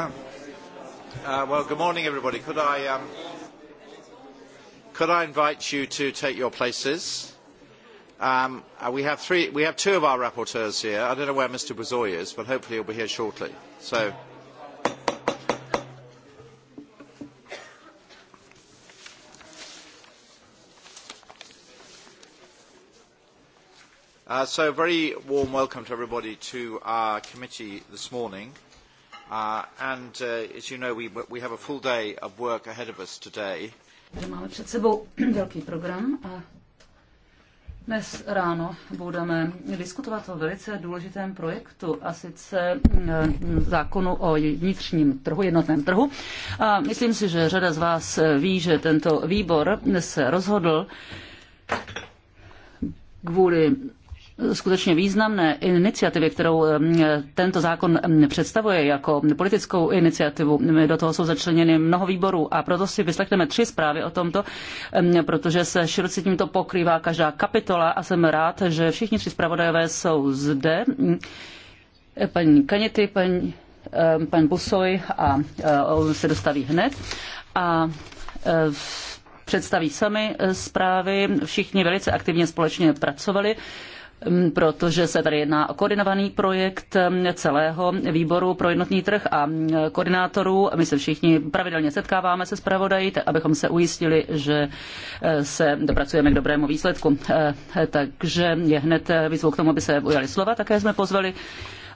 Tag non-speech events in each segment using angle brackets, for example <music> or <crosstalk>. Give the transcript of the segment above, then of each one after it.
Uh, well, good morning, everybody. Could I, um, could I invite you to take your places? Um, uh, we, have three, we have two of our rapporteurs here. I don't know where Mr. Brazoy is, but hopefully he'll be here shortly. So. Uh, so a very warm welcome to everybody to our committee this morning. Uh, and uh, as you know, we, we have a full day of work ahead of us today. máme před sebou <clears throat> velký program a dnes ráno budeme diskutovat o velice důležitém projektu, a sice mm, e, zákonu o vnitřním trhu, jednotném trhu. A myslím si, že řada z vás ví, že tento výbor se rozhodl kvůli skutečně významné iniciativy, kterou eh, tento zákon eh, představuje jako politickou iniciativu. Do toho jsou začleněny mnoho výborů a proto si vyslechneme tři zprávy o tomto, eh, protože se široce tímto pokrývá každá kapitola a jsem rád, že všichni tři zpravodajové jsou zde. Paní Kaněty, paní, pan Busoj a on se dostaví hned. A představí sami zprávy. Všichni velice aktivně společně pracovali protože se tady jedná o koordinovaný projekt celého výboru pro jednotný trh a koordinátorů. My se všichni pravidelně setkáváme se zpravodají, abychom se ujistili, že e, se dopracujeme k dobrému výsledku. E, e, takže je hned výzvu k tomu, aby se ujali slova. Také jsme pozvali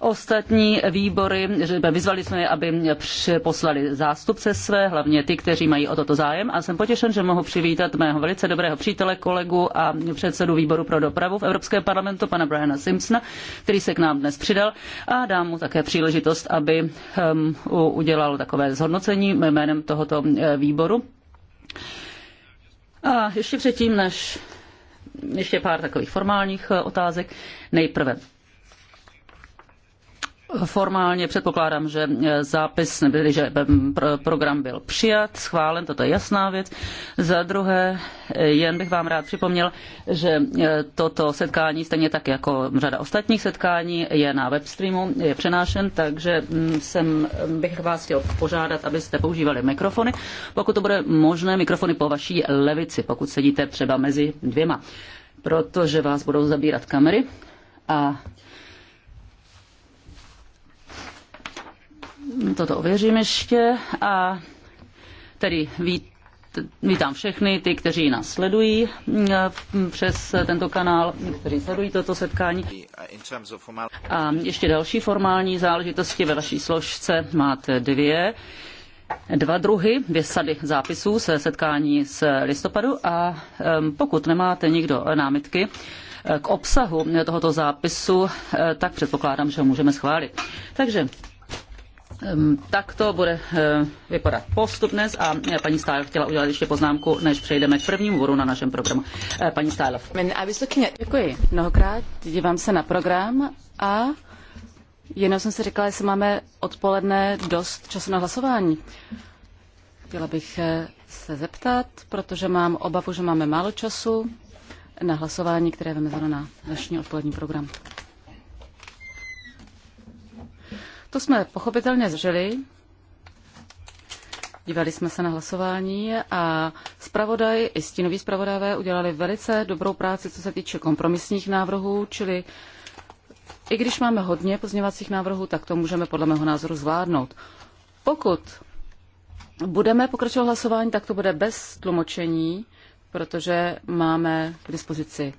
ostatní výbory. Vyzvali jsme je, aby poslali zástupce své, hlavně ty, kteří mají o toto zájem. A jsem potěšen, že mohu přivítat mého velice dobrého přítele, kolegu a předsedu výboru pro dopravu v Evropském parlamentu, pana Briana Simpsona, který se k nám dnes přidal. A dám mu také příležitost, aby ehm, udělal takové zhodnocení jménem tohoto eh, výboru. A ještě předtím, než ještě pár takových formálních eh, otázek. Nejprve Formálně předpokládám, že eh, zápis, nebyli, že eh, program byl přijat, schválen, toto je jasná věc. Za druhé, eh, jen bych vám rád připomněl, že toto setkání, stejně tak jako řada ostatních setkání, je na webstreamu, je přenášen, takže mm, jsem, bych vás chtěl požádat, abyste používali mikrofony, pokud to bude možné, mikrofony po vaší levici, pokud sedíte třeba mezi dvěma, protože vás budou zabírat kamery a toto ověřím ještě a tedy vít, vítám všechny ty, kteří nás sledují eh, přes tento kanál, kteří sledují toto setkání. A ještě další formální záležitosti ve vaší složce máte dvě dva druhy, dvě sady zápisů se setkání z listopadu a pokud nemáte nikdo námitky eh, k obsahu tohoto zápisu, eh, tak předpokládám, že ho můžeme schválit. Takže Ehm, tak to bude eh, vypadat postup dnes a eh, paní Stále chtěla udělat ještě poznámku, než přejdeme k prvnímu bodu na našem programu. Eh, paní Stále. Děkuji mnohokrát, dívám se na program a jenom jsem si říkala, jestli máme odpoledne dost času na hlasování. Chtěla bych se zeptat, protože mám obavu, že máme málo času na hlasování, které je vymezeno na dnešní odpolední program. To jsme pochopitelně zřeli. Dívali jsme se na hlasování a zpravodaj i stínoví zpravodajové udělali velice dobrou práci, co se týče kompromisních návrhů, čili i když máme hodně pozměvacích návrhů, tak to můžeme podle mého názoru zvládnout. Pokud budeme pokračovat hlasování, tak to bude bez tlumočení, protože máme k dispozici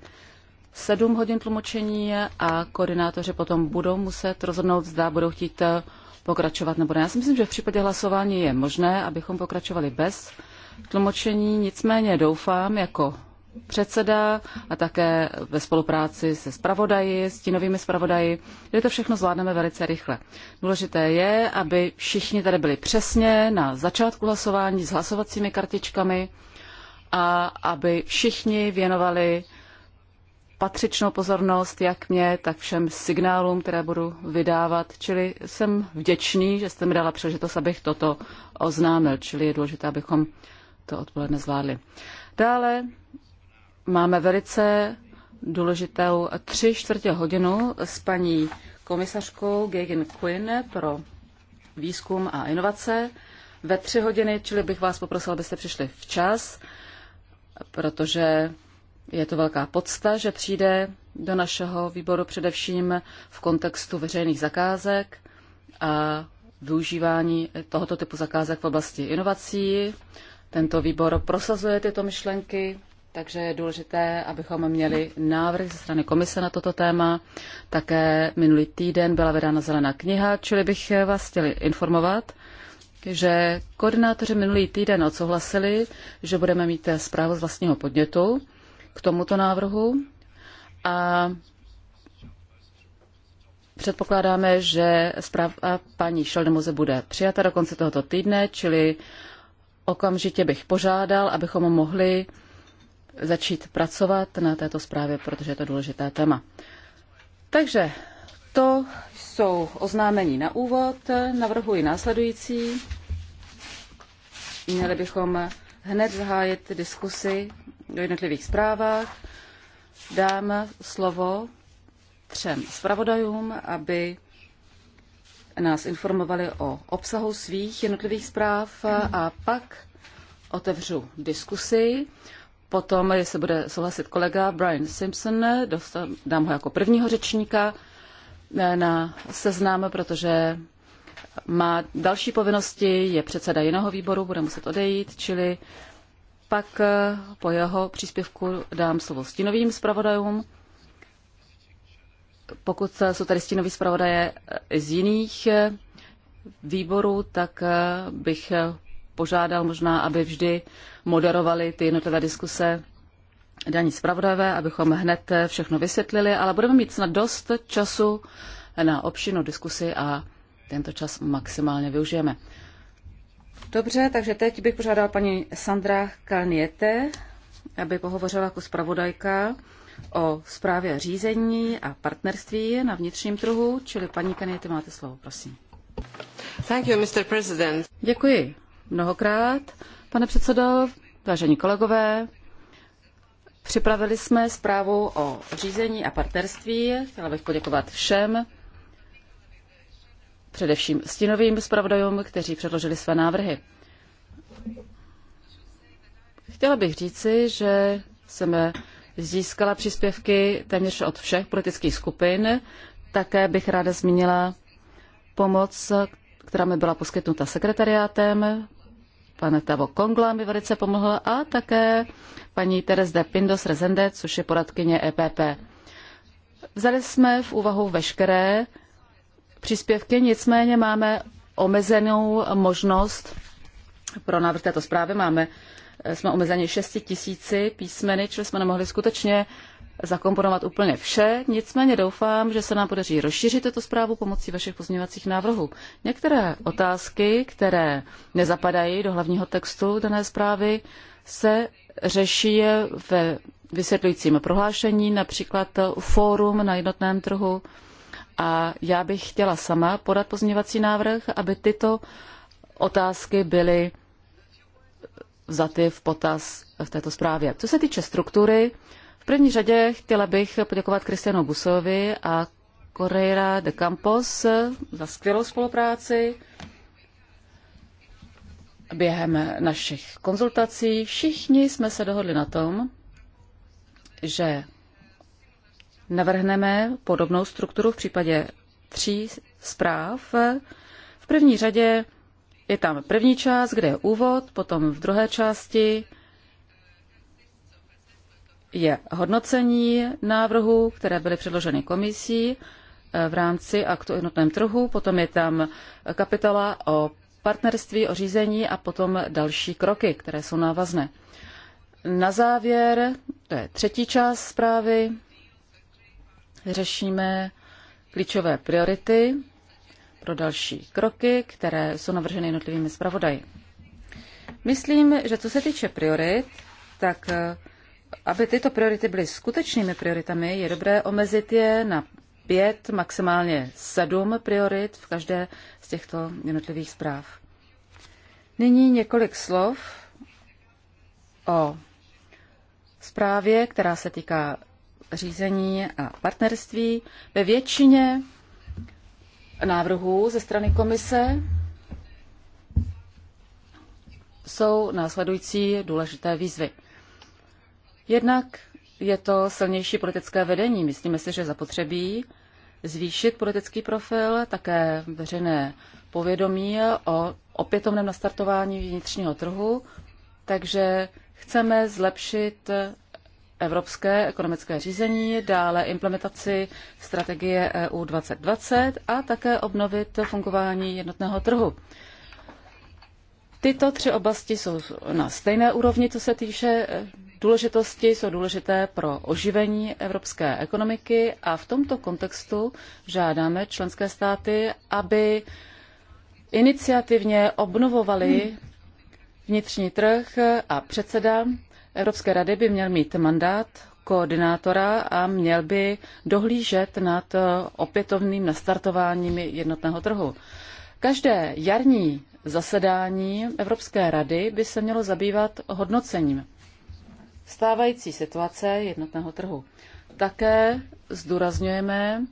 sedm hodin tlumočení a koordinátoři potom budou muset rozhodnout, zda budou chtít eh, pokračovat nebo ne. Já si myslím, že v případě hlasování je možné, abychom pokračovali bez tlumočení. Nicméně doufám, jako předseda a také ve spolupráci se spravodaji, s novými spravodaji, že to všechno zvládneme velice rychle. Důležité je, aby všichni tady byli přesně na začátku hlasování s hlasovacími kartičkami a aby všichni věnovali patřičnou pozornost jak mě, tak všem signálům, které budu vydávat. Čili jsem vděčný, že jste mi dala příležitost, abych toto oznámil. Čili je důležité, abychom to odpoledne zvládli. Dále máme velice důležitou tři čtvrtě hodinu s paní komisařkou Gagan Quinn pro výzkum a inovace ve tři hodiny, čili bych vás poprosila, abyste přišli včas, protože je to velká podsta, že přijde do našeho výboru především v kontextu veřejných zakázek a využívání tohoto typu zakázek v oblasti inovací. Tento výbor prosazuje tyto myšlenky, takže je důležité, abychom měli návrh ze strany komise na toto téma. Také minulý týden byla vydána zelená kniha, čili bych vás chtěli informovat, že koordinátoři minulý týden odsouhlasili, že budeme mít zprávu z vlastního podnětu k tomuto návrhu a předpokládáme, že zpráva paní Šeldemoze bude přijata do konce tohoto týdne, čili okamžitě bych požádal, abychom mohli začít pracovat na této zprávě, protože je to důležité téma. Takže to jsou oznámení na úvod. Navrhuji následující. Měli bychom hned zahájit diskusi o jednotlivých zprávách dám slovo třem zpravodajům, aby nás informovali o obsahu svých jednotlivých zpráv a pak otevřu diskusi. Potom, jestli bude souhlasit kolega Brian Simpson, dám ho jako prvního řečníka na seznam, protože má další povinnosti, je předseda jiného výboru, bude muset odejít, čili pak eh, po jeho příspěvku dám slovo stínovým zpravodajům. Pokud jsou tady stínoví zpravodaje eh, z jiných eh, výborů, tak bych požádal možná, aby vždy moderovali ty jednotlivé diskuse daní zpravodajové, abychom hned všechno vysvětlili, ale budeme mít snad dost času na obšinu diskusy a tento čas maximálně využijeme. Dobře, takže teď bych požádal paní Sandra Kalniete, aby pohovořila jako zpravodajka o zprávě řízení a partnerství na vnitřním trhu, čili paní Kalniete, máte slovo, prosím. Thank you, Mr. President. Děkuji mnohokrát, pane předsedo, vážení kolegové. Připravili jsme zprávu o řízení a partnerství. Chtěla bych poděkovat všem především stinovým zpravodajům, kteří předložili své návrhy. Chtěla bych říci, že jsem získala příspěvky téměř od všech politických skupin. Také bych ráda zmínila pomoc, která mi byla poskytnuta sekretariátem. Pan Tavo Kongla mi velice pomohl a také paní Teres de Pindos Rezende, což je poradkyně EPP. Vzali jsme v úvahu veškeré příspěvky, nicméně máme omezenou možnost pro návrh této zprávy. Máme, eh, jsme omezeni 6 tisíci písmeny, čili jsme nemohli skutečně zakomponovat úplně vše. Nicméně doufám, že se nám podaří rozšířit tuto zprávu pomocí vašich pozměňovacích návrhů. Některé otázky, které nezapadají do hlavního textu dané zprávy, se řeší ve vysvětlujícím prohlášení, například fórum na jednotném trhu, a já bych chtěla sama podat pozměňovací návrh, aby tyto otázky byly vzaty v potaz v této zprávě. Co se týče struktury, v první řadě chtěla bych poděkovat Kristianu Busovi a Correira de Campos za skvělou spolupráci. Během našich konzultací všichni jsme se dohodli na tom, že navrhneme podobnou strukturu v případě tří zpráv. V první řadě je tam první část, kde je úvod, potom v druhé části je hodnocení návrhů, které byly předloženy komisí eh, v rámci aktu o jednotném trhu, potom je tam kapitola o partnerství, o řízení a potom další kroky, které jsou návazné. Na závěr, to je třetí část zprávy, řešíme klíčové priority pro další kroky, které jsou navrženy jednotlivými zpravodaji. Myslím, že co se týče priorit, tak eh, aby tyto priority byly skutečnými prioritami, je dobré omezit je na pět, maximálně sedm priorit v každé z těchto jednotlivých zpráv. Nyní několik slov o zprávě, která se týká řízení a partnerství. Ve většině návrhů ze strany komise jsou následující důležité výzvy. Jednak je to silnější politické vedení. Myslíme si, že zapotřebí zvýšit politický profil, také veřejné povědomí o opětovném nastartování vnitřního trhu, takže chceme zlepšit evropské ekonomické řízení, dále implementaci strategie EU 2020 a také obnovit fungování jednotného trhu. Tyto tři oblasti jsou na stejné úrovni, co se týče eh, důležitosti, jsou důležité pro oživení evropské ekonomiky a v tomto kontextu žádáme členské státy, aby iniciativně obnovovali hmm. vnitřní trh a předseda Evropské rady by měl mít mandát koordinátora a měl by dohlížet nad eh, opětovným nastartováním jednotného trhu. Každé jarní zasedání Evropské rady by se mělo zabývat hodnocením stávající situace jednotného trhu. Také zdůrazňujeme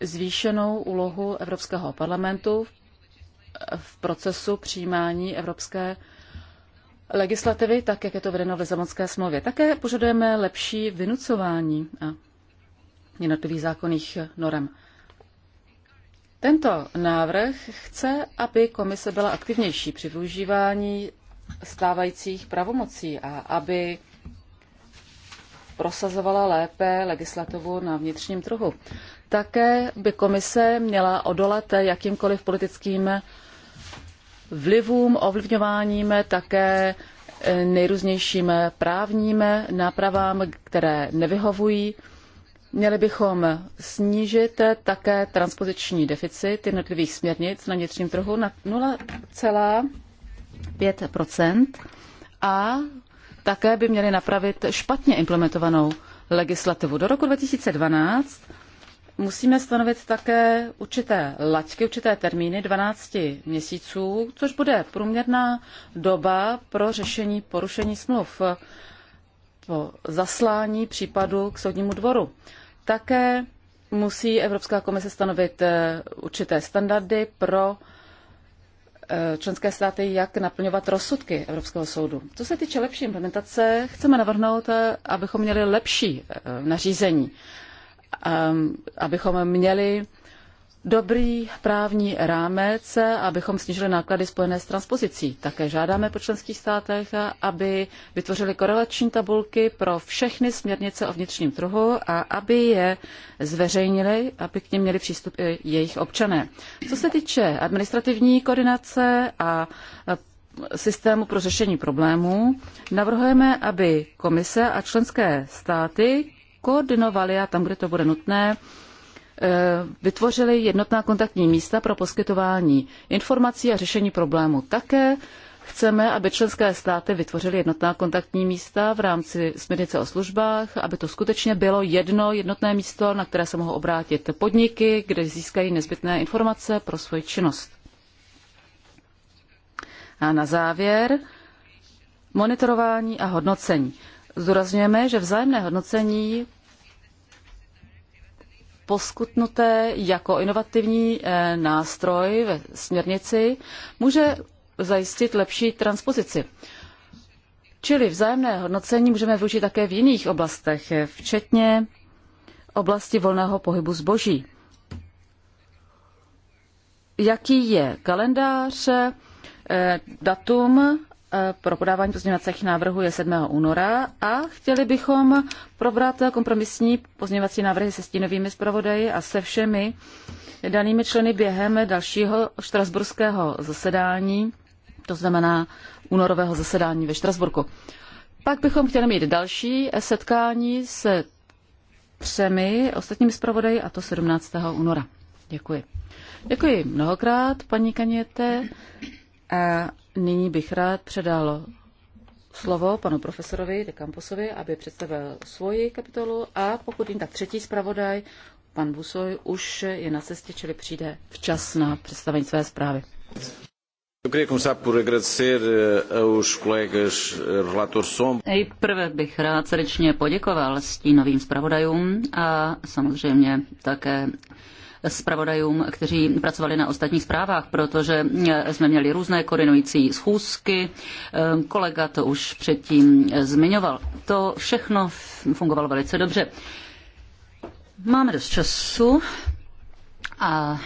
zvýšenou úlohu Evropského parlamentu v procesu přijímání evropské legislativy, tak jak je to vedeno v Lizabonské smlouvě. Také požadujeme lepší vynucování a jednotlivých zákonných norem. Tento návrh chce, aby komise byla aktivnější při využívání stávajících pravomocí a aby prosazovala lépe legislativu na vnitřním trhu. Také by komise měla odolat jakýmkoliv politickým vlivům, ovlivňováním, také eh, nejrůznějším právním nápravám, které nevyhovují. Měli bychom snížit také transpoziční deficit jednotlivých směrnic na vnitřním trhu na 0,5 a také by měli napravit špatně implementovanou legislativu. Do roku 2012 musíme stanovit také určité laťky, určité termíny 12 měsíců, což bude průměrná doba pro řešení porušení smluv po zaslání případu k soudnímu dvoru. Také musí Evropská komise stanovit eh, určité standardy pro eh, členské státy, jak naplňovat rozsudky Evropského soudu. Co se týče lepší implementace, chceme navrhnout, eh, abychom měli lepší nařízení. Ehm, abychom měli dobrý právní rámec, abychom snížili náklady spojené s transpozicí. Také žádáme po členských státech, aby vytvořili korelační tabulky pro všechny směrnice o vnitřním trhu a aby je zveřejnili, aby k nim měli přístup i jejich občané. Co se týče administrativní koordinace a systému pro řešení problémů, navrhujeme, aby komise a členské státy koordinovali a tam, kde to bude nutné, eh, vytvořili jednotná kontaktní místa pro poskytování informací a řešení problému. Také chceme, aby členské státy vytvořily jednotná kontaktní místa v rámci směrnice o službách, aby to skutečně bylo jedno jednotné místo, na které se mohou obrátit podniky, kde získají nezbytné informace pro svoji činnost. A na závěr monitorování a hodnocení. Zdůrazňujeme, že vzájemné hodnocení poskutnuté jako inovativní eh, nástroj ve směrnici, může zajistit lepší transpozici. Čili vzájemné hodnocení můžeme využít také v jiných oblastech, eh, včetně oblasti volného pohybu zboží. Jaký je kalendář, eh, datum Eh, pro podávání pozměňovacích návrhů je 7. února a chtěli bychom probrat kompromisní pozměňovací návrhy se stínovými zpravodaji a se všemi danými členy během dalšího štrasburského zasedání, to znamená únorového zasedání ve Štrasburku. Pak bychom chtěli mít další setkání se třemi ostatními zpravodaji a to 17. února. Děkuji. Děkuji mnohokrát, paní Kaněte. A nyní bych rád předal slovo panu profesorovi de Camposovi, aby představil svoji kapitolu a pokud jim tak třetí zpravodaj, pan Busoj, už je na cestě, čili přijde včas na představení své zprávy. Eh, eh, Nejprve bych rád srdečně poděkoval stínovým zpravodajům a samozřejmě také zpravodajům, kteří pracovali na ostatních zprávách, protože eh, jsme měli různé koordinující schůzky. Eh, kolega to už předtím eh, zmiňoval. To všechno fungovalo velice dobře. Máme dost času a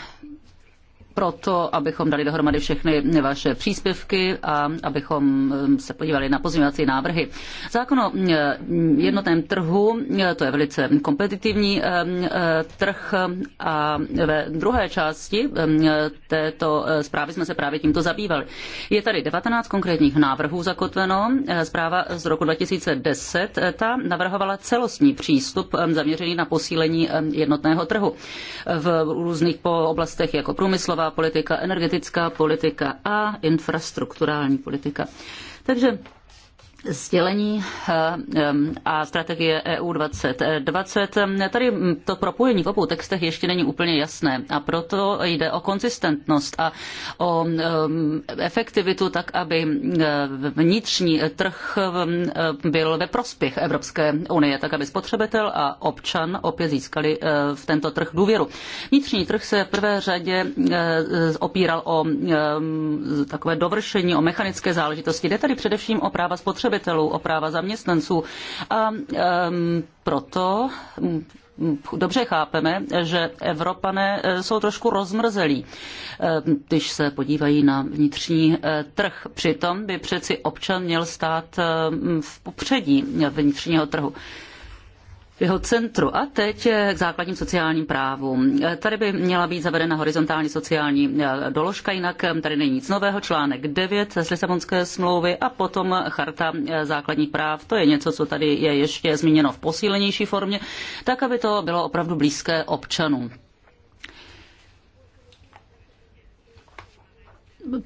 proto, abychom dali dohromady všechny vaše příspěvky a abychom um, se podívali na pozměňovací návrhy. Zákon o um, jednotném trhu, um, to je velice kompetitivní uh, trh a ve druhé části této uh, zprávy jsme se právě tímto zabývali. Je tady 19 konkrétních návrhů zakotveno. Uh, zpráva z roku 2010, ta navrhovala celostní přístup zaměřený na posílení jednotného trhu v různých oblastech jako průmyslová průmyslová politika, energetická politika a infrastrukturální politika. Takže sdělení eh, a strategie EU 2020. Tady to propojení v obou textech ještě není úplně jasné a proto jde o konzistentnost a o efektivitu tak, aby eh, vnitřní trh eh, byl ve prospěch Evropské unie, tak aby spotřebitel a občan opět získali v tento trh důvěru. Vnitřní trh se v prvé řadě opíral o takové dovršení, o mechanické záležitosti. Jde tady především o práva spotřebitelů spotřebitelů, o práva zaměstnanců. A um, proto hm, hm, dobře chápeme, že Evropané e, jsou trošku rozmrzelí, e, když se podívají na vnitřní e, trh. Přitom by přeci občan měl stát v popředí vnitřního trhu jeho centru. A teď eh, k základním sociálním právům. Eh, tady by měla být zavedena horizontální sociální eh, doložka, jinak tady není nic nového. Článek 9 z Lisabonské smlouvy a potom charta základních práv. To je něco, co tady je ještě zmíněno v posílenější formě, tak aby to bylo opravdu blízké občanům.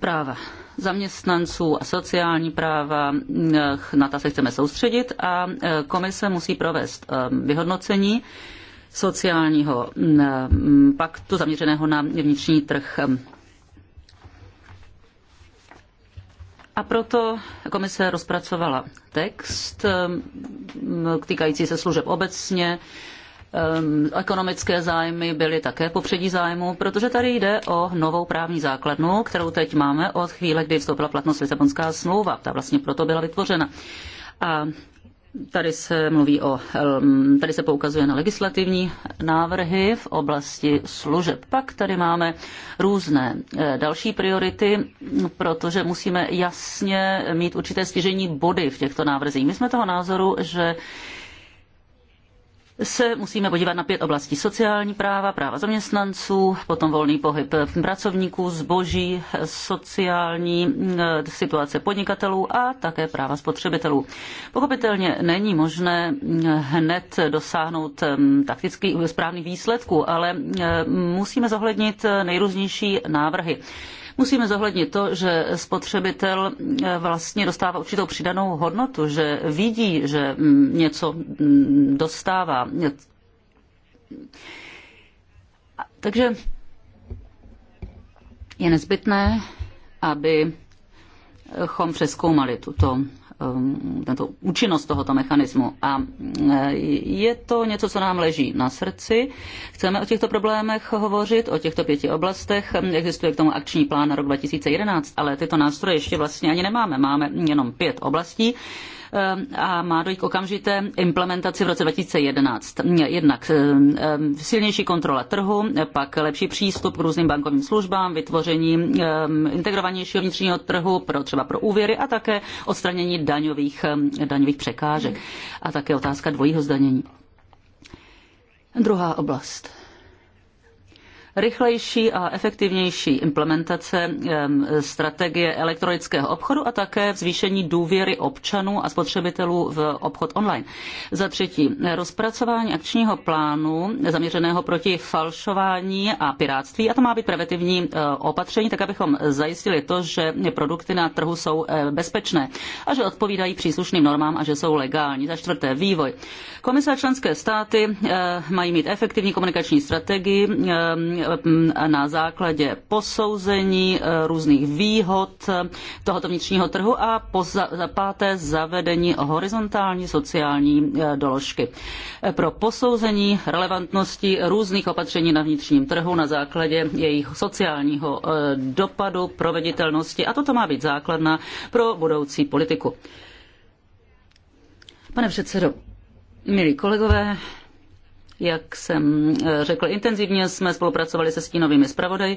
práva zaměstnanců a sociální práva, eh, na ta se chceme soustředit a eh, komise musí provést eh, vyhodnocení sociálního mm, paktu zaměřeného na vnitřní trh. A proto komise rozpracovala text týkající se služeb obecně, Ehm, ekonomické zájmy byly také popředí zájmu, protože tady jde o novou právní základnu, kterou teď máme od chvíle, kdy vstoupila platnost Lisabonská smlouva. Ta vlastně proto byla vytvořena. A Tady se mluví o, ehm, tady se poukazuje na legislativní návrhy v oblasti služeb. Pak tady máme různé eh, další priority, protože musíme jasně mít určité stěžení body v těchto návrzích. My jsme toho názoru, že se musíme podívat na pět oblastí. Sociální práva, práva zaměstnanců, potom volný pohyb pracovníků, zboží, sociální eh, situace podnikatelů a také práva spotřebitelů. Pochopitelně není možné eh, hned dosáhnout eh, takticky správných výsledků, ale musíme zohlednit nejrůznější návrhy. Musíme zohlednit to, že spotřebitel eh, vlastně dostává určitou přidanou hodnotu, že vidí, že mm, něco mm, dostává. Takže je nezbytné, abychom přeskoumali tuto Um, tento účinnost tohoto mechanismu. A mm, je to něco, co nám leží na srdci. Chceme o těchto problémech hovořit, o těchto pěti oblastech. Existuje k tomu akční plán na rok 2011, ale tyto nástroje ještě vlastně ani nemáme. Máme jenom pět oblastí Ehm, a má dojít k okamžité implementaci v roce 2011. Jednak ehm, ehm, silnější kontrola trhu, pak lepší přístup k různým bankovním službám, vytvoření integrovanějšího vnitřního trhu pro třeba pro úvěry a také odstranění daňových, daňových překážek. A také otázka dvojího zdanění. Druhá oblast rychlejší a efektivnější implementace strategie elektronického obchodu a také zvýšení důvěry občanů a spotřebitelů v obchod online. Za třetí, rozpracování akčního plánu zaměřeného proti falšování a pirátství a to má být preventivní e, opatření, tak abychom zajistili to, že produkty na trhu jsou e, bezpečné a že odpovídají příslušným normám a že jsou legální. Za čtvrté, vývoj. Komise a členské státy e, mají mít efektivní komunikační strategii Eh, na základě posouzení eh, různých výhod eh, tohoto vnitřního trhu a po za páté zavedení horizontální sociální doložky. Pro posouzení relevantnosti různých opatření na vnitřním trhu na základě jejich sociálního dopadu, proveditelnosti a toto má být základna pro budoucí politiku. Pane předsedo, milí kolegové, jak jsem eh, řekl, intenzivně jsme spolupracovali se stínovými zpravodaj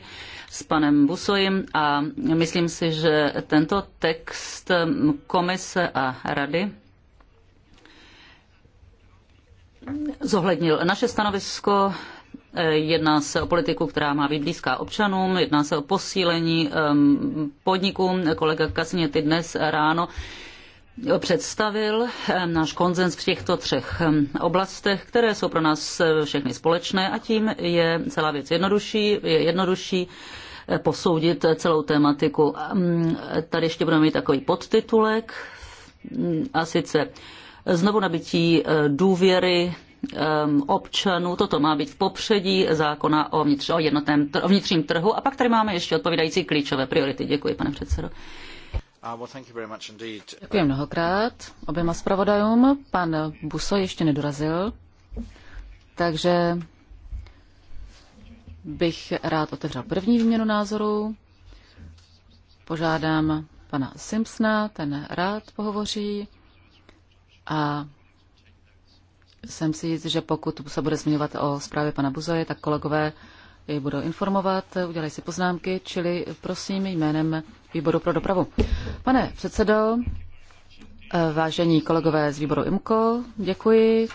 s panem Busojem a myslím si, že tento text komise a rady zohlednil naše stanovisko, eh, Jedná se o politiku, která má být blízká občanům, jedná se o posílení podniků. Kolega Kasně ty dnes ráno představil ehm, náš konzens v těchto třech ehm, oblastech, které jsou pro nás eh, všechny společné a tím je celá věc jednodušší, je jednodušší eh, posoudit celou tématiku. Ehm, tady ještě budeme mít takový podtitulek a sice znovu nabití eh, důvěry občanů. Toto má být v popředí zákona o, vnitř, o jednotném o vnitřním trhu. A pak tady máme ještě odpovídající klíčové priority. Děkuji, pane předsedo. Uh, Děkuji mnohokrát oběma zpravodajům. Pan Buso ještě nedorazil, takže bych rád otevřel první výměnu názorů. Požádám pana Simpsona, ten rád pohovoří a jsem si jist, že pokud se bude zmiňovat o zprávě pana Buzoje, tak kolegové jej budou informovat, udělají si poznámky, čili prosím jménem výboru pro dopravu. Pane předsedo, eh, vážení kolegové z výboru IMCO, děkuji.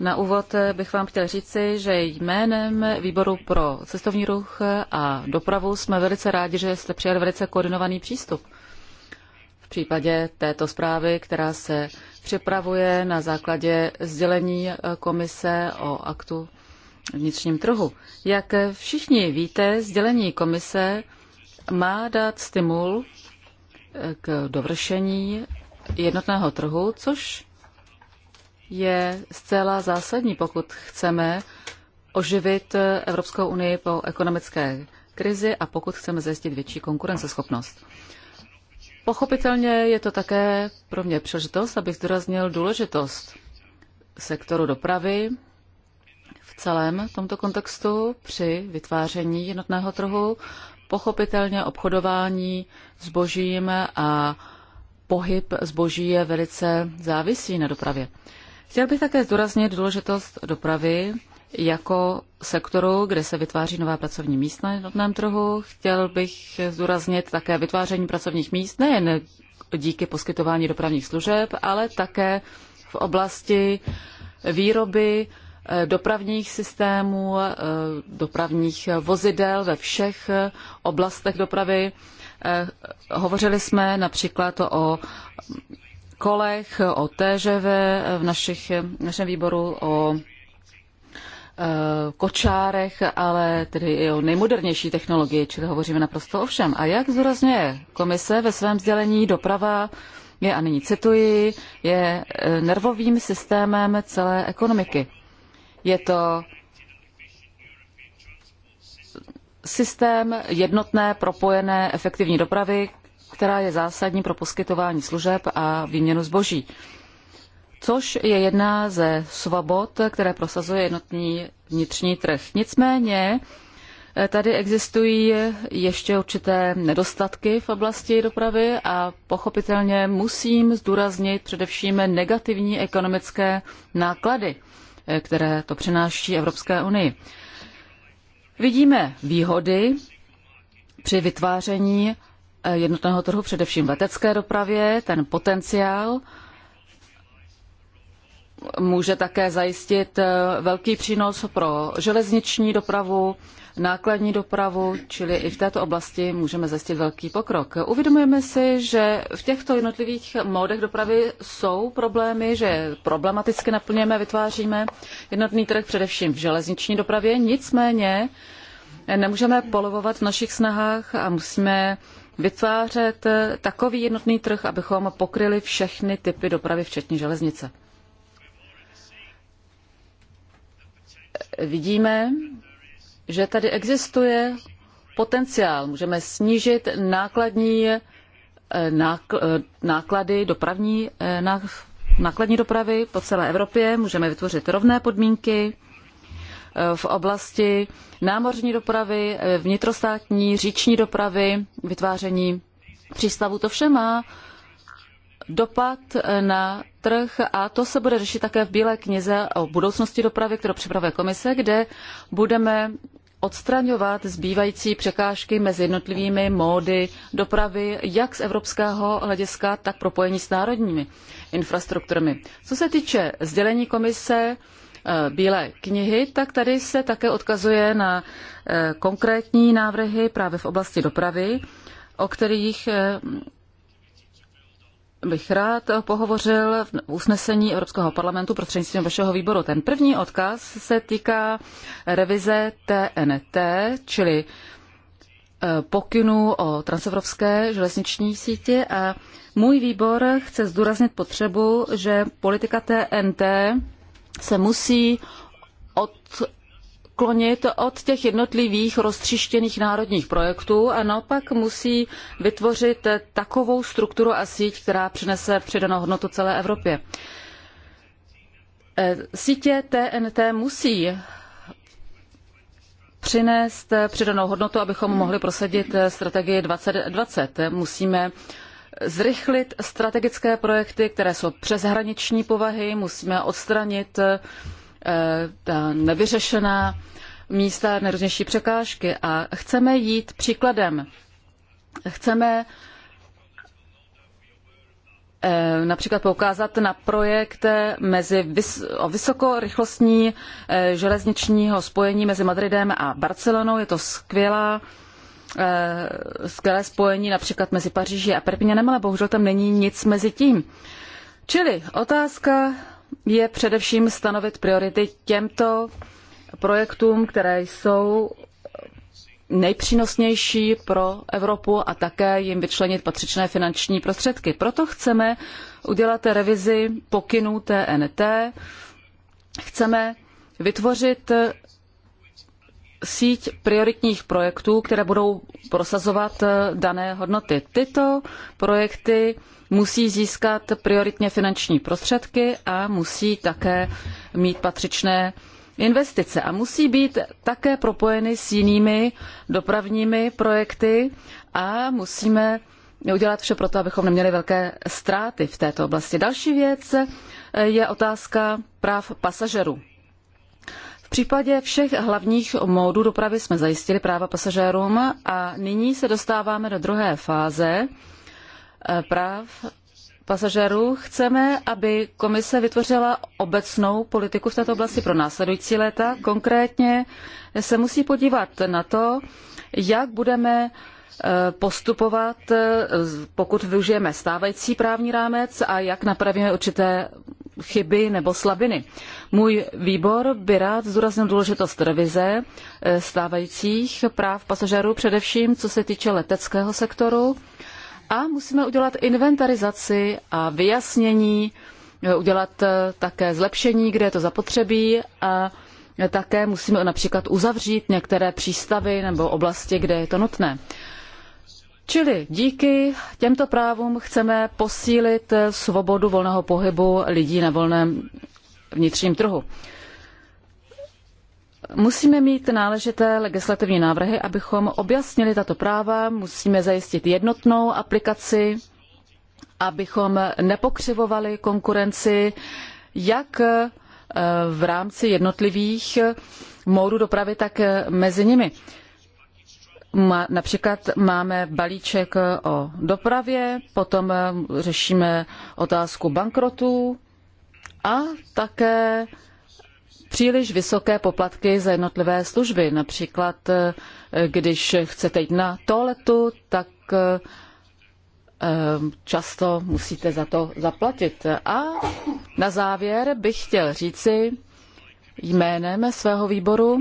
Na úvod eh, bych vám chtěl říci, že jménem výboru pro cestovní ruch a dopravu jsme velice rádi, že jste přijali velice koordinovaný přístup. V případě této zprávy, která se připravuje na základě sdělení eh, komise o aktu vnitřním trhu. Jak všichni víte, sdělení komise má dát stimul eh, k dovršení jednotného trhu, což je zcela zásadní, pokud chceme oživit Evropskou unii po ekonomické krizi a pokud chceme zajistit větší konkurenceschopnost. Pochopitelně je to také pro mě příležitost, abych zdůraznil důležitost sektoru dopravy v celém tomto kontextu při vytváření jednotného trhu, Pochopitelně obchodování zbožím a pohyb zboží je velice závisí na dopravě. Chtěl bych také zdůraznit důležitost dopravy jako sektoru, kde se vytváří nová pracovní místa na jednotném trhu. Chtěl bych zdůraznit také vytváření pracovních míst nejen díky poskytování dopravních služeb, ale také v oblasti výroby Eh, dopravních systémů, eh, dopravních vozidel ve všech eh, oblastech dopravy. Hovořili jsme například o kolech, o TŽV v našich, našem výboru, o kočárech, ale tedy i o nejmodernější technologii, čili hovoříme naprosto o všem. A jak zdůrazňuje komise ve svém sdělení doprava je, a nyní cituji, je nervovým systémem celé ekonomiky. Je to systém jednotné propojené efektivní dopravy, která je zásadní pro poskytování služeb a výměnu zboží, což je jedna ze svobod, které prosazuje jednotný vnitřní trh. Nicméně eh, tady existují ještě určité nedostatky v oblasti dopravy a pochopitelně musím zdůraznit především negativní ekonomické náklady které to přináší Evropské unii. Vidíme výhody při vytváření eh, jednotného trhu, především v letecké dopravě, ten potenciál může také zajistit eh, velký přínos pro železniční dopravu, nákladní dopravu, čili i v této oblasti můžeme zjistit velký pokrok. Uvědomujeme si, že v těchto jednotlivých módech dopravy jsou problémy, že problematicky naplňujeme, vytváříme jednotný trh především v železniční dopravě, nicméně nemůžeme polovovat v našich snahách a musíme vytvářet takový jednotný trh, abychom pokryli všechny typy dopravy, včetně železnice. Vidíme, že tady existuje potenciál. Můžeme snížit nákladní eh, eh, náklady dopravní, eh, nákladní dopravy po celé Evropě, můžeme vytvořit rovné podmínky v oblasti námořní dopravy, vnitrostátní, říční dopravy, vytváření přístavů. To vše má dopad na trh a to se bude řešit také v Bílé knize o budoucnosti dopravy, kterou připravuje komise, kde budeme odstraňovat zbývající překážky mezi jednotlivými módy dopravy, jak z evropského hlediska, tak propojení s národními infrastrukturami. Co se týče sdělení komise eh, Bílé knihy, tak tady se také odkazuje na eh, konkrétní návrhy právě v oblasti dopravy, o kterých eh, bych rád pohovořil v usnesení Evropského parlamentu prostřednictvím vašeho výboru. Ten první odkaz se týká revize TNT, čili e, pokynu o transevropské železniční síti a můj výbor chce zdůraznit potřebu, že politika TNT se musí od, odklonit od těch jednotlivých roztříštěných národních projektů a naopak musí vytvořit takovou strukturu a síť, která přinese přidanou hodnotu celé Evropě. Eh, sítě TNT musí přinést přidanou hodnotu, abychom mohli prosadit eh, strategii 2020. Musíme zrychlit strategické projekty, které jsou přeshraniční povahy, musíme odstranit eh, Eh, ta nevyřešená místa, nejrůznější překážky a chceme jít příkladem. Chceme eh, například poukázat na projekt eh, mezi vys- o vysokorychlostní železničního spojení mezi Madridem a Barcelonou. Je to skvělá skvělé spojení například mezi Paříží a Perpignanem, ale bohužel tam není nic mezi tím. Čili otázka je především stanovit priority těmto projektům, které jsou nejpřínosnější pro Evropu a také jim vyčlenit patřičné finanční prostředky. Proto chceme udělat revizi pokynů TNT, chceme vytvořit síť prioritních projektů, které budou prosazovat dané hodnoty. Tyto projekty musí získat prioritně finanční prostředky a musí také mít patřičné investice a musí být také propojeny s jinými dopravními projekty a musíme udělat vše pro to, abychom neměli velké ztráty v této oblasti. Další věc eh, je otázka práv pasažerů. V případě všech hlavních módů dopravy jsme zajistili práva pasažérům a nyní se dostáváme do druhé fáze, Eh, práv pasažerů. Chceme, aby komise vytvořila obecnou politiku v této oblasti pro následující léta. Konkrétně se musí podívat na to, jak budeme eh, postupovat, eh, pokud využijeme stávající právní rámec a jak napravíme určité chyby nebo slabiny. Můj výbor by rád zdůraznil důležitost revize stávajících práv pasažerů, především co se týče leteckého sektoru a musíme udělat inventarizaci a vyjasnění, eh, udělat eh, také zlepšení, kde je to zapotřebí a také musíme například uzavřít některé přístavy nebo oblasti, kde je to nutné. Čili díky těmto právům chceme posílit eh, svobodu volného pohybu lidí na volném vnitřním trhu. Musíme mít náležité legislativní návrhy, abychom objasnili tato práva, musíme zajistit jednotnou aplikaci, abychom nepokřivovali konkurenci, jak eh, v rámci jednotlivých módů dopravy, tak eh, mezi nimi. Například máme balíček eh, o dopravě, potom řešíme otázku bankrotů a také příliš vysoké poplatky za jednotlivé služby. Například, eh, když chcete jít na toaletu, tak eh, často musíte za to zaplatit. A na závěr bych chtěl říci jménem svého výboru,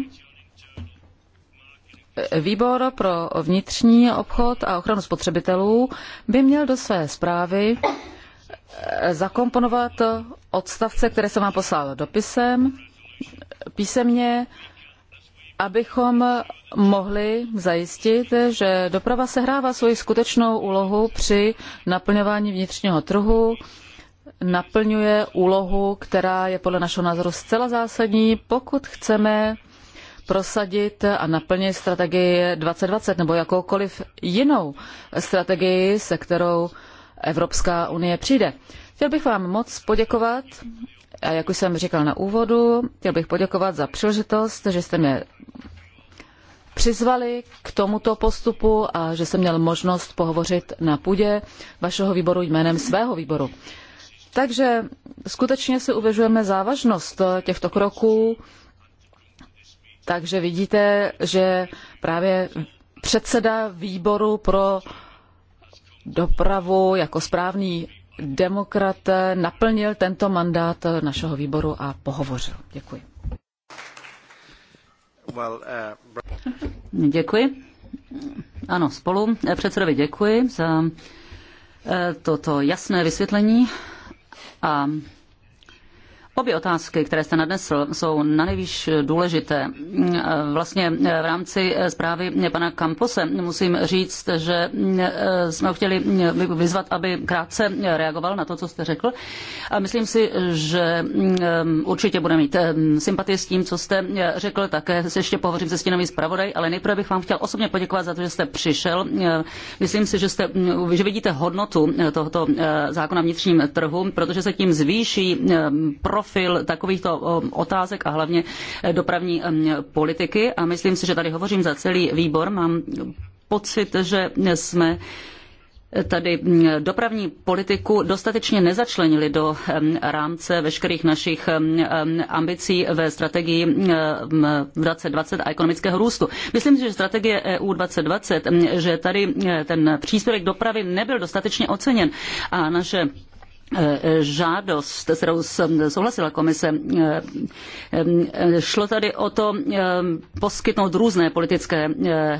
eh, Výbor pro vnitřní obchod a ochranu spotřebitelů by měl do své zprávy zakomponovat odstavce, které jsem vám poslal dopisem, písemně, abychom mohli zajistit, že doprava sehrává svoji skutečnou úlohu při naplňování vnitřního trhu, naplňuje úlohu, která je podle našeho názoru zcela zásadní, pokud chceme prosadit a naplnit strategii 2020 nebo jakoukoliv jinou strategii, se kterou Evropská unie přijde. Chtěl bych vám moc poděkovat a jak už jsem říkal na úvodu, chtěl bych poděkovat za příležitost, že jste mě přizvali k tomuto postupu a že jsem měl možnost pohovořit na půdě vašeho výboru jménem svého výboru. Takže skutečně si uvěřujeme závažnost těchto kroků, takže vidíte, že právě předseda výboru pro dopravu jako správný demokrat naplnil tento mandát našeho výboru a pohovořil. Děkuji. Eh, děkuji. Ano, spolu. Eh, předsedovi děkuji za eh, toto jasné vysvětlení a Obě otázky, které jste nadnesl, jsou na nejvíc důležité. Vlastně v rámci zprávy pana Kampose musím říct, že jsme ho chtěli vyzvat, aby krátce reagoval na to, co jste řekl. A myslím si, že um, určitě bude mít um, sympatie s tím, co jste řekl. Také se ještě pohovořím se stínovým zpravodaj, ale nejprve bych vám chtěl osobně poděkovat za to, že jste přišel. Uh, myslím si, že, jste, um, že vidíte hodnotu tohoto uh, zákona vnitřním trhu, protože se tím zvýší profit profil takovýchto otázek a hlavně eh, dopravní politiky. A myslím si, že tady hovořím za celý výbor. Mám pocit, že jsme eh, tady dopravní politiku dostatečně nezačlenili do rámce veškerých našich ambicí ve strategii 2020 a ekonomického růstu. Myslím si, že strategie EU 2020, že tady eh, ten příspěvek dopravy nebyl dostatečně oceněn a naše žádost, s kterou souhlasila komise, eh, eh, šlo tady o to eh, poskytnout různé politické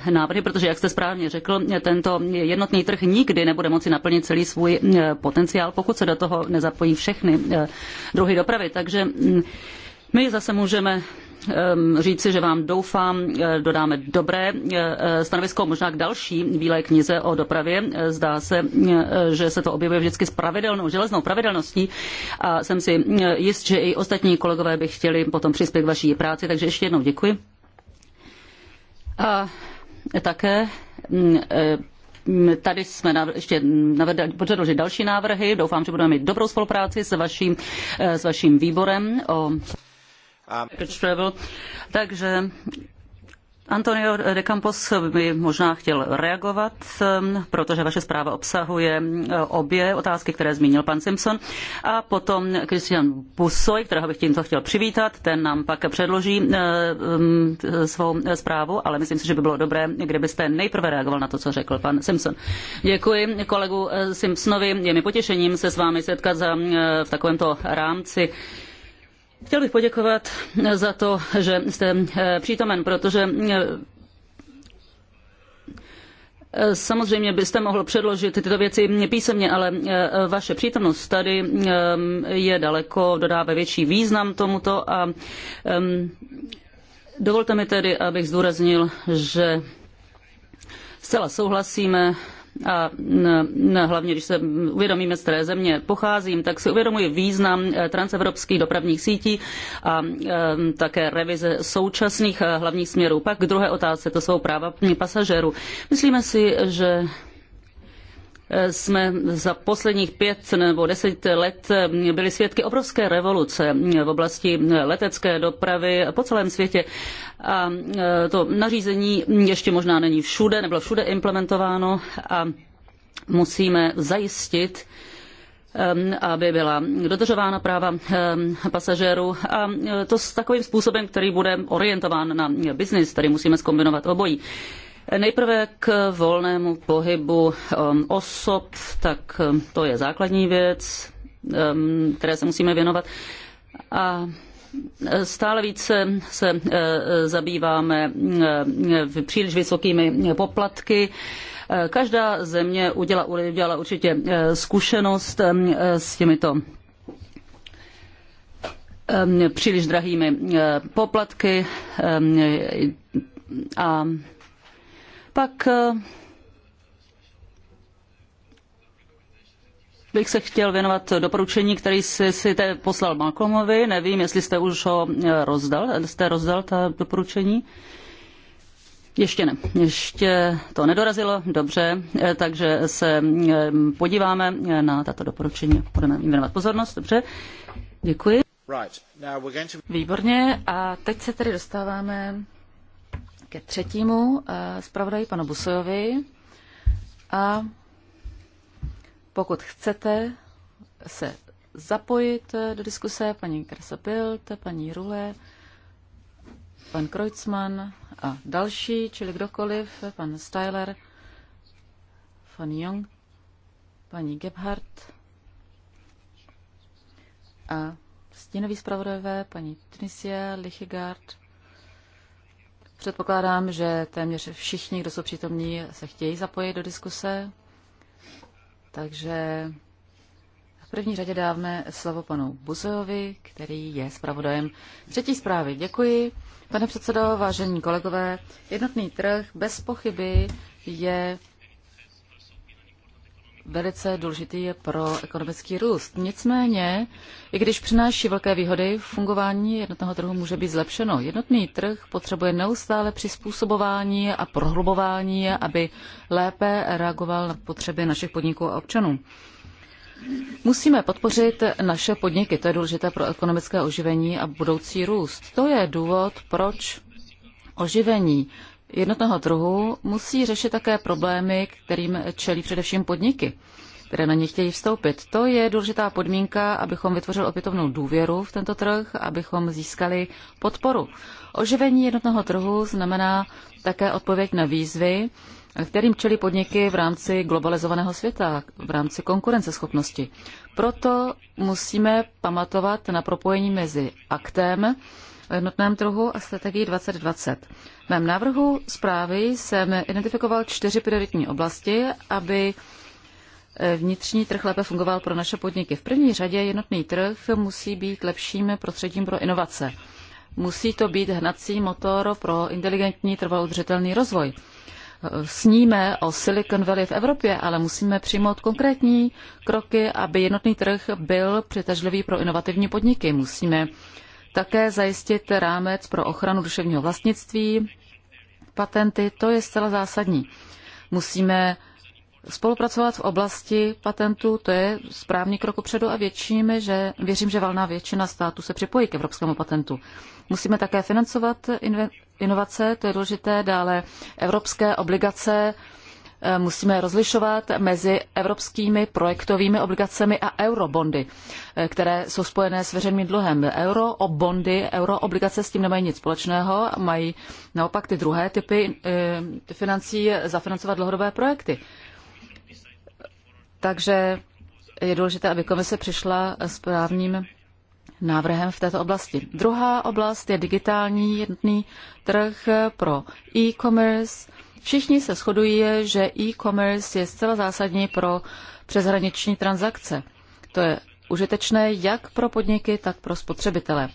návrhy, protože, jak jste správně řekl, tento jednotný trh nikdy nebude moci naplnit celý svůj potenciál, pokud se do toho nezapojí všechny druhy dopravy. Takže mm, my zase můžeme Ehm, říci, že vám doufám, eh, dodáme dobré eh, eh, stanovisko možná k další bílé knize o dopravě. Zdá se, že se to objevuje vždycky s pravidelnou, železnou pravidelností a jsem si jist, že i ostatní kolegové by chtěli potom přispět k vaší práci, takže ještě jednou děkuji. A také mm, Tady jsme ještě předložili další návrhy. Doufám, že budeme mít dobrou spolupráci s vaším, s vaším výborem. O... Takže Antonio de Campos by možná chtěl reagovat, ehm, protože vaše zpráva obsahuje eh, obě otázky, které zmínil pan Simpson. A potom Christian Busoj, kterého bych tímto chtěl přivítat, ten nám pak předloží eh, ehm, svou zprávu, ale myslím si, že by bylo dobré, kdybyste nejprve reagoval na to, co řekl pan Simpson. Děkuji kolegu eh, Simpsonovi, je mi potěšením se s vámi setkat v takovémto rámci Chtěl bych poděkovat za to, že jste eh, přítomen, protože eh, Samozřejmě byste mohl předložit tyto věci písemně, ale eh, vaše přítomnost tady je daleko, dodává větší význam tomuto a dovolte mi tedy, abych zdůraznil, že zcela souhlasíme a hlavně když se uvědomíme, z které země pocházím, tak si uvědomuji význam eh, transevropských dopravních sítí a eh, také revize současných eh, hlavních směrů. Pak k druhé otázce, to jsou práva pasažérů. Myslíme si, že Eh, jsme za posledních pět nebo deset let eh, byli svědky obrovské revoluce eh, v oblasti letecké dopravy po celém světě. A to nařízení ještě možná není všude, nebylo všude implementováno a musíme zajistit, aby byla dodržována práva pasažérů a to s takovým způsobem, který bude orientován na biznis, který musíme zkombinovat obojí. Nejprve k volnému pohybu um, osob, tak um, to je základní věc, um, které se musíme věnovat. A e, Stále více se e, zabýváme e, příliš vysokými poplatky. Každá země udělala, udělala určitě zkušenost s těmito příliš drahými poplatky a pak eh, bych se chtěl věnovat doporučení, které jsi si te poslal Malcolmovi. Nevím, jestli jste už ho eh, rozdal, jste rozdal ta doporučení. Ještě ne, ještě to nedorazilo, dobře, eh, takže se podíváme na tato doporučení, budeme jim věnovat pozornost, dobře, děkuji. Výborně, a teď se tedy dostáváme ke třetímu eh, zpravodaji, panu Busojovi. A pokud chcete se zapojit eh, do diskuse, paní Krasapilt, paní Rule, pan Kreutzmann a další, čili kdokoliv, pan Styler, pan Jung, paní Gebhardt a stínoví zpravodajové, paní Tunisia, Lichigard, Předpokládám, že téměř všichni, kdo jsou přítomní, se chtějí zapojit do diskuse. Takže v první řadě dáme slovo panu Buzojovi, který je zpravodajem třetí zprávy. Děkuji. Pane předsedo, vážení kolegové, jednotný trh bez pochyby je velice důležitý je pro ekonomický růst. Nicméně, i když přináší velké výhody, fungování jednotného trhu může být zlepšeno. Jednotný trh potřebuje neustále přizpůsobování a prohlubování, aby lépe reagoval na potřeby našich podniků a občanů. Musíme podpořit naše podniky, to je důležité pro ekonomické oživení a budoucí růst. To je důvod, proč oživení jednotného trhu musí řešit také problémy, kterým čelí především podniky, které na ně chtějí vstoupit. To je důležitá podmínka, abychom vytvořili opětovnou důvěru v tento trh, abychom získali podporu. Oživení jednotného trhu znamená také odpověď na výzvy, kterým čelí podniky v rámci globalizovaného světa, v rámci konkurenceschopnosti. Proto musíme pamatovat na propojení mezi aktem, o jednotném trhu a strategii 2020. V mém návrhu zprávy jsem identifikoval čtyři prioritní oblasti, aby eh, vnitřní trh lépe fungoval pro naše podniky. V první řadě jednotný trh musí být lepším prostředím pro inovace. Musí to být hnací motor pro inteligentní trvaloudřitelný rozvoj. Sníme o Silicon Valley v Evropě, ale musíme přijmout konkrétní kroky, aby jednotný trh byl přitažlivý pro inovativní podniky. Musíme také zajistit rámec pro ochranu duševního vlastnictví, patenty, to je zcela zásadní. Musíme spolupracovat v oblasti patentů, to je správný krok předu a většími, že, věřím, že valná většina států se připojí k evropskému patentu. Musíme také financovat inovace, to je důležité, dále evropské obligace, Eh, musíme rozlišovat mezi evropskými projektovými obligacemi a eurobondy, eh, které jsou spojené s veřejným dluhem. Eurobondy, euroobligace s tím nemají nic společného, mají naopak ty druhé typy eh, financí zafinancovat dlouhodobé projekty. Takže je důležité, aby komise přišla s právním návrhem v této oblasti. Druhá oblast je digitální jednotný trh pro e-commerce, Všichni se shodují, že e-commerce je zcela zásadní pro přeshraniční transakce. To je užitečné jak pro podniky, tak pro spotřebitele.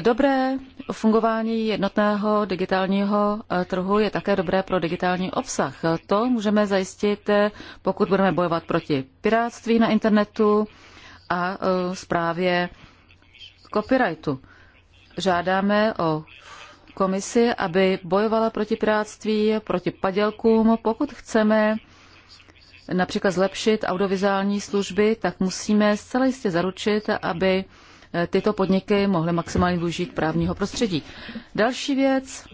Dobré fungování jednotného digitálního eh, trhu je také dobré pro digitální obsah. To můžeme zajistit, eh, pokud budeme bojovat proti pirátství na internetu a zprávě eh, copyrightu. Žádáme o komisi, aby bojovala proti pirátství, proti padělkům. Pokud chceme například zlepšit audiovizuální služby, tak musíme zcela jistě zaručit, aby eh, tyto podniky mohly maximálně využít právního prostředí. Další věc,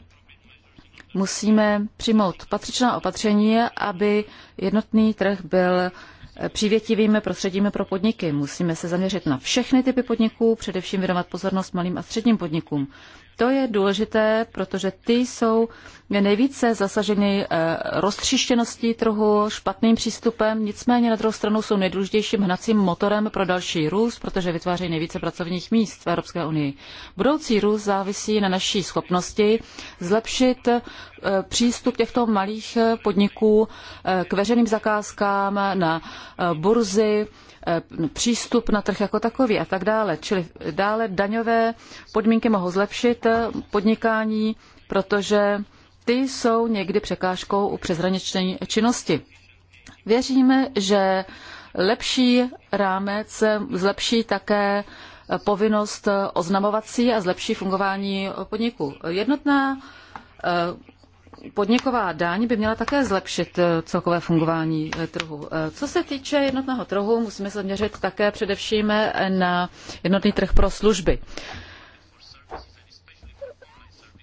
musíme přijmout patřičná opatření, aby jednotný trh byl eh, přívětivým prostředím pro podniky. Musíme se zaměřit na všechny typy podniků, především věnovat pozornost malým a středním podnikům. To je důležité, protože ty jsou nejvíce zasaženy eh, roztřištěností trhu, špatným přístupem, nicméně na druhou stranu jsou nejdůležitějším hnacím motorem pro další růst, protože vytvářejí nejvíce pracovních míst v Evropské unii. Budoucí růst závisí na naší schopnosti zlepšit eh, přístup těchto malých podniků eh, k veřejným zakázkám, na burzy, Eh, přístup na trh jako takový a tak dále. Čili dále daňové podmínky mohou zlepšit eh, podnikání, protože ty jsou někdy překážkou u přeshraniční činnosti. Věříme, že lepší rámec zlepší také povinnost oznamovací a zlepší fungování podniku. Jednotná eh, podniková daň by měla také zlepšit eh, celkové fungování eh, trhu. Eh, co se týče jednotného trhu, musíme se měřit také především na jednotný trh pro služby.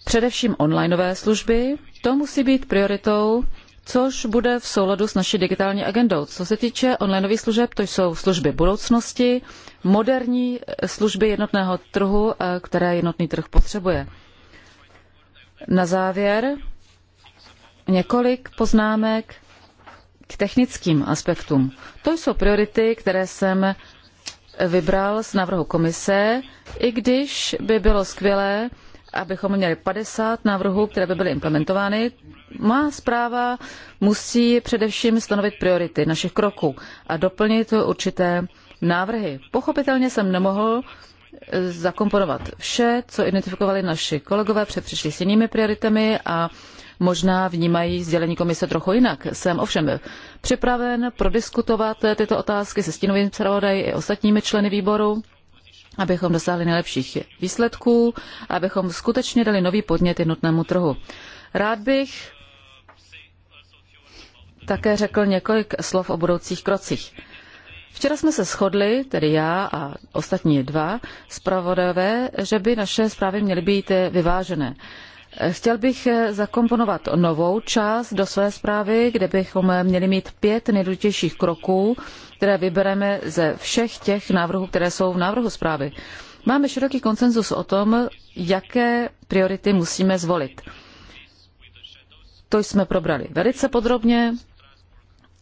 Především onlineové služby, to musí být prioritou, což bude v souladu s naší digitální agendou. Co se týče onlineových služeb, to jsou služby budoucnosti, moderní služby jednotného trhu, které jednotný trh potřebuje. Na závěr několik poznámek k technickým aspektům. To jsou priority, které jsem vybral z návrhu komise, i když by bylo skvělé, abychom měli 50 návrhů, které by byly implementovány. Má zpráva musí především stanovit priority našich kroků a doplnit určité návrhy. Pochopitelně jsem nemohl zakomponovat vše, co identifikovali naši kolegové před přišli s jinými prioritami a možná vnímají sdělení komise trochu jinak. Jsem ovšem připraven prodiskutovat tyto otázky se stínovým zpravodaji i ostatními členy výboru abychom dosáhli nejlepších výsledků, abychom skutečně dali nový podnět jednotnému trhu. Rád bych také řekl několik slov o budoucích krocích. Včera jsme se shodli, tedy já a ostatní dva zpravodajové, že by naše zprávy měly být vyvážené. Chtěl bych eh, zakomponovat novou část do své zprávy, kde bychom eh, měli mít pět nejdůležitějších kroků, které vybereme ze všech těch návrhů, které jsou v návrhu zprávy. Máme široký konsenzus o tom, jaké priority musíme zvolit. To jsme probrali velice podrobně.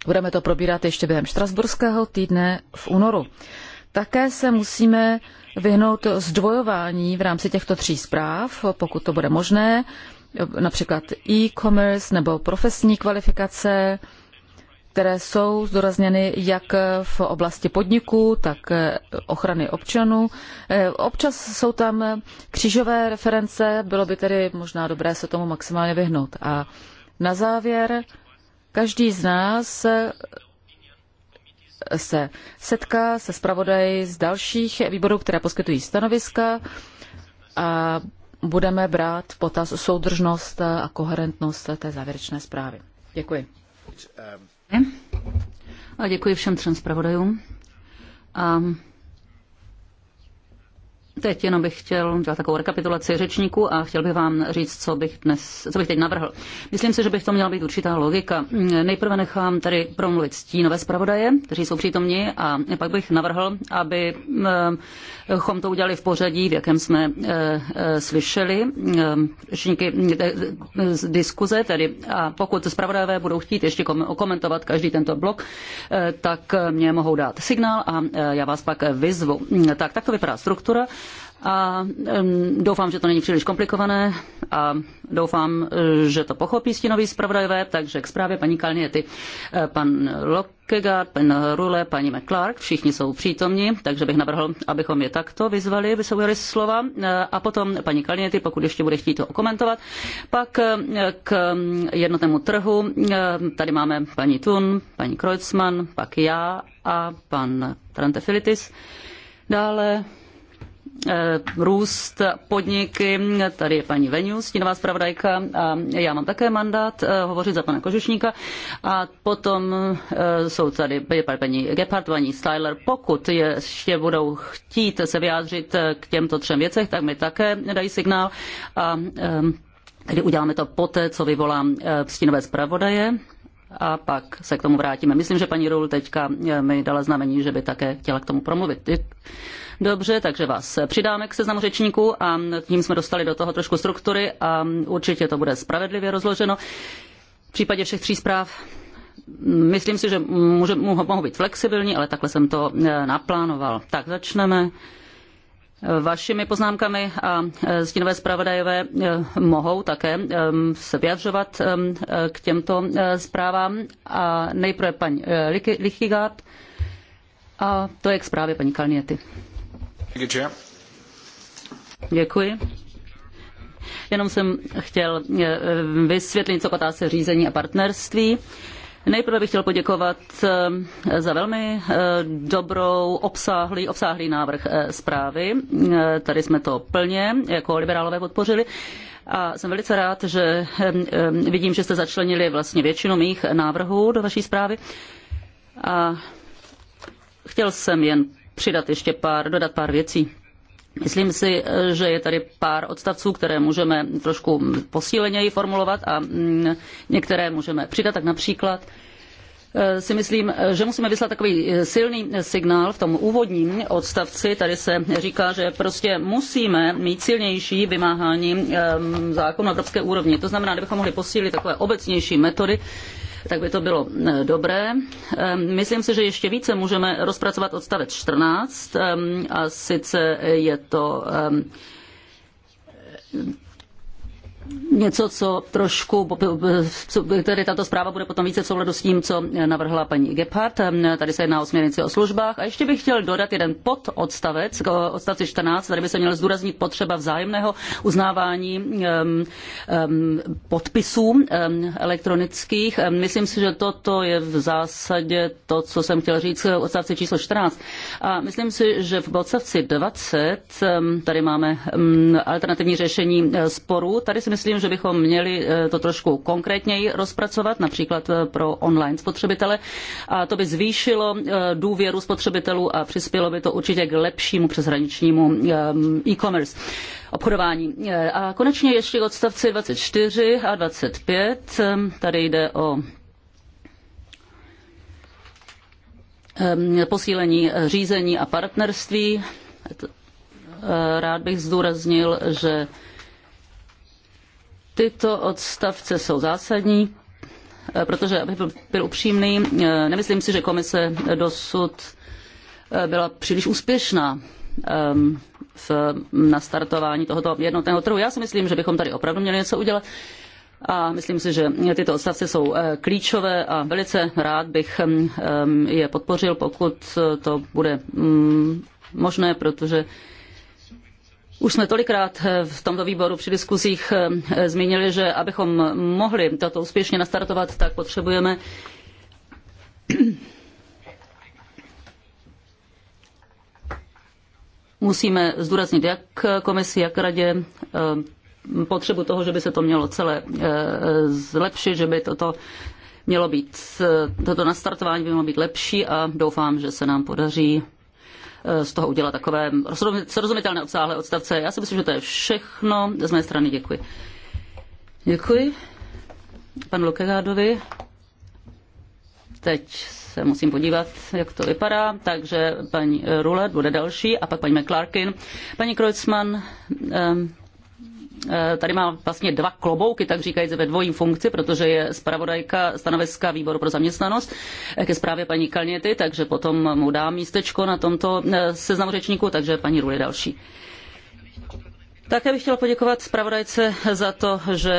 Budeme to probírat ještě během Štrasburského týdne v únoru. Také se musíme vyhnout zdvojování v rámci těchto tří zpráv, pokud to bude možné, například e-commerce nebo profesní kvalifikace, které jsou zdorazněny jak v oblasti podniků, tak ochrany občanů. Občas jsou tam křížové reference, bylo by tedy možná dobré se tomu maximálně vyhnout. A na závěr, každý z nás se setká se zpravodaji z dalších výborů, které poskytují stanoviska a budeme brát v potaz soudržnost a koherentnost té závěrečné zprávy. Děkuji. A děkuji všem třem zpravodajům. A Teď jenom bych chtěl dělat takovou rekapitulaci řečníků a chtěl bych vám říct, co bych, dnes, co bych teď navrhl. Myslím si, že bych to měla být určitá logika. Nejprve nechám tady promluvit stínové zpravodaje, kteří jsou přítomní, a pak bych navrhl, abychom eh, to udělali v pořadí, v jakém jsme eh, eh, slyšeli řečníky z diskuze. Tedy. A pokud zpravodajové budou chtít ještě komentovat každý tento blok, tak mě mohou dát signál a já vás pak vyzvu. Tak, tak to vypadá struktura a doufám, že to není příliš komplikované a doufám, že to pochopí stínoví zpravodajové, takže k zprávě paní Kalniety. E, pan Lokegaard, pan Rule, paní McClark, všichni jsou přítomní, takže bych navrhl, abychom je takto vyzvali, by se ujeli slova e, a potom paní Kalniety, pokud ještě bude chtít to okomentovat. Pak e, k jednotnému trhu, tady máme paní Thun, paní Kreutzmann, pak já a pan Trantefilitis. Dále Eh, růst podniky. Tady je paní Venus. stínová zpravodajka a já mám také mandát eh, hovořit za pana Kožešníka. A potom eh, jsou tady paní Gephardt, paní Styler. Pokud ještě budou chtít se vyjádřit k těmto třem věcech, tak mi také dají signál. A Tedy uděláme to poté, co vyvolám stínové zpravodaje a pak se k tomu vrátíme. Myslím, že paní Rul teďka eh, mi dala znamení, že by také chtěla k tomu promluvit. Dobře, takže vás eh, přidáme k seznamu řečníků a eh, tím jsme dostali do toho trošku struktury a mm, určitě to bude spravedlivě rozloženo. V případě všech tří zpráv mm, myslím si, že může, mohu být flexibilní, ale takhle jsem to naplánoval. Tak začneme vašimi poznámkami a e, stínové zpravodajové e, mohou také e, se vyjadřovat k těmto zprávám. A nejprve paní Lichigát, a to je k zprávě paní Kalniety. Děkuji. Jenom jsem chtěl vysvětlit něco k otázce řízení a partnerství. Nejprve bych chtěl poděkovat eh, za velmi eh, dobrou, obsáhlý, obsáhlý návrh eh, zprávy. Tady jsme to plně jako liberálové podpořili. A jsem velice rád, že vidím, že jste začlenili vlastně většinu mých návrhů do vaší zprávy. A chtěl jsem jen přidat ještě pár, dodat pár věcí. Myslím si, že je tady pár odstavců, které můžeme trošku posíleněji formulovat a mm, některé můžeme přidat, tak například eh, si myslím, že musíme vyslat takový eh, silný signál v tom úvodním odstavci. Tady se říká, že prostě musíme mít silnější vymáhání ehm, zákonu na evropské úrovni. To znamená, kdybychom mohli posílit takové obecnější metody, tak by to bylo eh, dobré. Ehm, myslím si, že ještě více můžeme rozpracovat odstavec 14 ehm, a sice je to ehm, něco, co trošku, tedy tato zpráva bude potom více v souhledu s tím, co navrhla paní Gebhardt. Tady se jedná o směrnici o službách. A ještě bych chtěl dodat jeden pododstavec, odstavci 14, tady by se měl zdůraznit potřeba vzájemného uznávání um, um, podpisů um, elektronických. Myslím si, že toto je v zásadě to, co jsem chtěl říct v odstavci číslo 14. A myslím si, že v odstavci 20 tady máme alternativní řešení e, sporů. Tady si myslím, že bychom měli eh, to trošku konkrétněji rozpracovat, například eh, pro online spotřebitele. A to by zvýšilo eh, důvěru spotřebitelů a přispělo by to určitě k lepšímu přeshraničnímu e-commerce obchodování. A konečně ještě k odstavci 24 a 25. Tady jde o posílení řízení a partnerství. Rád bych zdůraznil, že Tyto odstavce jsou zásadní, eh, protože, abych byl upřímný, eh, nemyslím si, že komise dosud eh, byla příliš úspěšná ehm, v nastartování tohoto jednotného trhu. Já si myslím, že bychom tady opravdu měli něco udělat a myslím si, že tyto odstavce jsou klíčové a velice rád bych ehm, ehm, je podpořil, pokud to bude mm, možné, protože už jsme tolikrát eh, v tomto výboru při diskuzích eh, eh, zmínili, že abychom mohli toto úspěšně nastartovat, tak potřebujeme <clears throat> musíme zdůraznit jak komisi, jak radě potřebu toho, že by se to mělo celé zlepšit, že by toto mělo být, toto nastartování by mělo být lepší a doufám, že se nám podaří z toho udělat takové srozumitelné obsáhlé odstavce. Já si myslím, že to je všechno. Z mé strany děkuji. Děkuji panu Lukegádovi. Teď se musím podívat, jak to vypadá. Takže paní Rulet bude další a pak paní McClarkin. Paní Kreutzmann, um, E, tady má vlastně dva klobouky, tak říkajíc ve dvojím funkci, protože je zpravodajka stanoviska výboru pro zaměstnanost e, ke zprávě paní Kalněty, takže potom mu dám místečko na tomto e, seznamu řečníku, takže paní Rule další. Také bych chtěla poděkovat zpravodajce za to, že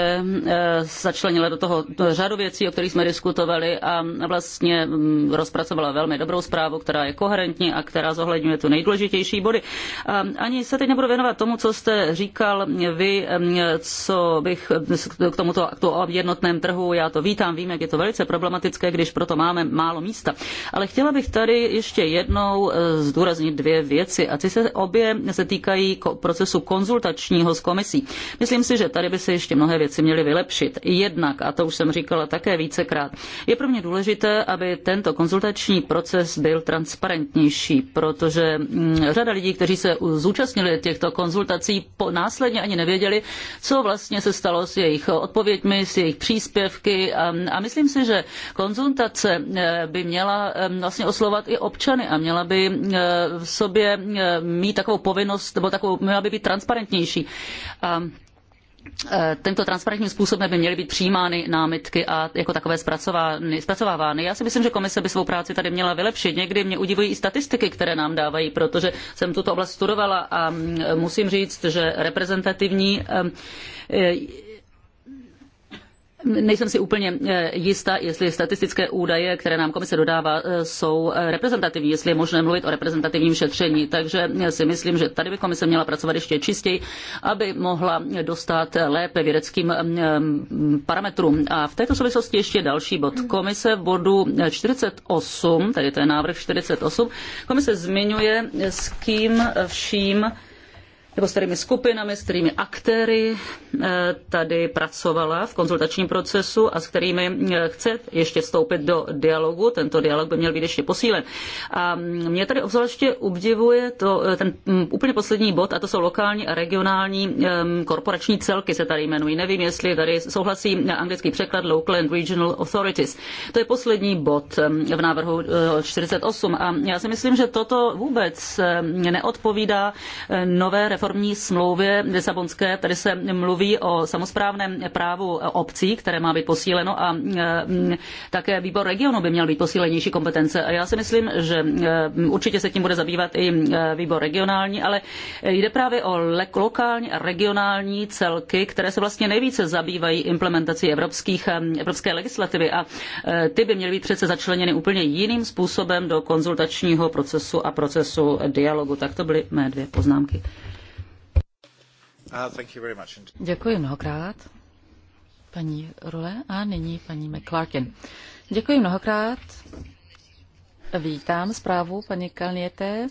e, začlenila do toho řadu věcí, o kterých jsme diskutovali a vlastně mm, rozpracovala velmi dobrou zprávu, která je koherentní a která zohledňuje tu nejdůležitější body. A ani se teď nebudu věnovat tomu, co jste říkal vy, mm, co bych e, k tomuto aktu o jednotném trhu, já to vítám, vím, jak je to velice problematické, když proto máme málo místa. Ale chtěla bych tady ještě jednou e, zdůraznit dvě věci a ty se obě se týkají procesu konzultace ročního s komisí. Myslím si, že tady by se ještě mnohé věci měly vylepšit. Jednak, a to už jsem říkala také vícekrát, je pro mě důležité, aby tento konzultační proces byl transparentnější, protože mm, řada lidí, kteří se zúčastnili těchto konzultací, po, následně ani nevěděli, co vlastně se stalo s jejich odpověďmi, s jejich příspěvky a, a myslím si, že konzultace eh, by měla vlastně oslovat i občany a měla by eh, v sobě eh, mít takovou povinnost, nebo takovou, měla by být transparentnější vnější. A ehm, e, tento transparentním způsobem by měly být přijímány námitky a jako takové zpracovávány. Já si myslím, že komise by svou práci tady měla vylepšit. Někdy mě udivují i statistiky, které nám dávají, protože jsem tuto oblast studovala a mm, musím říct, že reprezentativní ehm, e, Nejsem si úplně eh, jista, jestli statistické údaje, které nám komise dodává, eh, jsou eh, reprezentativní, jestli je možné mluvit o reprezentativním šetření. Takže si myslím, že tady by komise měla pracovat ještě čistěji, aby mohla dostat lépe vědeckým mm, parametrům. A v této souvislosti ještě další bod. Komise v bodu 48, tedy to je návrh 48, komise zmiňuje, s kým vším nebo s kterými skupinami, s kterými aktéry eh, tady pracovala v konzultačním procesu a s kterými eh, chce ještě vstoupit do dialogu. Tento dialog by měl být ještě posílen. A mě tady obzvláště obdivuje to, eh, ten mm, úplně poslední bod, a to jsou lokální a regionální ehm, korporační celky se tady jmenují. Nevím, jestli tady souhlasí anglický překlad Local and Regional Authorities. To je poslední bod ehm, v návrhu 48 a já si myslím, že toto vůbec ehm, neodpovídá nové reformy reformní smlouvě Lisabonské tady se mluví o samosprávném právu obcí, které má být posíleno a mm, také výbor regionu by měl být posílenější kompetence. A já si myslím, že mm, určitě se tím bude zabývat i mm, výbor regionální, ale jde právě o lokální a regionální celky, které se vlastně nejvíce zabývají implementací evropských, evropské legislativy a e, ty by měly být přece začleněny úplně jiným způsobem do konzultačního procesu a procesu dialogu. Tak to byly mé dvě poznámky. Uh, Děkuji mnohokrát, paní Rule, a nyní paní McClarkin. Děkuji mnohokrát. Vítám zprávu paní Kalniete,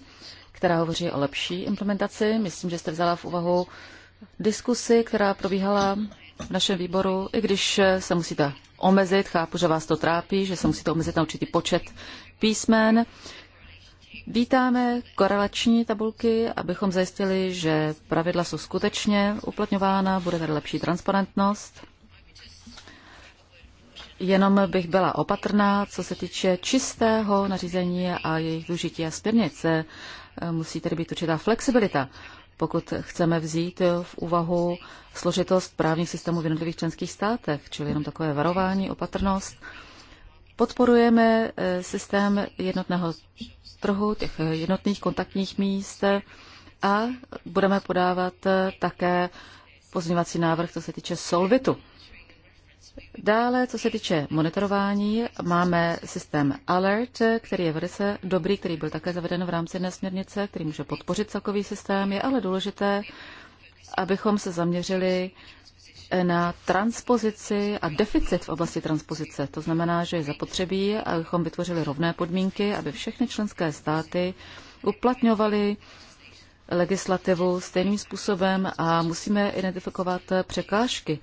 která hovoří o lepší implementaci. Myslím, že jste vzala v úvahu diskusi, která probíhala v našem výboru, i když se musíte omezit, chápu, že vás to trápí, že se musíte omezit na určitý počet písmen. Vítáme korelační tabulky, abychom zajistili, že pravidla jsou skutečně uplatňována, bude tady lepší transparentnost. Jenom bych byla opatrná, co se týče čistého nařízení a jejich využití a směrnice. Eh, musí tedy být určitá flexibilita, pokud chceme vzít v úvahu složitost právních systémů v jednotlivých členských státech, čili jenom takové varování, opatrnost. Podporujeme eh, systém jednotného trhu, těch eh, jednotných kontaktních míst eh, a budeme podávat eh, také pozměňovací návrh, co se týče Solvitu. Dále, co se týče monitorování, máme systém Alert, který je velice dobrý, který byl také zaveden v rámci jedné směrnice, který může podpořit celkový systém. Je ale důležité, abychom se zaměřili na transpozici a deficit v oblasti transpozice. To znamená, že je zapotřebí, abychom vytvořili rovné podmínky, aby všechny členské státy uplatňovaly legislativu stejným způsobem a musíme identifikovat překážky.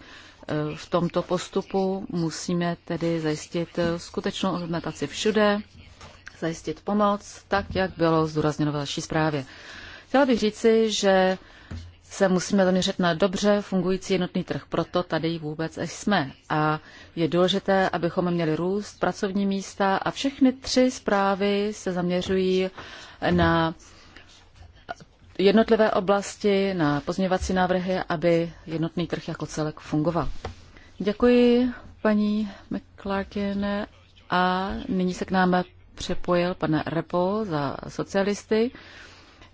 Eh, v tomto postupu musíme tedy zajistit skutečnou implementaci všude, zajistit pomoc, tak jak bylo zdůrazněno v další zprávě. Chtěla bych říci, že se musíme zaměřit na dobře fungující jednotný trh. Proto tady vůbec jsme. A je důležité, abychom měli růst, pracovní místa a všechny tři zprávy se zaměřují na jednotlivé oblasti, na pozměňovací návrhy, aby jednotný trh jako celek fungoval. Děkuji paní McClarkin a nyní se k nám připojil pan Repo za socialisty.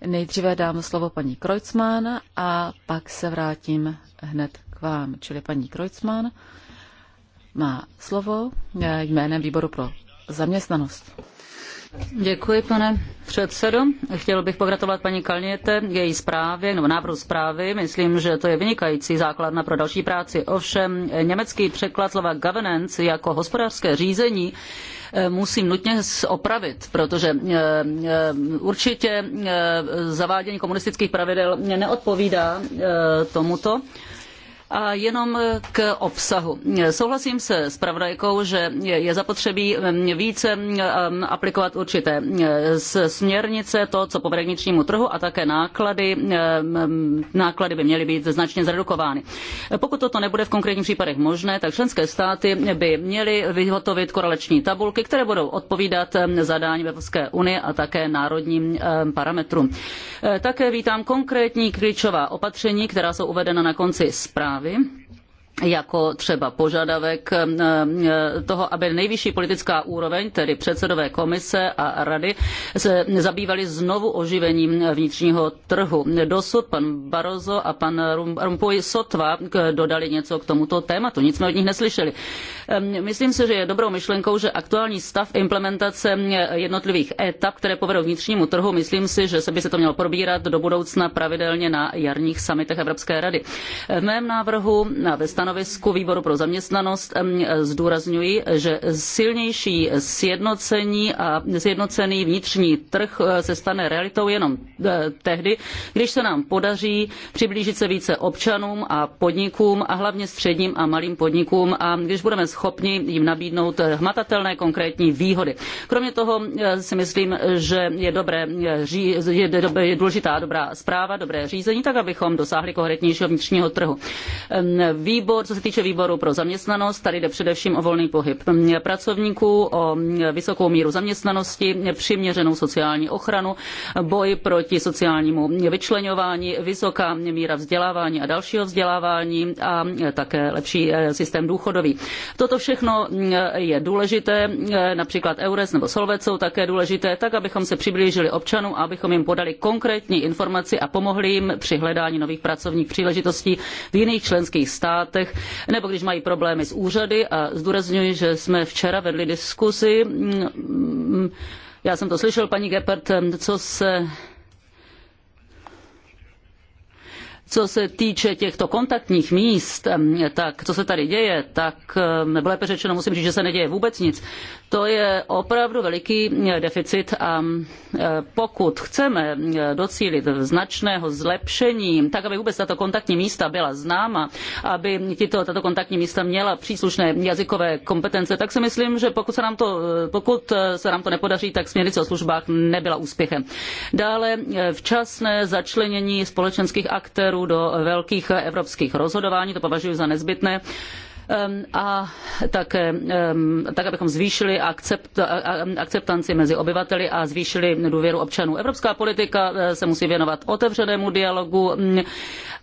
Nejdříve dám slovo paní Kreutzmann a pak se vrátím hned k vám. Čili paní Kreutzmann má slovo jménem výboru pro zaměstnanost. Děkuji, pane předsedo. Chtěl bych pogratulovat paní Kalněte její zprávě, nebo návrhu zprávy. Myslím, že to je vynikající základna pro další práci. Ovšem, německý překlad slova governance jako hospodářské řízení Eh, musím nutně opravit, protože eh, eh, určitě zavádění komunistických pravidel neodpovídá tomuto. A jenom k obsahu. Souhlasím se s pravdajkou, že je zapotřebí více aplikovat určité směrnice, to, co povede k vnitřnímu trhu a také náklady. Náklady by měly být značně zredukovány. Pokud toto nebude v konkrétních případech možné, tak členské státy by měly vyhotovit korelační tabulky, které budou odpovídat zadání Evropské unie a také národním parametrům. E, také vítám konkrétní klíčová opatření, která jsou uvedena na konci zprávy zprávy jako třeba požadavek eh, eh, toho, aby nejvyšší politická úroveň, tedy předsedové komise a rady, se zabývali znovu oživením vnitřního trhu. Dosud pan Barroso a pan Rumpuy Sotva dodali něco k tomuto tématu, nic jsme od nich neslyšeli. Myslím si, že je dobrou myšlenkou, že aktuální stav implementace eh, jednotlivých etap, které povedou vnitřnímu trhu, myslím si, že se by se to mělo probírat do budoucna pravidelně na jarních summitech Evropské rady. V mém návrhu na ve stanovisku výboru pro zaměstnanost e, zdůrazňuji, že silnější sjednocení a sjednocený vnitřní trh e, se stane realitou jenom e, tehdy, když se nám podaří přiblížit se více občanům a podnikům a hlavně středním a malým podnikům a když budeme schopni jim nabídnout hmatatelné konkrétní výhody. Kromě toho si myslím, že je, dobré, je důležitá dobrá správa, dobré řízení, tak abychom dosáhli konkrétnějšího vnitřního trhu. Výbor výbor, co se týče výboru pro zaměstnanost, tady jde především o volný pohyb pracovníků, o vysokou míru zaměstnanosti, přiměřenou sociální ochranu, boj proti sociálnímu vyčleňování, vysoká míra vzdělávání a dalšího vzdělávání a také lepší eh, systém důchodový. Toto všechno eh, je důležité, eh, například EURES nebo Solvet jsou také důležité, tak abychom se přiblížili občanům, abychom jim podali konkrétní informaci a pomohli jim při hledání nových pracovních příležitostí v jiných členských státech státech, nebo když mají problémy s úřady. A zdůrazňuji, že jsme včera vedli diskusi. Mm, mm, já jsem to slyšel, paní Gepard, co se Co se týče těchto kontaktních míst, tak co se tady děje, tak nebo lépe řečeno musím říct, že se neděje vůbec nic. To je opravdu veliký deficit a pokud chceme docílit značného zlepšení, tak aby vůbec tato kontaktní místa byla známa, aby tyto tato kontaktní místa měla příslušné jazykové kompetence, tak si myslím, že pokud se nám to, pokud se nám to nepodaří, tak směrnice o službách nebyla úspěchem. Dále včasné začlenění společenských aktérů do velkých evropských rozhodování, to považuji za nezbytné a také, tak, abychom zvýšili akcept, akceptanci mezi obyvateli a zvýšili důvěru občanů. Evropská politika eh, se musí věnovat otevřenému dialogu mm,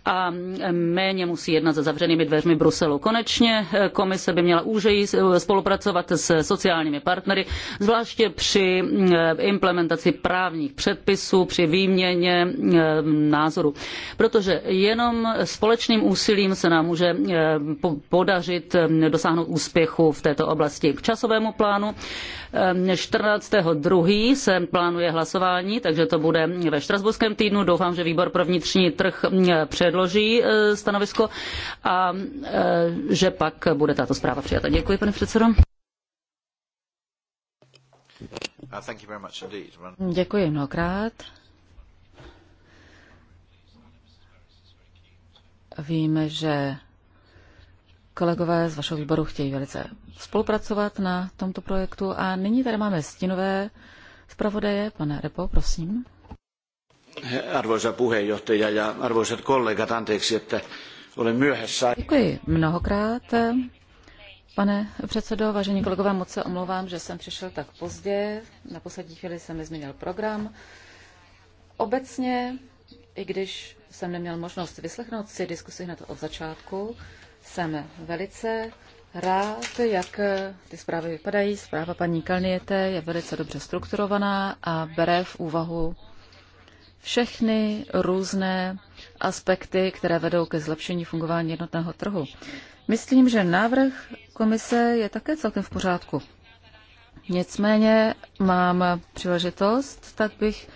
a méně musí jednat za zavřenými dveřmi Bruselu. Konečně eh, komise by měla úžeji eh, spolupracovat s sociálními partnery, zvláště při implementaci právních předpisů, při výměně názorů. Protože jenom společným úsilím se nám může podařit snažit eh, dosáhnout úspěchu v této oblasti. K časovému plánu 14.2. Eh, se plánuje hlasování, takže to bude ve Štrasburském týdnu. Doufám, že výbor pro vnitřní trh mm, předloží eh, stanovisko a že pak bude tato zpráva přijata. Děkuji, pane předsedo. Uh, Děkuji mnohokrát. Víme, že Kolegové z vašeho výboru chtějí velice spolupracovat na tomto projektu a nyní tady máme stinové zpravodaje. Pane Repo, prosím. Arvoisa puheenjohtaja ja arvoisat kollegat, anteeksi, että olen myöhässä. Děkuji mnohokrát. Pane předsedo, vážení kolegové, moc se omlouvám, že jsem přišel tak pozdě. Na poslední chvíli jsem změnil program. Obecně, i když jsem neměl možnost vyslechnout si diskusi hned od začátku, jsem velice rád, jak ty zprávy vypadají. Zpráva paní Kalniete je velice dobře strukturovaná a bere v úvahu všechny různé aspekty, které vedou ke zlepšení fungování jednotného trhu. Myslím, že návrh komise je také celkem v pořádku. Nicméně mám příležitost, tak bych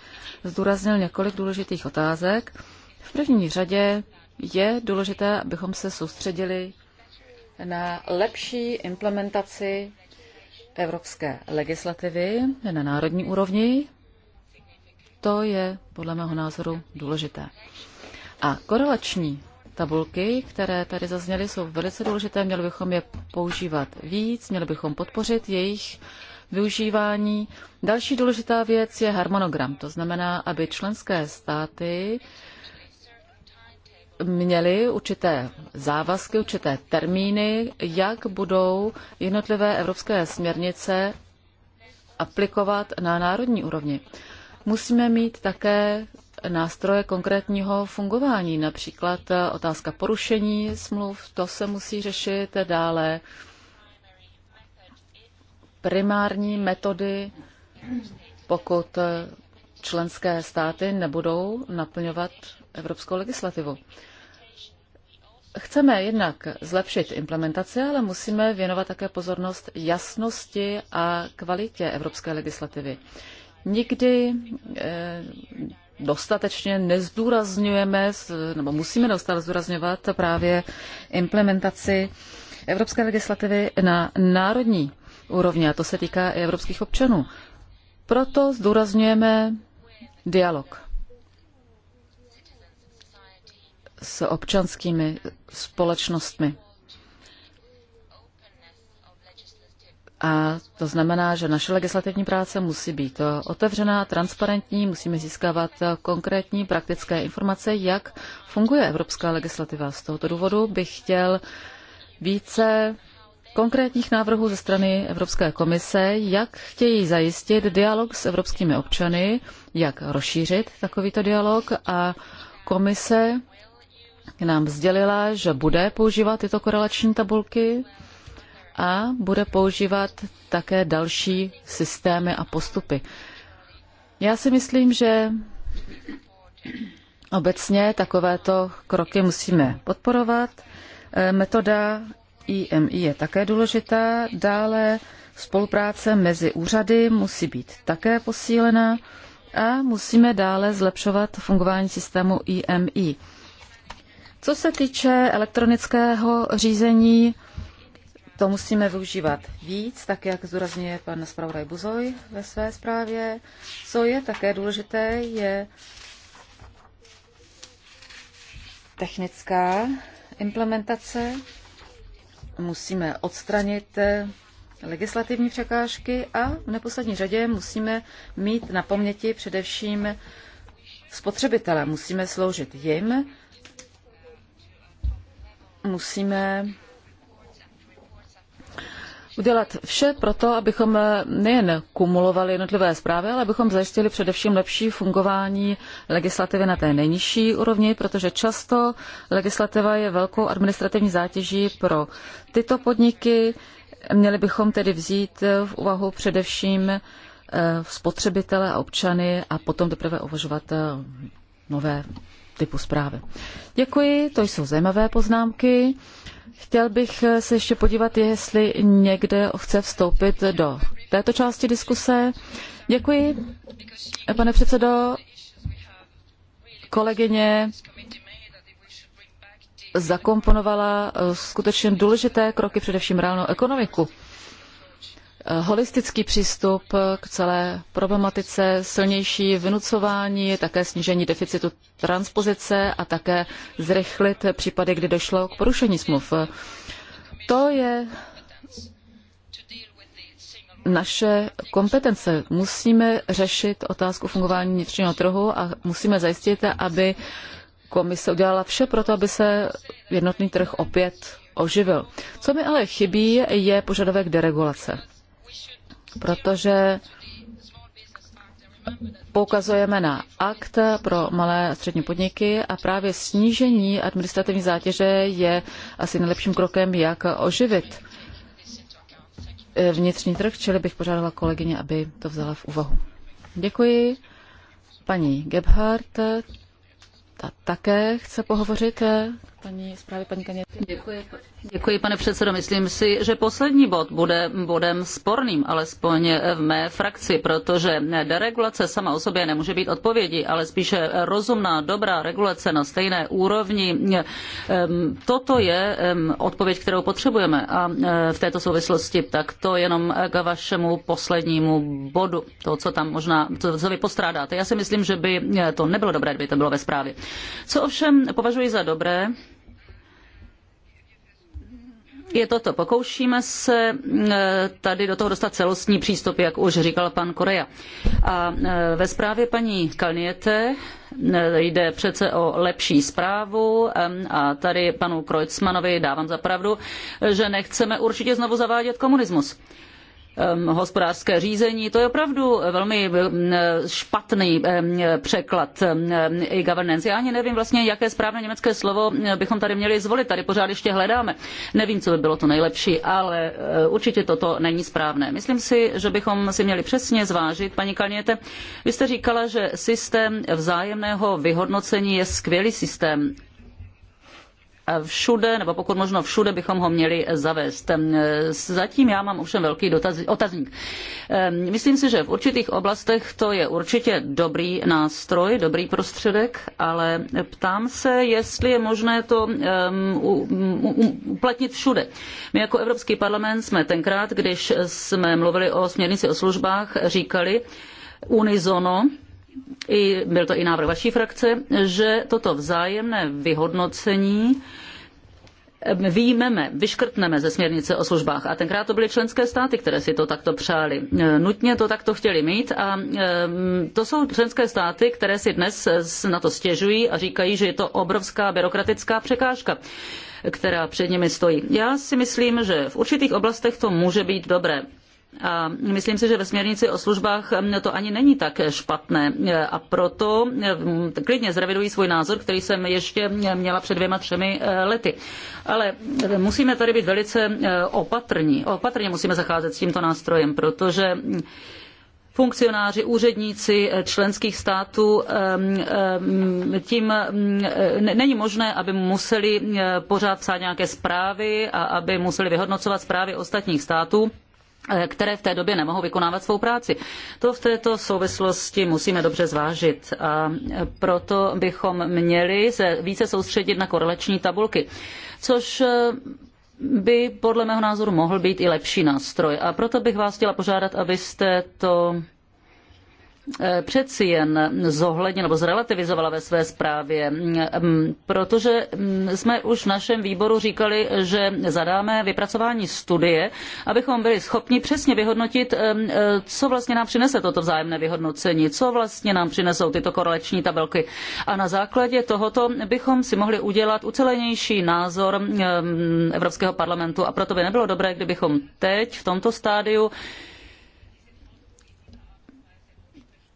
zdůraznil několik důležitých otázek. V první řadě je důležité, abychom se soustředili na lepší implementaci evropské legislativy na národní úrovni. To je podle mého názoru důležité. A korelační tabulky, které tady zazněly, jsou velice důležité. Měli bychom je používat víc, měli bychom podpořit jejich využívání. Další důležitá věc je harmonogram. To znamená, aby členské státy měli určité závazky, určité termíny, jak budou jednotlivé evropské směrnice aplikovat na národní úrovni. Musíme mít také nástroje konkrétního fungování, například eh, otázka porušení smluv, to se musí řešit dále. Primární metody, pokud eh, členské státy nebudou naplňovat evropskou legislativu. Chceme jednak zlepšit implementaci, ale musíme věnovat také pozornost jasnosti a kvalitě evropské legislativy. Nikdy eh, dostatečně nezdůrazňujeme, nebo musíme dostat zdůrazňovat právě implementaci evropské legislativy na národní úrovni, a to se týká i evropských občanů. Proto zdůrazňujeme dialog. s občanskými společnostmi. A to znamená, že naše legislativní práce musí být otevřená, transparentní, musíme získávat konkrétní praktické informace, jak funguje evropská legislativa. Z tohoto důvodu bych chtěl více konkrétních návrhů ze strany Evropské komise, jak chtějí zajistit dialog s evropskými občany, jak rozšířit takovýto dialog a komise nám sdělila, že bude používat tyto korelační tabulky a bude používat také další systémy a postupy. Já si myslím, že obecně takovéto kroky musíme podporovat. Eh, metoda IMI je také důležitá. Dále spolupráce mezi úřady musí být také posílena a musíme dále zlepšovat fungování systému IMI. Co se týče elektronického řízení, to musíme využívat víc, tak jak zdůrazňuje pan zpravodaj Buzoj ve své zprávě. Co je také důležité, je technická implementace. Musíme odstranit eh, legislativní překážky a v neposlední řadě musíme mít na paměti především spotřebitele. Musíme sloužit jim, musíme udělat vše pro to, abychom nejen kumulovali jednotlivé zprávy, ale abychom zajistili především lepší fungování legislativy na té nejnižší úrovni, protože často legislativa je velkou administrativní zátěží pro tyto podniky. Měli bychom tedy vzít v úvahu především eh, spotřebitele a občany a potom teprve uvažovat eh, nové typu zprávy. Děkuji, to jsou zajímavé poznámky. Chtěl bych se ještě podívat, jestli někde chce vstoupit do této části diskuse. Děkuji, pane předsedo, kolegyně zakomponovala eh, skutečně důležité kroky, především reálnou ekonomiku Eh, holistický přístup k celé problematice, silnější vynucování, také snížení deficitu transpozice a také zrychlit případy, kdy došlo k porušení smluv. To je naše kompetence. Musíme řešit otázku fungování vnitřního trhu a musíme zajistit, aby komise udělala vše pro to, aby se jednotný trh opět oživil. Co mi ale chybí, je požadavek deregulace protože poukazujeme na akt pro malé a střední podniky a právě snížení administrativní zátěže je asi nejlepším krokem, jak oživit eh, vnitřní trh, čili bych požádala kolegyně, aby to vzala v úvahu. Děkuji. Paní Gebhardt ta také chce pohovořit paní zprávy paní Kaně. Děkuji, děkuji, pane předsedo. Myslím si, že poslední bod bude bodem sporným, alespoň v mé frakci, protože deregulace sama o sobě nemůže být odpovědí, ale spíše rozumná, dobrá regulace na stejné úrovni. Toto je odpověď, kterou potřebujeme a e, v této souvislosti tak to jenom k vašemu poslednímu bodu, to, co tam možná, to, co vy postrádáte. Já si myslím, že by to nebylo dobré, kdyby to bylo ve zprávě. Co ovšem považuji za dobré, je toto. Pokoušíme se eh, tady do toho dostat celostní přístup, jak už říkal pan Korea. A eh, ve zprávě paní Kalniete eh, jde přece o lepší zprávu a tady panu Kreutzmanovi dávám za pravdu, že nechceme určitě znovu zavádět komunismus Ehm, hospodářské řízení. To je opravdu velmi eh, špatný ehm, překlad ehm, i governance. Já ani nevím vlastně, jaké správné německé slovo eh, bychom tady měli zvolit. Tady pořád ještě hledáme. Nevím, co by bylo to nejlepší, ale eh, určitě toto není správné. Myslím si, že bychom si měli přesně zvážit, paní Kalněte. Vy jste říkala, že systém vzájemného vyhodnocení je skvělý systém všude, nebo pokud možno všude bychom ho měli zavést. Zatím já mám ovšem velký dotaz, otazník. Ehm, myslím si, že v určitých oblastech to je určitě dobrý nástroj, dobrý prostředek, ale ptám se, jestli je možné to ehm, uplatnit všude. My jako Evropský parlament jsme tenkrát, když jsme mluvili o směrnici o službách, říkali unizono, i, byl to i návrh vaší frakce, že toto vzájemné vyhodnocení výjmeme, vyškrtneme ze směrnice o službách. A tenkrát to byly členské státy, které si to takto přáli. E, nutně to takto chtěli mít a to jsou členské státy, které si dnes na to stěžují a říkají, že je to obrovská byrokratická překážka která před nimi stojí. Já si myslím, že v určitých oblastech to může být dobré. A myslím si, že ve směrnici o službách to ani není tak špatné. E, a proto klidně zreviduji svůj názor, který jsem ještě měla před dvěma, třemi e, lety. Ale e, musíme tady být velice opatrní. Opatrně musíme zacházet s tímto nástrojem, protože funkcionáři, úředníci členských států, tím není možné, aby museli pořád psát nějaké zprávy a aby museli vyhodnocovat zprávy ostatních států Eh, které v té době nemohou vykonávat svou práci. To v této souvislosti musíme dobře zvážit a eh, proto bychom měli se více soustředit na korelační tabulky, což eh, by podle mého názoru mohl být i lepší nástroj. A proto bych vás chtěla požádat, abyste to Eh, přeci jen zohlednila nebo zrelativizovala ve své zprávě, mm, mm, protože mm, jsme už v našem výboru říkali, že zadáme vypracování studie, abychom byli schopni přesně vyhodnotit, eh, eh, co vlastně nám přinese toto vzájemné vyhodnocení, co vlastně nám přinesou tyto korelační tabelky. A na základě tohoto bychom si mohli udělat ucelenější názor Evropského parlamentu a proto by nebylo dobré, kdybychom teď v tomto stádiu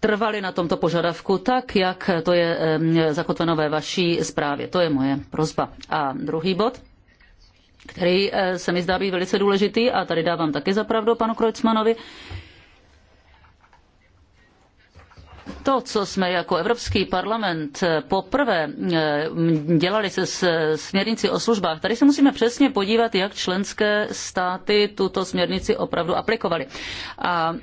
trvali na tomto požadavku tak, jak to je zakotveno ve vaší zprávě. To je moje prozba. A druhý bod který eh, se mi zdá být velice důležitý a tady dávám taky zapravdu panu Krojcmanovi. To, co jsme jako Evropský parlament eh, poprvé eh, dělali se eh, směrnici o službách, tady se musíme přesně podívat, jak členské státy tuto směrnici opravdu aplikovaly. A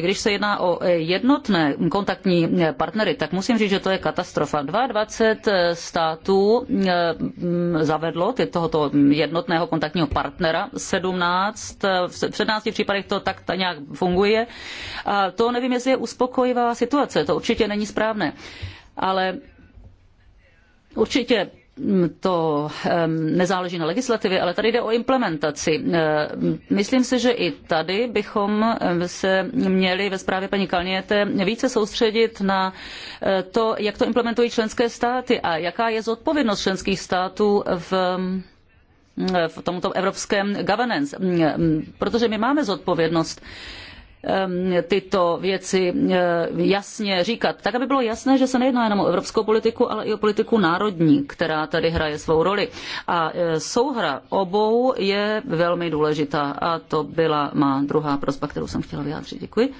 když se jedná o jednotné kontaktní partnery, tak musím říct, že to je katastrofa. 22 států mm, zavedlo tohoto jednotného kontaktního partnera, 17, v 17 případech to tak nějak funguje. A to nevím, jestli je uspokojivá situace. To určitě není správné. Ale určitě mm, to nezáleží na legislativě, ale tady jde o implementaci. Myslím si, že i tady bychom se měli ve zprávě paní Kalniete více soustředit na e, to, jak to implementují členské státy a jaká je zodpovědnost členských států v v tomto evropském governance, protože my máme zodpovědnost Ehm, tyto věci eh, jasně říkat, tak aby bylo jasné, že se nejedná jenom o evropskou politiku, ale i o politiku národní, která tady hraje svou roli. A eh, souhra obou je velmi důležitá a to byla má druhá prosba, kterou jsem chtěla vyjádřit. Děkuji.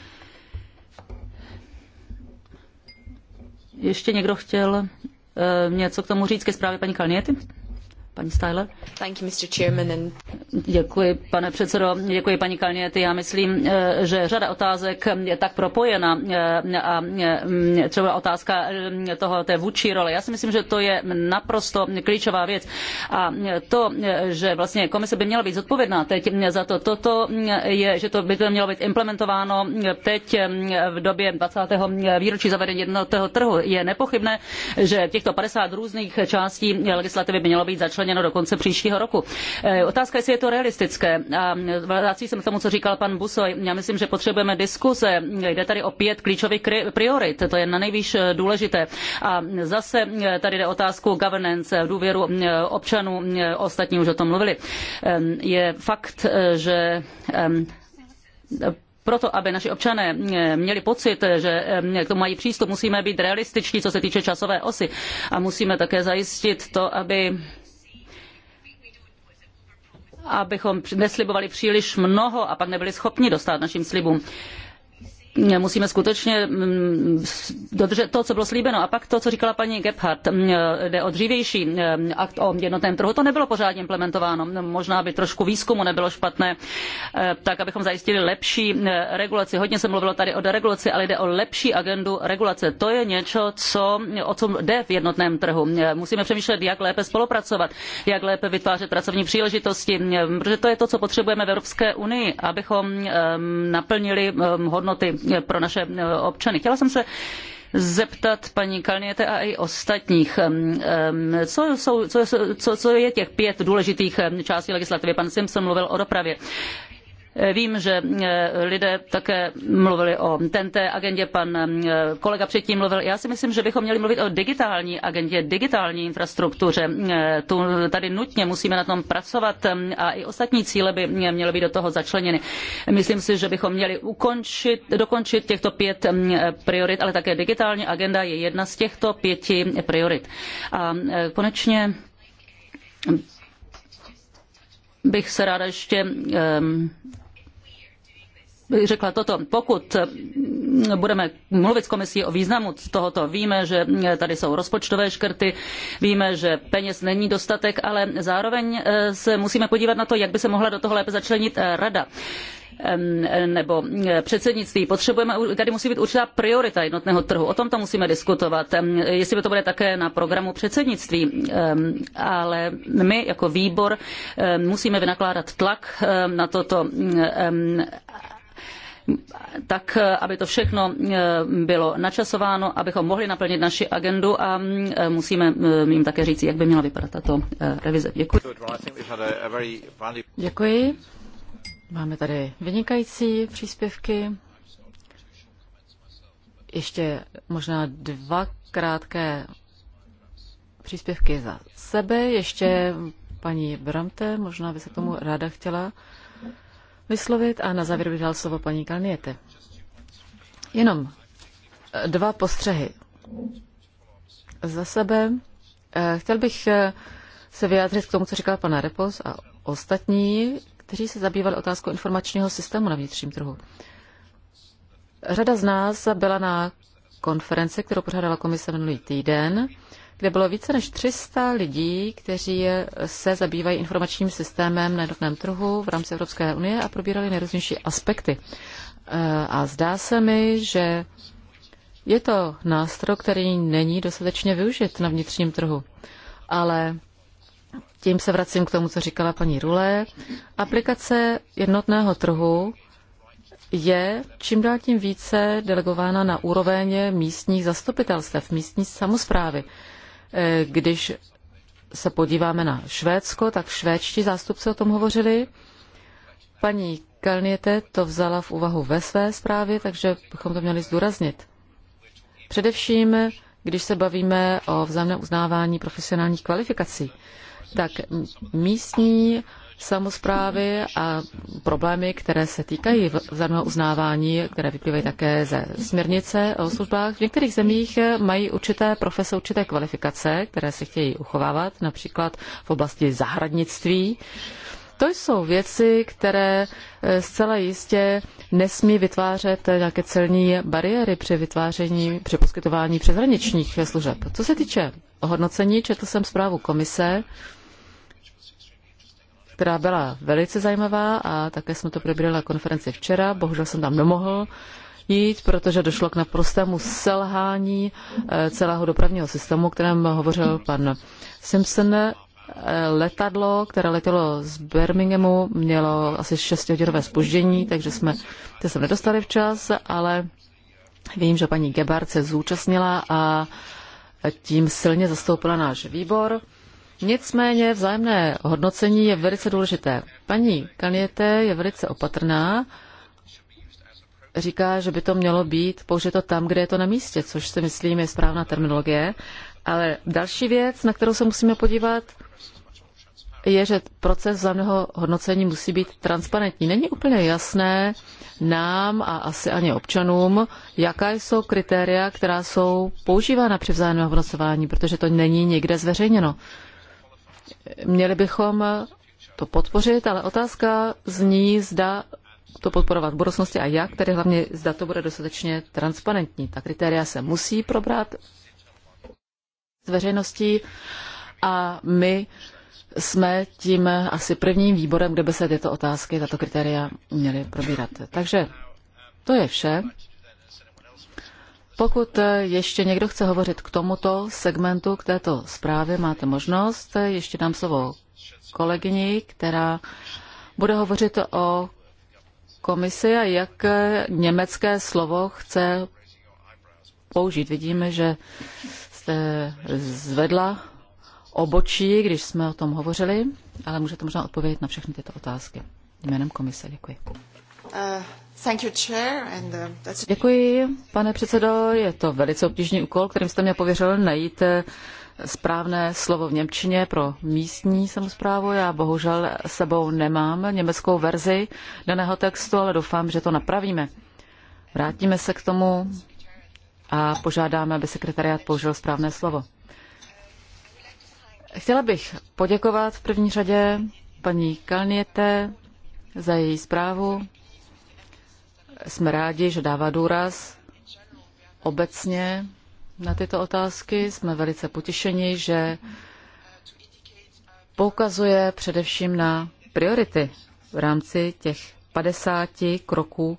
Ještě někdo chtěl eh, něco k tomu říct ke zprávě paní Kalniety? Paní Thank you, Mr. Chairman. And... Děkuji, pane předsedo, děkuji, paní Kalněty. Já myslím, eh, že řada otázek je tak propojena eh, a eh, mm, třeba otázka toho, té vůči role. Já si myslím, že to je naprosto klíčová věc. A to, že vlastně komise by měla být zodpovědná teď mm, za to, toto mm, je, že to by to mělo být implementováno teď v době 20. výročí zavedení jednotného trhu. Je nepochybné, že těchto 50 různých částí legislativy by mělo být začleněno naplněno do konce příštího roku. Eh, otázka, jestli je to realistické. A eh, vrací se k tomu, co říkal pan Busoj. Já myslím, že potřebujeme diskuze. Jde tady o pět klíčových priorit. To je na nejvýš eh, důležité. A zase tady jde otázku governance, důvěru občanů. Ostatní už o tom mluvili. Ehm, je fakt, že ehm, proto, aby naši občané měli pocit, že k tomu mají přístup, musíme být realističtí, co se týče časové osy. A musíme také zajistit to, aby abychom neslibovali příliš mnoho a pak nebyli schopni dostat našim slibům musíme skutečně mm, dodržet to, co bylo slíbeno. A pak to, co říkala paní Gebhardt, mm, jde o dřívější mm, akt o jednotném trhu. To nebylo pořádně implementováno. Možná by trošku výzkumu nebylo špatné, eh, tak abychom zajistili lepší eh, regulaci. Hodně se mluvilo tady o deregulaci, ale jde o lepší agendu regulace. To je něco, co, o co jde v jednotném trhu. Eh, musíme přemýšlet, jak lépe spolupracovat, jak lépe vytvářet pracovní příležitosti, protože to je to, co potřebujeme v Evropské unii, abychom ehm, naplnili ehm, hodnoty pro naše eh, občany. Chtěla jsem se zeptat paní Kalniete a i ostatních, eh, eh, co, jsou, co, co, co je těch pět důležitých částí legislativy. Pan Simpson mluvil o dopravě. Vím, že eh, lidé také mluvili o tenté agendě, pan eh, kolega předtím mluvil. Já si myslím, že bychom měli mluvit o digitální agendě, digitální infrastruktuře. Eh, tu, tady nutně musíme na tom pracovat a i ostatní cíle by měly být do toho začleněny. Myslím si, že bychom měli ukončit, dokončit těchto pět priorit, ale také digitální agenda je jedna z těchto pěti priorit. A konečně bych se ráda ještě bych řekla toto. Pokud budeme mluvit s komisí o významu tohoto, víme, že tady jsou rozpočtové škrty, víme, že peněz není dostatek, ale zároveň eh, se musíme podívat na to, jak by se mohla do toho lépe začlenit eh, rada nebo eh, předsednictví. Potřebujeme, tady musí být určitá priorita jednotného trhu. O tom to musíme diskutovat. Jestli by to bude také na programu předsednictví, ale my jako výbor musíme vynakládat tlak na toto mm, tak aby to všechno eh, bylo načasováno, abychom mohli naplnit naši agendu a mm, musíme mm, jim také říci, jak by měla vypadat tato eh, revize. Děkuji. Děkuji. Máme tady vynikající příspěvky. Ještě možná dva krátké příspěvky za sebe. Ještě paní Bramte, možná by se k tomu ráda chtěla vyslovit a na závěr bych dal slovo paní Kalniete. Jenom eh, dva postřehy. Za sebe eh, chtěl bych eh, se vyjádřit k tomu, co říkal pan Repos a ostatní, kteří se zabývali otázkou informačního systému na vnitřním trhu. Řada z nás byla na konferenci, kterou pořádala komise minulý týden kde bylo více než 300 lidí, kteří se zabývají informačním systémem na jednotném trhu v rámci Evropské unie a probírali nejrůznější aspekty. Eh, a zdá se mi, že je to nástroj, který není dostatečně využit na vnitřním trhu. Ale tím se vracím k tomu, co říkala paní Rule. Aplikace jednotného trhu je čím dál tím více delegována na úroveň místních zastupitelstev, místní samozprávy. Eh, když se podíváme na Švédsko, tak švédští zástupci o tom hovořili. Paní Kalniete to vzala v úvahu ve své zprávě, takže bychom to měli zdůraznit. Především, když se bavíme o vzájemném uznávání profesionálních kvalifikací, tak místní samozprávy a problémy, které se týkají vzájemného uznávání, které vyplývají také ze směrnice o službách. V některých zemích mají určité profese, určité kvalifikace, které se chtějí uchovávat, například v oblasti zahradnictví. To jsou věci, které eh, zcela jistě nesmí vytvářet nějaké celní bariéry při vytváření, při poskytování přeshraničních služeb. Co se týče hodnocení, četl jsem zprávu komise, která byla velice zajímavá a také jsme to probírali na konferenci včera. Bohužel jsem tam nemohl jít, protože došlo k naprostému selhání eh, celého dopravního systému, o kterém hovořil pan Simpson. Eh, letadlo, které letělo z Birminghamu, mělo asi 6-hodinové spoždění, takže jsme to se nedostali včas, ale vím, že paní Gebard se zúčastnila a tím silně zastoupila náš výbor. Nicméně vzájemné hodnocení je velice důležité. Paní Kaniete je velice opatrná, říká, že by to mělo být použito tam, kde je to na místě, což si myslím je správná terminologie. Ale další věc, na kterou se musíme podívat, je, že proces vzájemného hodnocení musí být transparentní. Není úplně jasné nám a asi ani občanům, jaká jsou kritéria, která jsou používána při vzájemném hodnocování, protože to není někde zveřejněno. Měli bychom to podpořit, ale otázka zní, zda to podporovat v budoucnosti a jak, tedy hlavně zda to bude dostatečně transparentní. Ta kritéria se musí probrat s veřejností a my jsme tím asi prvním výborem, kde by se tyto otázky, tato kritéria měly probírat. Takže to je vše. Pokud eh, ještě někdo chce hovořit k tomuto segmentu, k této zprávě, máte možnost. Ještě dám slovo kolegyni, která bude hovořit o komisi a jak eh, německé slovo chce použít. Vidíme, že jste zvedla obočí, když jsme o tom hovořili, ale můžete možná odpovědět na všechny tyto otázky. Jménem komise, děkuji. Uh. Uh, Děkuji, pane předsedo. Je to velice obtížný úkol, kterým jste mě pověřil najít eh, správné slovo v Němčině pro místní samozprávu. Já bohužel sebou nemám německou verzi daného textu, ale doufám, že to napravíme. Vrátíme se k tomu a požádáme, aby sekretariát použil správné slovo. Chtěla bych poděkovat v první řadě paní Kalniete za její zprávu. Jsme rádi, že dává důraz obecně na tyto otázky. Jsme velice potěšeni, že poukazuje především na priority v rámci těch 50 kroků,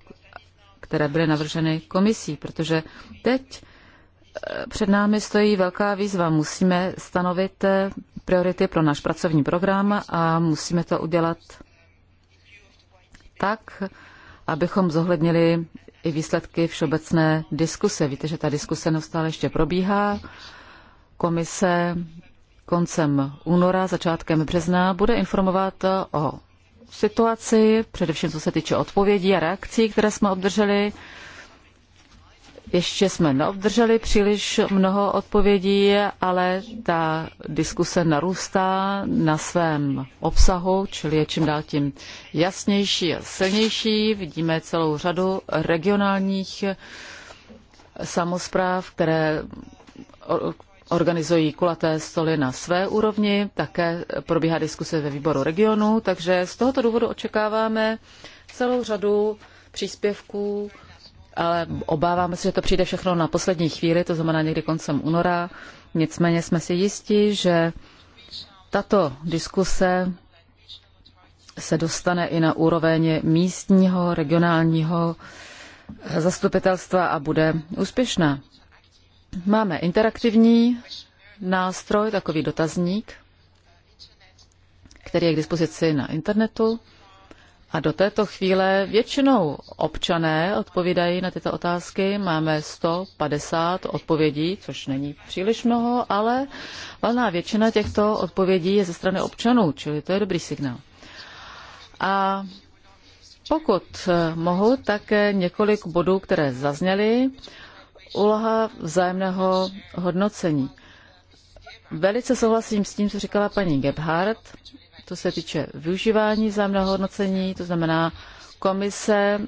které byly navrženy komisí, protože teď eh, před námi stojí velká výzva. Musíme stanovit eh, priority pro náš pracovní program a musíme to udělat tak, abychom zohlednili i výsledky všeobecné diskuse. Víte, že ta diskuse neustále ještě probíhá. Komise koncem února, začátkem března bude informovat o situaci, především co se týče odpovědí a reakcí, které jsme obdrželi. Ještě jsme neobdrželi příliš mnoho odpovědí, ale ta diskuse narůstá na svém obsahu, čili je čím dál tím jasnější a silnější. Vidíme celou řadu regionálních samozpráv, které organizují kulaté stoly na své úrovni, také probíhá diskuse ve výboru regionu, takže z tohoto důvodu očekáváme celou řadu příspěvků ale obáváme se, že to přijde všechno na poslední chvíli, to znamená někdy koncem února. Nicméně jsme si jistí, že tato diskuse se dostane i na úroveň místního, regionálního zastupitelstva a bude úspěšná. Máme interaktivní nástroj, takový dotazník, který je k dispozici na internetu. A do této chvíle většinou občané odpovídají na tyto otázky. Máme 150 odpovědí, což není příliš mnoho, ale valná většina těchto odpovědí je ze strany občanů, čili to je dobrý signál. A pokud mohu, tak několik bodů, které zazněly. Úloha vzájemného hodnocení. Velice souhlasím s tím, co říkala paní Gebhardt co se týče využívání vzájemného hodnocení, to znamená, komise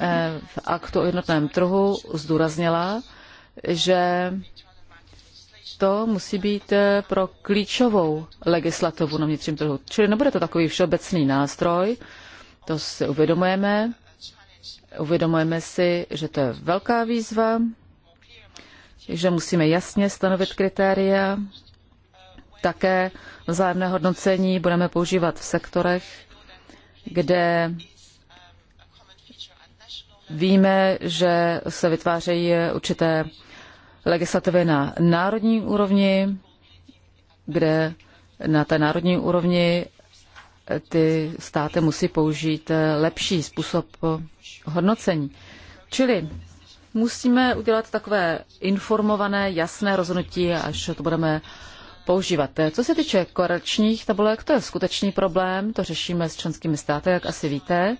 eh, v aktu o jednotném trhu zdůraznila, že to musí být eh, pro klíčovou legislativu na vnitřním trhu. Čili nebude to takový všeobecný nástroj, to si uvědomujeme. Uvědomujeme si, že to je velká výzva, že musíme jasně stanovit kritéria, také vzájemné hodnocení budeme používat v sektorech, kde víme, že se vytvářejí určité legislativy na národní úrovni, kde na té národní úrovni ty státy musí použít lepší způsob hodnocení. Čili musíme udělat takové informované, jasné rozhodnutí, až to budeme používat. Co se týče korelačních tabulek, to je skutečný problém, to řešíme s členskými státy, jak asi víte.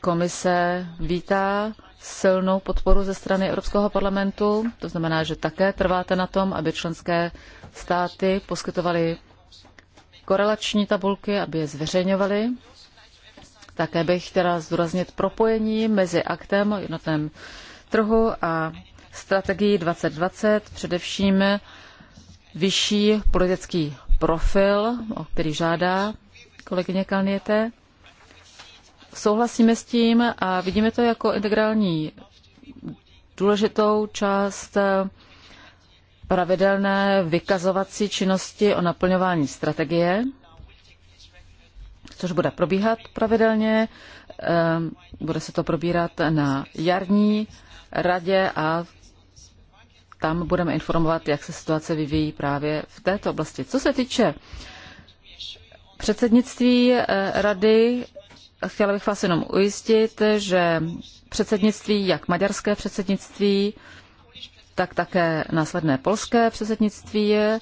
Komise vítá silnou podporu ze strany Evropského parlamentu, to znamená, že také trváte na tom, aby členské státy poskytovaly korelační tabulky, aby je zveřejňovaly. Také bych chtěla zdůraznit propojení mezi aktem o jednotném trhu a strategií 2020, především vyšší politický profil, o který žádá kolegyně Kalniete. Souhlasíme s tím a vidíme to jako integrální důležitou část eh, pravidelné vykazovací činnosti o naplňování strategie, což bude probíhat pravidelně. Eh, bude se to probírat na jarní radě a tam budeme informovat, jak se situace vyvíjí právě v této oblasti. Co se týče předsednictví eh, rady, chtěla bych vás jenom ujistit, že předsednictví, jak maďarské předsednictví, tak také následné polské předsednictví eh,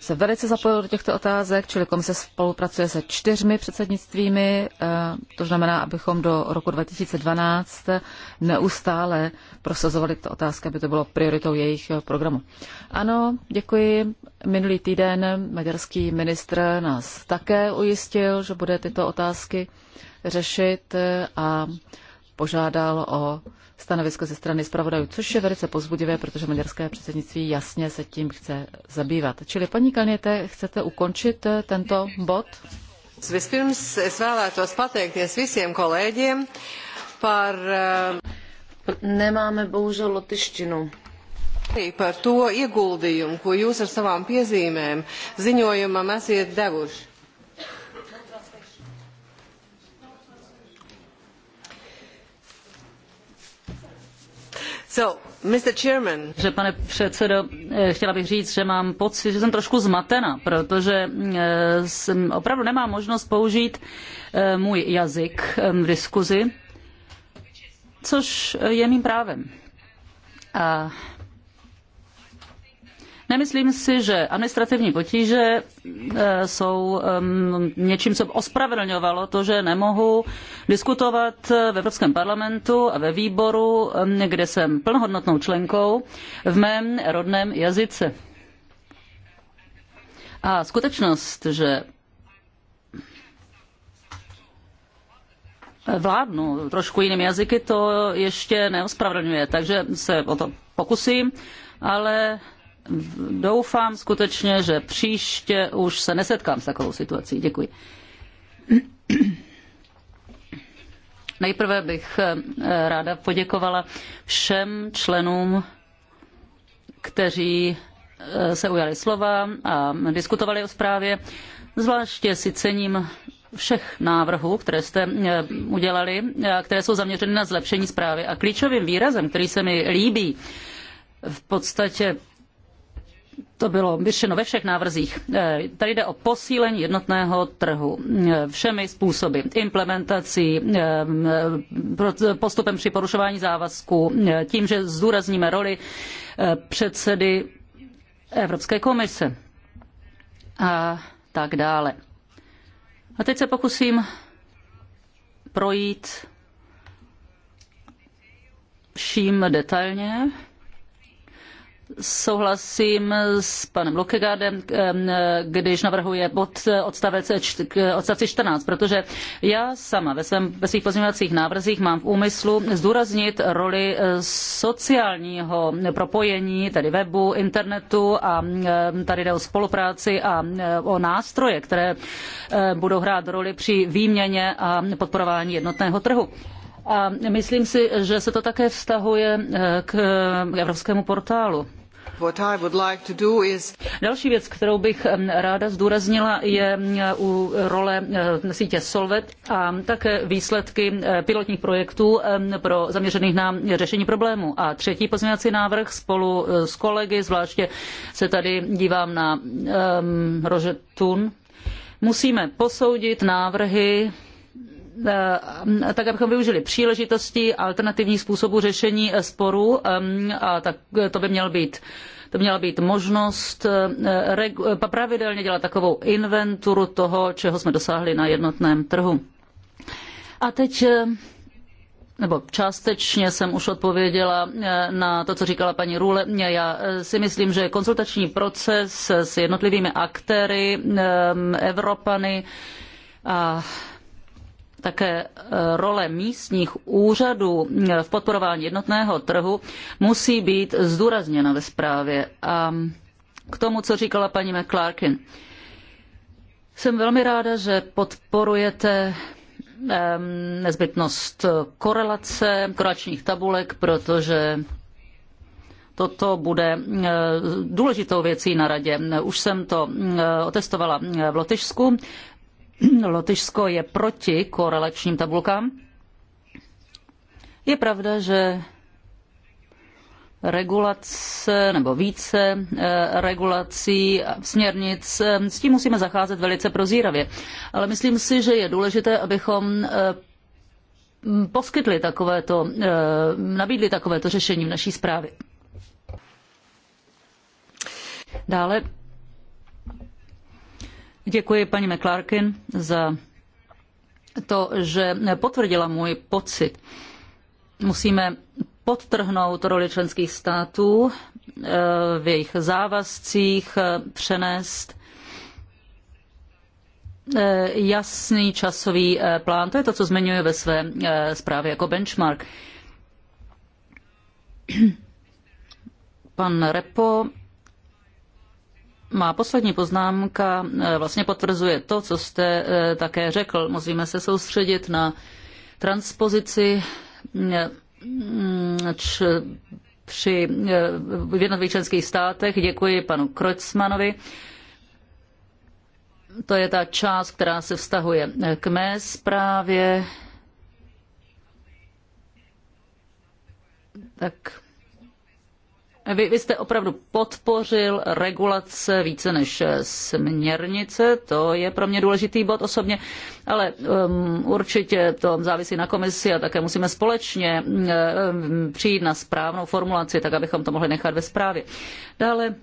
se velice zapojil do těchto otázek, čili komise spolupracuje se čtyřmi předsednictvími, eh, to znamená, abychom do roku 2012 neustále prosazovali tyto otázky, aby to bylo prioritou jejich eh, programu. Ano, děkuji. Minulý týden maďarský ministr nás také ujistil, že bude tyto otázky řešit eh, a požádal o stanovisko ze strany zpravodajů, což je velice pozbudivé, protože maďarské předsednictví jasně se tím chce zabývat. Čili paní Kalněte, chcete ukončit eh, tento bod? par... Eh, Nemáme bohužel lotištinu. Par to ieguldījumu, ko jūs ar savām piezīmēm ziņojumam esiet devuši. Že pane předsedající, eh, chtěla bych říct, že mám pocit, že jsem trošku zmatena, protože eh, jsem, opravdu nemám možnost použít eh, můj jazyk v diskuzi, což je mým právem. A Nemyslím si, že administrativní potíže eh, jsou eh, něčím, co ospravedlňovalo to, že nemohu diskutovat eh, v Evropském parlamentu a ve výboru, kde jsem plnohodnotnou členkou, v mém rodném jazyce. A skutečnost, že vládnu trošku jiným jazyky, to ještě neospravedlňuje, takže se o to pokusím, ale doufám skutečně, že příště už se nesetkám s takovou situací. Děkuji. Nejprve bych eh, ráda poděkovala všem členům, kteří eh, se ujali slova a diskutovali o zprávě. Zvláště si cením všech návrhů, které jste eh, udělali, které jsou zaměřeny na zlepšení zprávy. A klíčovým výrazem, který se mi líbí, v podstatě to bylo vyřešeno ve všech návrzích. Eh, tady jde o posílení jednotného trhu eh, všemi způsoby. Implementací, eh, postupem při porušování závazků, tím, že zdůrazníme roli předsedy Evropské komise a tak dále. A teď se pokusím projít vším detailně souhlasím s panem Lokegardem, ehm, když navrhuje bod eh, odstavec, eh, eh, odstavci 14, protože já sama ve, svém, ve svých pozměňovacích návrzích mám v úmyslu zdůraznit roli sociálního propojení, tedy webu, internetu a ehm, tady jde o spolupráci a o nástroje, které budou hrát roli při výměně a podporování jednotného trhu. A myslím si, že se to také vztahuje k evropskému portálu. Další věc, kterou bych ráda zdůraznila, je u role sítě Solvet a také výsledky pilotních projektů pro zaměřených na řešení problému. A třetí pozměňovací návrh spolu e, s kolegy, zvláště se tady dívám na um, Thun, musíme posoudit návrhy Eh, tak abychom využili příležitosti alternativních způsobů řešení eh, sporů, eh, a tak to by mělo být to měla být možnost pravidelně dělat takovou inventuru toho, čeho jsme dosáhli na jednotném trhu. A teď nebo částečně jsem už odpověděla na to, co říkala paní Růle. Já si myslím, že konzultační proces s jednotlivými aktéry, Evropany a také e, role místních úřadů e, v podporování jednotného trhu musí být zdůrazněna ve zprávě. A k tomu, co říkala paní McClarkin. Jsem velmi ráda, že podporujete nezbytnost korelace, korelačních tabulek, protože toto bude e, důležitou věcí na radě. Už jsem to otestovala v Lotyšsku. <clears throat> Lotyšsko je proti korelačním tabulkám. Je pravda, že regulace nebo více eh, regulací směrnic, eh, s tím musíme zacházet velice prozíravě. Ale myslím si, že je důležité, abychom eh, poskytli takovéto, nabídli takovéto řešení v naší zprávě. Dále Děkuji paní mcclarkinové za to, že potvrdila můj pocit. Musíme podtrhnout roli členských států eh, v jejich závazcích, eh, přenést eh, jasný časový plán. To je to, co zmiňuje ve své zprávě jako benchmark. <clears throat> Pan Repo má poslední poznámka e, vlastně potvrzuje to, co jste e, také řekl. Musíme se soustředit na transpozici e, mm, při, v jednotlivých členských státech. Děkuji panu Kreutzmanovi. To je ta část, která se vztahuje k mé zprávě. Tak vy, vy jste opravdu podpořil regulace více než směrnice, to je pro mě důležitý bod osobně, ale um, určitě to závisí na komisi a také musíme společně um, přijít na správnou formulaci, tak abychom to mohli nechat ve zprávě. Dále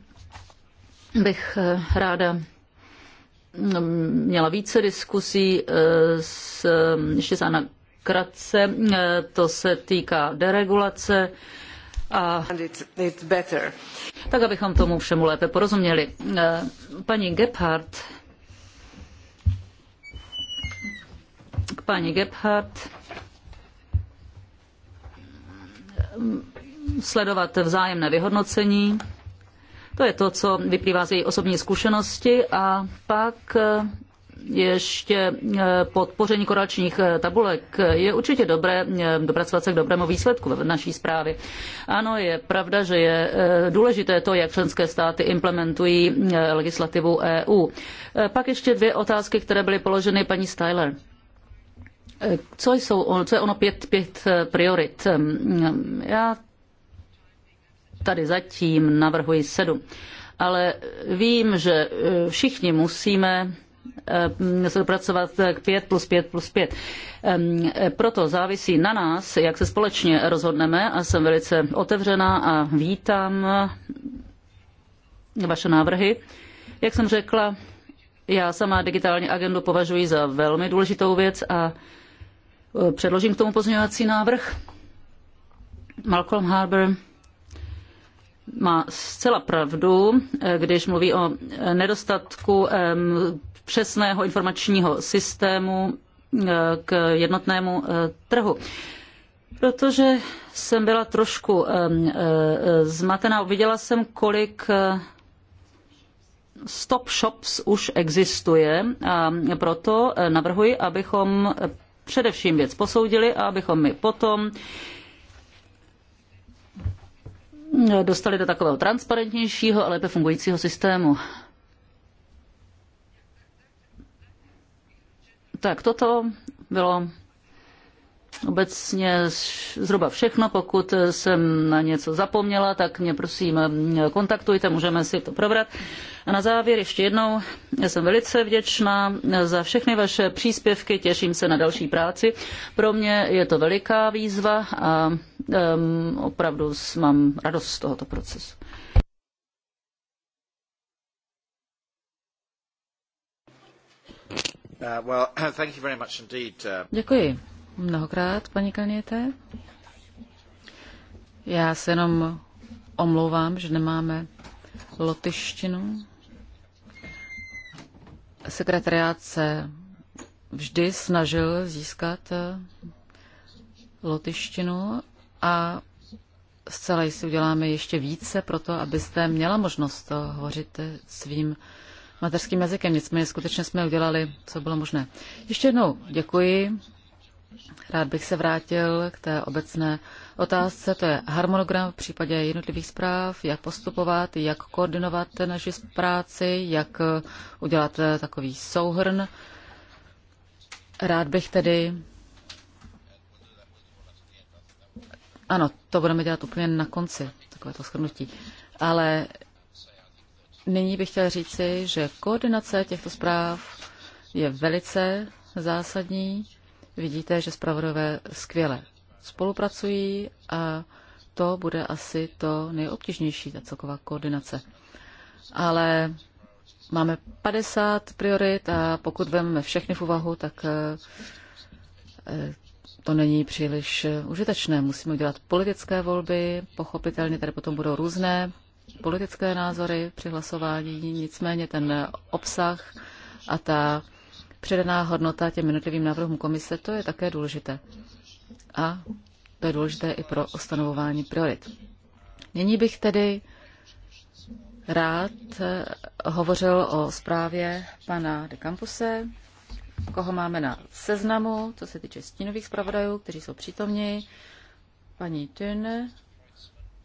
bych eh, ráda um, měla více diskusí eh, s, ještě s Anna Kratce, eh, to se týká deregulace a tak, abychom tomu všemu lépe porozuměli. Eh, paní Gebhardt, k paní Gebhardt, sledovat vzájemné vyhodnocení, to je to, co vyplývá z její osobní zkušenosti a pak eh, ještě eh, podpoření korelačních eh, tabulek, eh, je určitě dobré dopracovat se k dobrému výsledku v naší zprávě. Ano, je pravda, že je důležité to, jak členské státy implementují legislativu EU. Pak ještě dvě otázky, které byly položeny paní Styler. Co, jsou, co je ono pět, pět priorit? Mm, já tady zatím navrhuji sedm. Ale vím, že všichni musíme Eh, se dopracovat k 5 plus 5 plus 5. Eh, proto závisí na nás, jak se společně rozhodneme a jsem velice otevřená a vítám vaše návrhy. Jak jsem řekla, já sama digitální agendu považuji za velmi důležitou věc a eh, předložím k tomu pozměňovací návrh. Malcolm Harbour má zcela pravdu, eh, když mluví o eh, nedostatku přesného informačního systému eh, k jednotnému trhu. Protože jsem byla trošku zmatená, viděla jsem, kolik stop shops už existuje a proto navrhuji, abychom především věc posoudili a abychom my potom dostali do takového transparentnějšího a lépe fungujícího systému. Tak toto bylo obecně zhruba všechno. Pokud jsem na něco zapomněla, tak mě prosím kontaktujte, můžeme si to probrat. A na závěr ještě jednou, já jsem velice vděčná za všechny vaše příspěvky, těším se na další práci. Pro mě je to veliká výzva a um, opravdu mám radost z tohoto procesu. Uh, well, <clears throat> thank you very much indeed, uh... Děkuji mnohokrát, paní Kaněte. Já se jenom omlouvám, že nemáme lotyštinu. Sekretariát se vždy snažil získat uh, lotyštinu a zcela jistě uděláme ještě více pro to, abyste měla možnost hovořit svým mateřským jazykem. Nicméně skutečně jsme udělali, co bylo možné. Ještě jednou děkuji. Rád bych se vrátil k té obecné otázce. To je harmonogram v případě jednotlivých zpráv, jak postupovat, jak koordinovat naši práci, jak udělat takový souhrn. Rád bych tedy Ano, to budeme dělat úplně na konci, takové to shrnutí. Ale nyní bych chtěla říci, že koordinace těchto zpráv je velice zásadní. Vidíte, že zpravodové skvěle spolupracují a to bude asi to nejobtížnější, ta celková koordinace. Ale máme 50 priorit a pokud vezmeme všechny v úvahu, tak eh, to není příliš eh, užitečné. Musíme udělat politické volby, pochopitelně tady potom budou různé politické názory při hlasování, nicméně ten obsah a ta předaná hodnota těm jednotlivým návrhům komise, to je také důležité. A to je důležité i pro ostanovování priorit. Nyní bych tedy rád eh, hovořil o zprávě pana de Campuse, koho máme na seznamu, co se týče stínových zpravodajů, kteří jsou přítomní? Paní Tyn,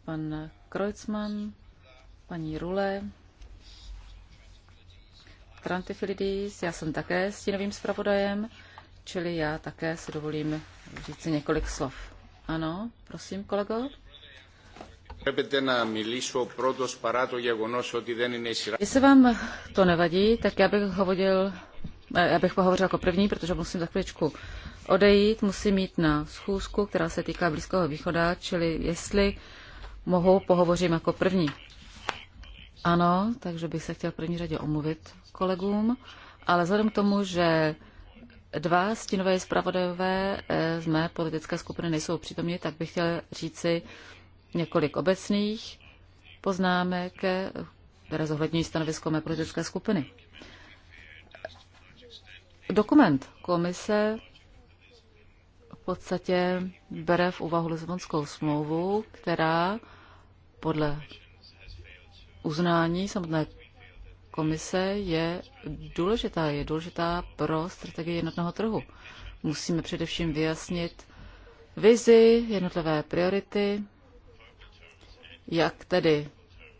pan Kreutzmann, paní Rule, Trantifilidis, já jsem také stínovým zpravodajem, čili já také si dovolím říct si několik slov. Ano, prosím, kolego. Jestli vám to nevadí, tak já bych hovodil Eh, já bych pohovořila jako první, protože musím za chvíličku odejít, musím jít na schůzku, která se týká Blízkého východa, čili jestli mohu, pohovořím jako první. Ano, takže bych se chtěl v první řadě omluvit kolegům, ale vzhledem k tomu, že dva stínové zpravodajové eh, z mé politické skupiny nejsou přítomní, tak bych chtěl říci několik obecných poznámek, eh, které zohledňují stanovisko mé politické skupiny dokument komise v podstatě bere v úvahu Lisabonskou smlouvu, která podle uznání samotné komise je důležitá. Je důležitá pro strategii jednotného trhu. Musíme především vyjasnit vizi, jednotlivé priority, jak tedy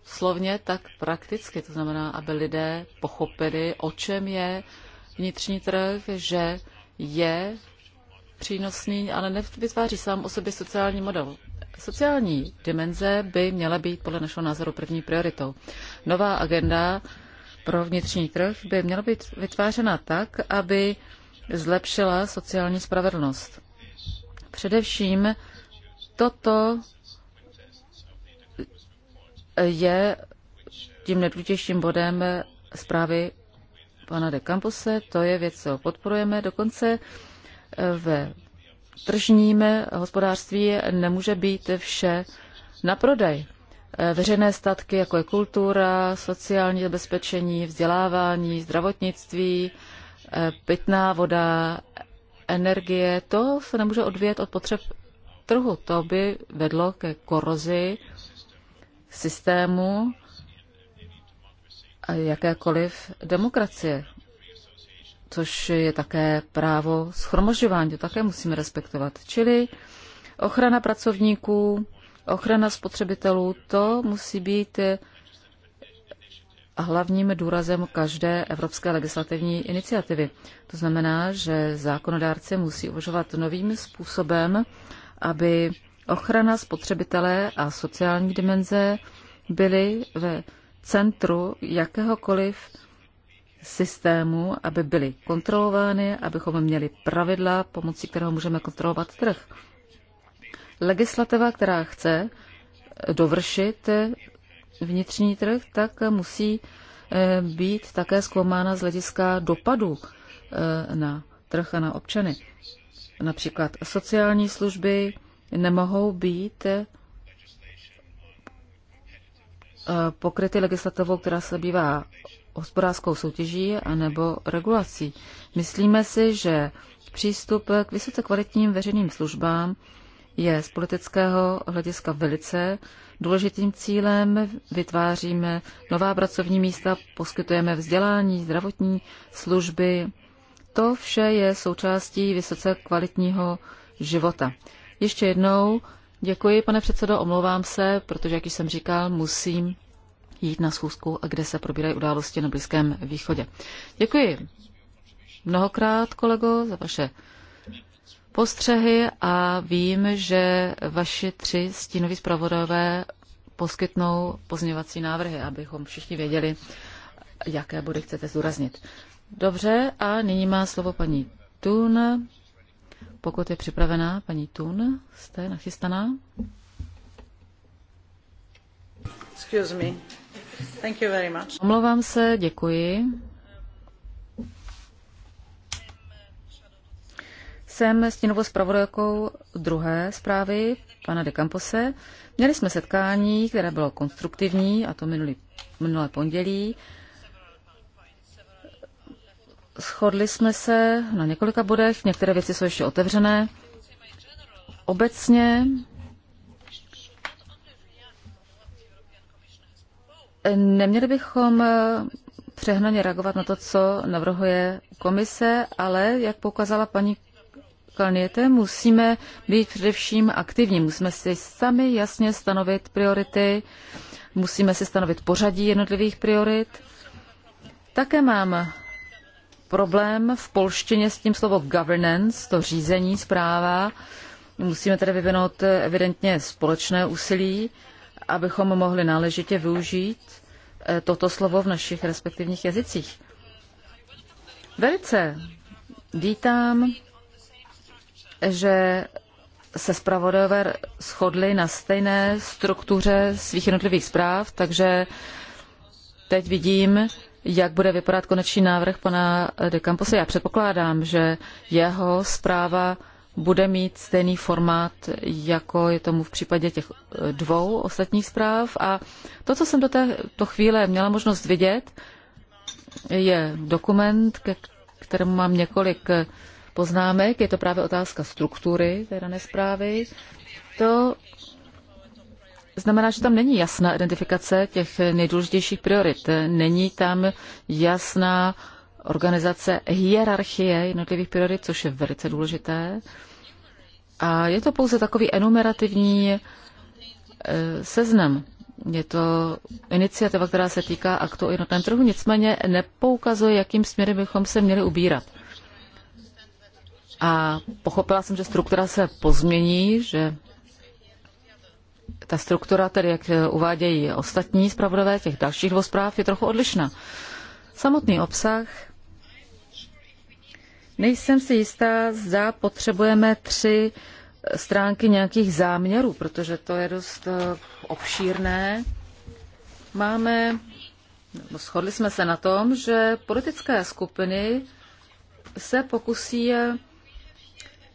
slovně, tak prakticky. To znamená, aby lidé pochopili, o čem je vnitřní trh, že je přínosný, ale nevytváří sám o sobě sociální model. Sociální dimenze by měla být podle našeho názoru první prioritou. Nová agenda pro vnitřní trh by měla být vytvářena tak, aby zlepšila sociální spravedlnost. Především toto je tím nejdůležitějším bodem zprávy pana de Campose, to je věc, co podporujeme. Dokonce eh, ve tržním hospodářství nemůže být vše na prodej. Eh, veřejné statky, jako je kultura, sociální zabezpečení, vzdělávání, zdravotnictví, eh, pitná voda, energie, to se nemůže odvíjet od potřeb trhu. To by vedlo ke korozi systému jakékoliv demokracie, což je také právo schromažďování, to také musíme respektovat. Čili ochrana pracovníků, ochrana spotřebitelů, to musí být hlavním důrazem každé evropské legislativní iniciativy. To znamená, že zákonodárce musí uvažovat novým způsobem, aby ochrana spotřebitele a sociální dimenze byly ve centru jakéhokoliv systému, aby byly kontrolovány, abychom měli pravidla, pomocí kterého můžeme kontrolovat trh. Legislativa, která chce dovršit vnitřní trh, tak musí eh, být také zkoumána z hlediska dopadu eh, na trh a na občany. Například sociální služby nemohou být eh, pokryty legislativou, která se bývá hospodářskou soutěží anebo regulací. Myslíme si, že přístup k vysoce kvalitním veřejným službám je z politického hlediska velice důležitým cílem. Vytváříme nová pracovní místa, poskytujeme vzdělání, zdravotní služby. To vše je součástí vysoce kvalitního života. Ještě jednou Děkuji, pane předsedo, omlouvám se, protože, jak jsem říkal, musím jít na schůzku, kde se probírají události na Blízkém východě. Děkuji mnohokrát, kolego, za vaše postřehy a vím, že vaši tři stínoví zpravodajové poskytnou pozměňovací návrhy, abychom všichni věděli, jaké body chcete zúraznit. Dobře, a nyní má slovo paní Tun pokud je připravená paní Tun, jste nachystaná? Excuse me. Thank you very much. Omlouvám se, děkuji. Jsem s stínovou zpravodajkou druhé zprávy pana de Campose. Měli jsme setkání, které bylo konstruktivní, a to minulý, minulé pondělí. Shodli jsme se na několika bodech, některé věci jsou ještě otevřené. Obecně neměli bychom eh, přehnaně reagovat na to, co navrhuje komise, ale, jak poukázala paní Kalniete, musíme být především aktivní. Musíme si sami jasně stanovit priority, musíme si stanovit pořadí jednotlivých priorit. Také mám problém v polštině s tím slovo governance, to řízení, zpráva. Musíme tedy vyvinout eh, evidentně společné úsilí, abychom mohli náležitě využít eh, toto slovo v našich respektivních jazycích. Velice vítám, že se zpravodajové shodli na stejné struktuře svých jednotlivých zpráv, takže teď vidím, jak bude vypadat konečný návrh pana de Camposa? Já předpokládám, že jeho zpráva bude mít stejný formát, jako je tomu v případě těch eh, dvou ostatních zpráv. A to, co jsem do této chvíle měla možnost vidět, je dokument, ke kterému mám několik eh, poznámek. Je to právě otázka struktury té dané zprávy. To znamená, že tam není jasná identifikace těch nejdůležitějších priorit. Není tam jasná organizace hierarchie jednotlivých priorit, což je velice důležité. A je to pouze takový enumerativní e, seznam. Je to iniciativa, která se týká aktu o jednotném trhu, nicméně nepoukazuje, jakým směrem bychom se měli ubírat. A pochopila jsem, že struktura se pozmění, že ta struktura, tedy jak eh, uvádějí ostatní zpravodové těch dalších dvou zpráv, je trochu odlišná. Samotný obsah Nejsem si jistá, zda potřebujeme tři eh, stránky nějakých záměrů, protože to je dost eh, obšírné. Máme, No shodli jsme se na tom, že politické skupiny se pokusí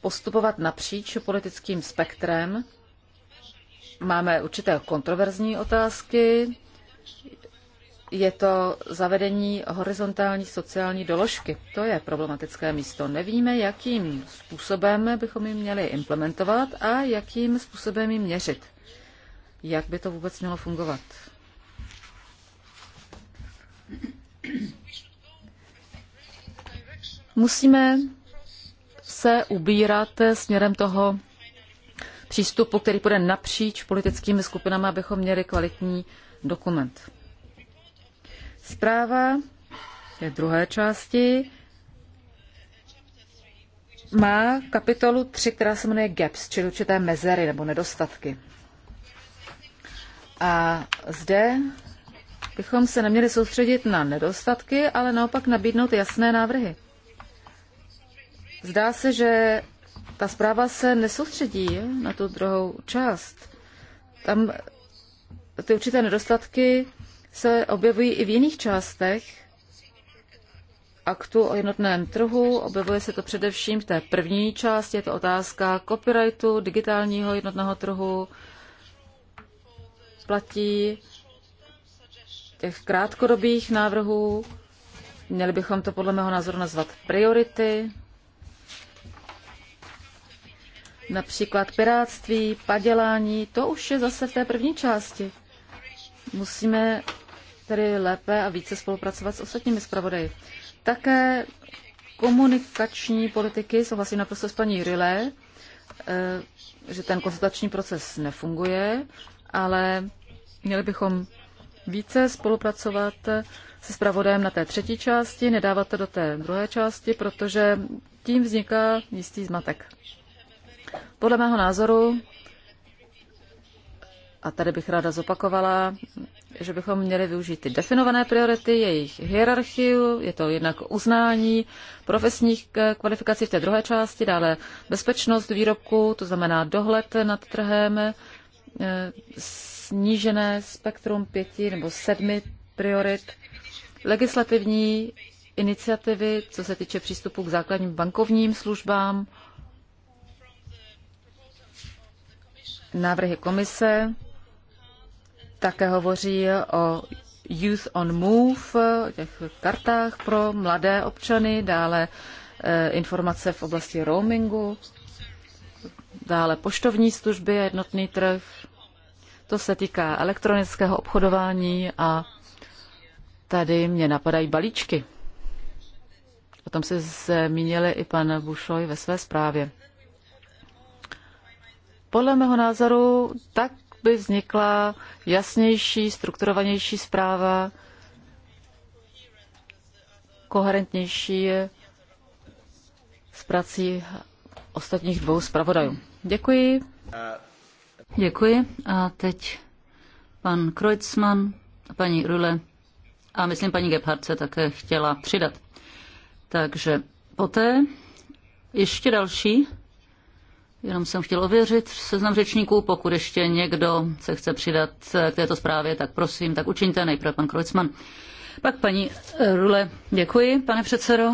postupovat napříč politickým spektrem. Máme určité kontroverzní otázky. Je to zavedení horizontální sociální doložky. To je problematické místo. Nevíme, jakým způsobem bychom ji měli implementovat a jakým způsobem ji měřit. Jak by to vůbec mělo fungovat? Musíme se ubírat směrem toho přístupu, který bude napříč politickými skupinami, abychom měli kvalitní dokument. Zpráva je druhé části. Má kapitolu 3, která se jmenuje gaps, čili určité mezery nebo nedostatky. A zde bychom se neměli soustředit na nedostatky, ale naopak nabídnout jasné návrhy. Zdá se, že ta zpráva se nesoustředí na tu druhou část. Tam ty určité nedostatky se objevují i v jiných částech aktu o jednotném trhu. Objevuje se to především v té první části, je to otázka copyrightu, digitálního jednotného trhu. Platí těch krátkodobých návrhů. Měli bychom to podle mého názoru nazvat priority, Například piráctví, padělání, to už je zase v té první části. Musíme tedy lépe a více spolupracovat s ostatními zpravodaji. Také komunikační politiky, souhlasím naprosto s paní Rilé, eh, že ten konzultační proces nefunguje, ale měli bychom více spolupracovat se zpravodajem na té třetí části, nedávat to do té druhé části, protože tím vzniká jistý zmatek. Podle mého názoru, a tady bych ráda zopakovala, že bychom měli využít ty definované priority, jejich hierarchii, je to jednak uznání profesních kvalifikací v té druhé části, dále bezpečnost výrobku, to znamená dohled nad trhem, e, snížené spektrum pěti nebo sedmi priorit, legislativní iniciativy, co se týče přístupu k základním bankovním službám, Návrhy komise také hovoří o Youth on Move, o těch kartách pro mladé občany, dále eh, informace v oblasti roamingu, dále poštovní služby, jednotný trh. To se týká elektronického obchodování a tady mě napadají balíčky. O tom se zmínili i pan Bušoj ve své zprávě. Podle mého názoru tak by vznikla jasnější, strukturovanější zpráva, koherentnější s prací ostatních dvou zpravodajů. Děkuji. Děkuji. A teď pan Kreutzmann, paní Rule a myslím paní Gebhardt se také chtěla přidat. Takže poté ještě další Jenom jsem chtěl ověřit seznam řečníků. Pokud ještě někdo se chce přidat k této zprávě, tak prosím, tak učiňte nejprve pan Krojcman. Pak paní Rule, děkuji, pane předsedo.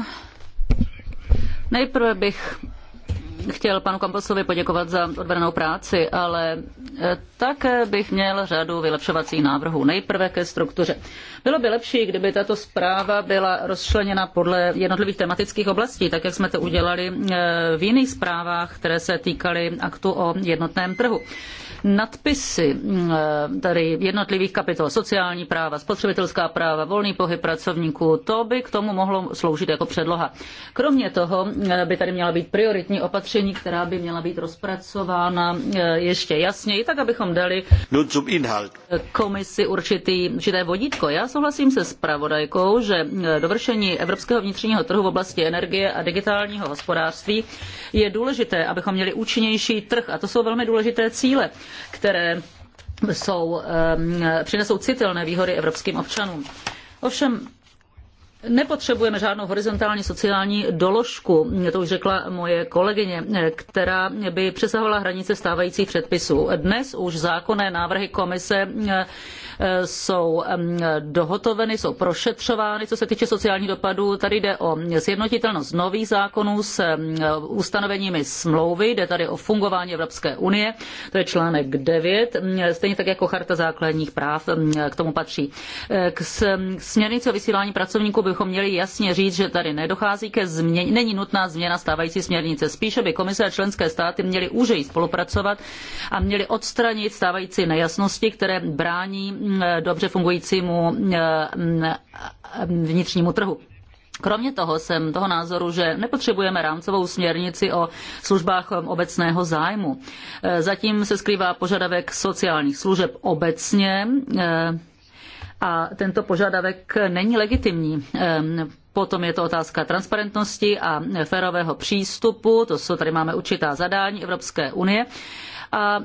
Nejprve bych chtěl panu Komposovi poděkovat za odvedenou práci, ale e, také bych měl řadu vylepšovacích návrhů. Nejprve ke struktuře. Bylo by lepší, kdyby tato zpráva byla rozčleněna podle jednotlivých tematických oblastí, tak jak jsme to udělali e, v jiných zprávách, které se týkaly aktu o jednotném trhu nadpisy mm, tady jednotlivých kapitol sociální práva, spotřebitelská práva, volný pohyb pracovníků, to by k tomu mohlo sloužit jako předloha. Kromě toho eh, by tady měla být prioritní opatření, která by měla být rozpracována eh, ještě jasněji, tak abychom dali komisi určitý, určité vodítko. Já souhlasím se zpravodajkou, že eh, dovršení evropského vnitřního trhu v oblasti energie a digitálního hospodářství je důležité, abychom měli účinnější trh a to jsou velmi důležité cíle které jsou, ehm, přinesou citelné výhody evropským občanům. Ovšem, Nepotřebujeme žádnou horizontální sociální doložku, to už řekla moje kolegyně, která by přesahovala hranice stávajících předpisů. Dnes už zákonné návrhy komise jsou dohotoveny, jsou prošetřovány. Co se týče sociálních dopadů, tady jde o sjednotitelnost nových zákonů s ustanoveními smlouvy, jde tady o fungování Evropské unie, to je článek 9, stejně tak jako Charta základních práv k tomu patří. E, k směrnici o vysílání pracovníků bychom měli jasně říct, že tady nedochází ke změně, není nutná změna stávající směrnice. Spíše by komise a členské státy měly úžeji spolupracovat a měly odstranit stávající nejasnosti, které brání dobře fungujícímu eh, vnitřnímu trhu. Kromě toho jsem toho názoru, že nepotřebujeme rámcovou směrnici o službách obecného zájmu. Eh, zatím se skrývá požadavek sociálních služeb obecně eh, a tento požadavek není legitimní. Potom je to otázka transparentnosti a férového přístupu, to jsou, tady máme určitá zadání Evropské unie a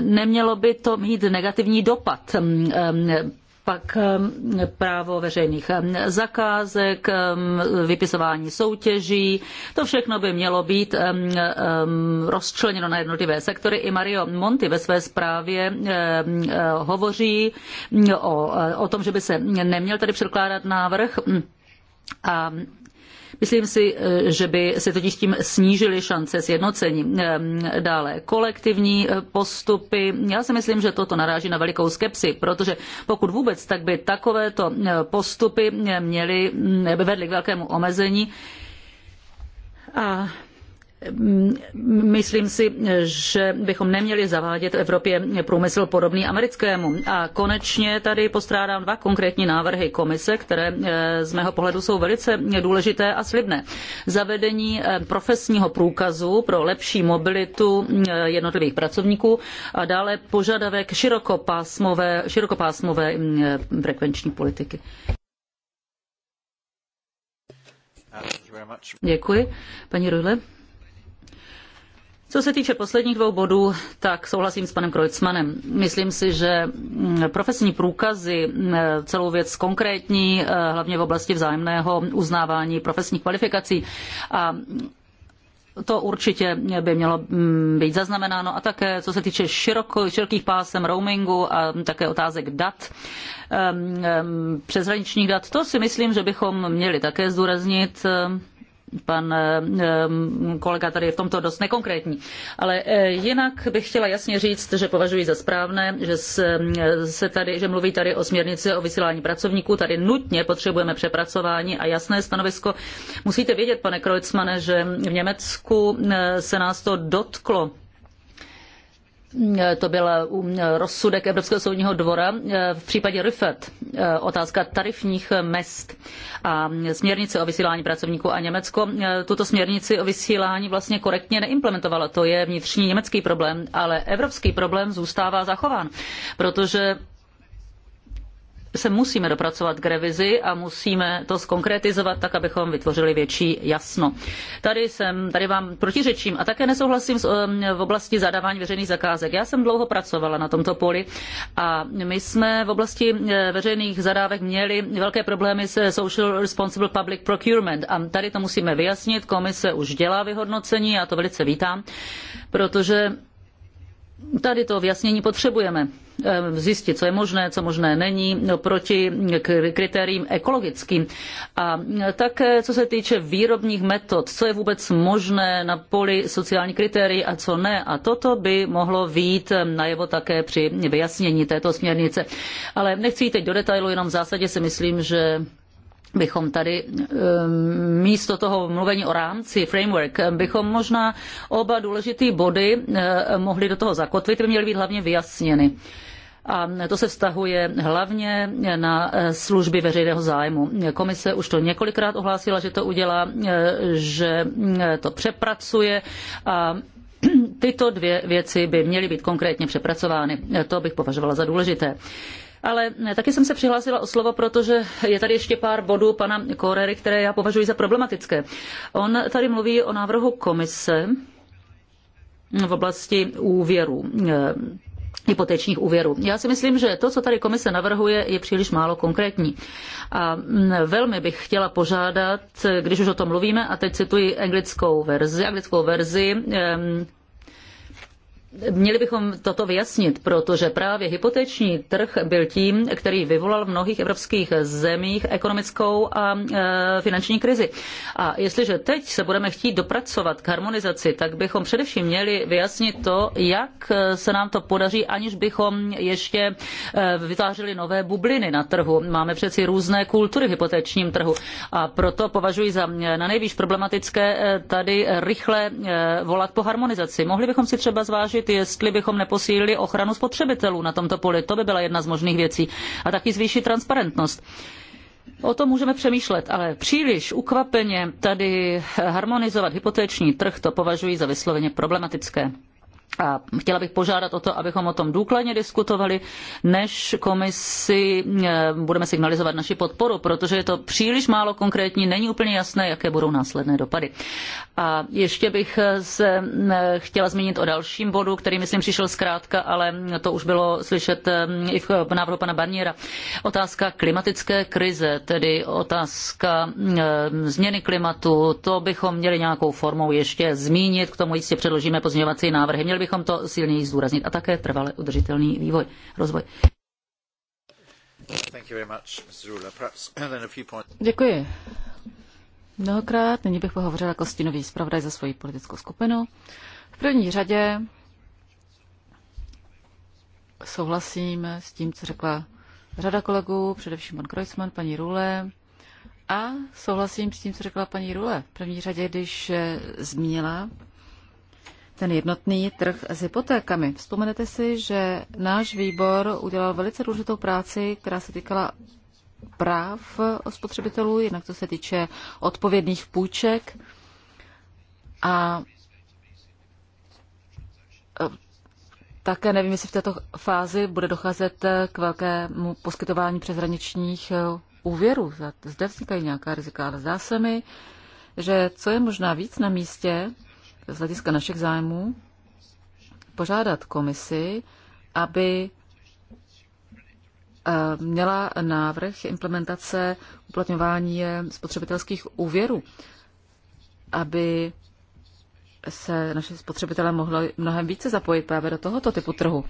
nemělo by to mít negativní dopad pak právo veřejných zakázek, vypisování soutěží, to všechno by mělo být rozčleněno na jednotlivé sektory. I Mario Monti ve své zprávě e, hovoří o, o tom, že by se neměl tady předkládat návrh a Myslím si, eh, že by se totiž tím snížily šance sjednocení. Ehm, dále kolektivní eh, postupy. Já si myslím, že toto naráží na velikou skepsi, protože pokud vůbec, tak by takovéto eh, postupy měly, mm, vedly k velkému omezení a Mm, myslím si, že bychom neměli zavádět v Evropě průmysl podobný americkému. A konečně tady postrádám dva konkrétní návrhy komise, které eh, z mého pohledu jsou velice důležité a slibné. Zavedení eh, profesního průkazu pro lepší mobilitu eh, jednotlivých pracovníků a dále požadavek širokopásmové, širokopásmové mm, frekvenční politiky. Uh, Děkuji. Paní Rudle. Co se týče posledních dvou bodů, tak souhlasím s panem Kreutzmanem. Myslím si, že mm, profesní průkazy mm, celou věc konkrétní, eh, hlavně v oblasti vzájemného uznávání profesních kvalifikací a to určitě by mělo mm, být zaznamenáno. A také, co se týče široko, širokých pásem roamingu a také otázek dat, eh, eh, přeshraničních dat, to si myslím, že bychom měli také zdůraznit pan eh, mm, kolega tady je v tomto dost nekonkrétní. Ale eh, jinak bych chtěla jasně říct, že považuji za správné, že, eh, se tady, že mluví tady o směrnici o vysílání pracovníků. Tady nutně potřebujeme přepracování a jasné stanovisko. Musíte vědět, pane Kreutzmane, že v Německu se nás to dotklo to byl um, rozsudek Evropského soudního dvora eh, v případě Rüffert, eh, otázka tarifních mest a směrnice o vysílání pracovníků a Německo eh, tuto směrnici o vysílání vlastně korektně neimplementovala. To je vnitřní německý problém, ale evropský problém zůstává zachován, protože se musíme dopracovat k revizi a musíme to skonkretizovat tak, abychom vytvořili větší jasno. Tady, jsem, tady vám protiřečím a také nesouhlasím um, v oblasti zadávání veřejných zakázek. Já jsem dlouho pracovala na tomto poli a my jsme v oblasti eh, veřejných zadávek měli velké problémy se social responsible public procurement a tady to musíme vyjasnit. Komise už dělá vyhodnocení, já to velice vítám, protože tady to vyjasnění potřebujeme. Eh, zjistit, co je možné, co možné není, no, proti kritériím ekologickým. A eh, také, co se týče výrobních metod, co je vůbec možné na poli sociálních kritérií a co ne. A toto by mohlo výjít eh, najevo také při vyjasnění této směrnice. Ale nechci jít teď do detailu, jenom v zásadě si myslím, že bychom tady eh, místo toho mluvení o rámci, framework, bychom možná oba důležité body eh, mohli do toho zakotvit, by měly být hlavně vyjasněny. A to se vztahuje hlavně na eh, služby veřejného zájmu. Komise už to několikrát ohlásila, že to udělá, že to přepracuje a <clears throat> tyto dvě věci by měly být konkrétně přepracovány. To bych považovala za důležité ale taky jsem se přihlásila o slovo, protože je tady ještě pár bodů pana Korery, které já považuji za problematické. On tady mluví o návrhu komise v oblasti úvěru eh, hypotečních úvěrů. Já si myslím, že to, co tady komise navrhuje, je příliš málo konkrétní. A mm, velmi bych chtěla požádat, eh, když už o tom mluvíme, a teď cituji anglickou verzi, anglickou verzi eh, Měli bychom toto vyjasnit, protože právě hypoteční trh byl tím, který vyvolal v mnohých evropských zemích ekonomickou a e, finanční krizi. A jestliže teď se budeme chtít dopracovat k harmonizaci, tak bychom především měli vyjasnit to, jak e, se nám to podaří, aniž bychom ještě e, vytvářeli nové bubliny na trhu. Máme přeci různé kultury v hypotečním trhu a proto považuji za na nejvíc problematické tady rychle volat po harmonizaci. Mohli bychom si třeba zvážit, řešit, jestli bychom neposílili ochranu spotřebitelů na tomto poli. To by byla jedna z možných věcí. A taky zvýšit transparentnost. O tom můžeme přemýšlet, ale příliš ukvapeně tady harmonizovat hypotéční trh to považuji za vysloveně problematické. A chtěla bych požádat o to, abychom o tom důkladně diskutovali, než komisi e, budeme signalizovat naši podporu, protože je to příliš málo konkrétní, není úplně jasné, jaké budou následné dopady. A ještě bych se e, chtěla zmínit o dalším bodu, který myslím přišel zkrátka, ale to už bylo slyšet e, i v návrhu pana Barniera. Otázka klimatické krize, tedy otázka změny klimatu, to bychom měli nějakou formou ještě zmínit, k tomu jistě předložíme pozměňovací návrhy. Měli Měli bychom to silněji zdůraznit a také trvale udržitelný vývoj, rozvoj. Uh, Děkuji. Mnohokrát, nyní bych pohovořila jako stínový zpravodaj za svoji politickou skupinu. V první řadě souhlasím s tím, co řekla řada kolegů, především pan Kreuzmann, paní Rule. A souhlasím s tím, co řekla paní Rule. V první řadě, když eh, zmínila ten jednotný trh s hypotékami. Vzpomenete si, že náš výbor udělal velice důležitou práci, která se týkala práv spotřebitelů, jednak co se týče odpovědných půjček a také nevím, jestli v této fázi bude docházet k velkému poskytování přeshraničních úvěrů. Zde vznikají nějaká rizika, ale zdá se mi, že co je možná víc na místě, z hlediska našich zájmů požádat komisi, aby eh, měla návrh implementace uplatňování eh, spotřebitelských úvěrů, aby se naše spotřebitelé mohli mnohem více zapojit právě do tohoto typu trhu.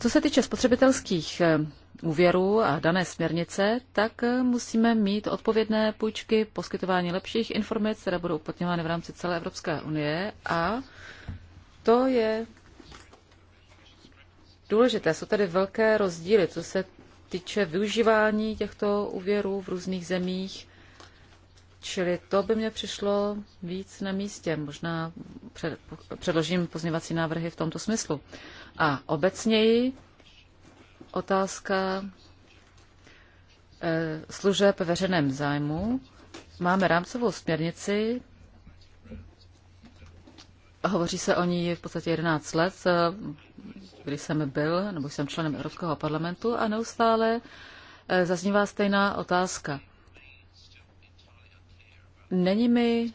Co se týče spotřebitelských eh, úvěrů a dané směrnice, tak eh, musíme mít odpovědné půjčky, poskytování lepších informací, které budou uplatňovány v rámci celé Evropské unie a to je důležité. Jsou tady velké rozdíly, co se týče využívání těchto úvěrů v různých zemích, čili to by mě přišlo víc na místě. Možná předložím pozměvací návrhy v tomto smyslu. A obecněji otázka eh, služeb veřejném zájmu. Máme rámcovou směrnici, hovoří se o ní v podstatě 11 let, eh, kdy jsem byl, nebo jsem členem Evropského parlamentu a neustále eh, zaznívá stejná otázka. Není mi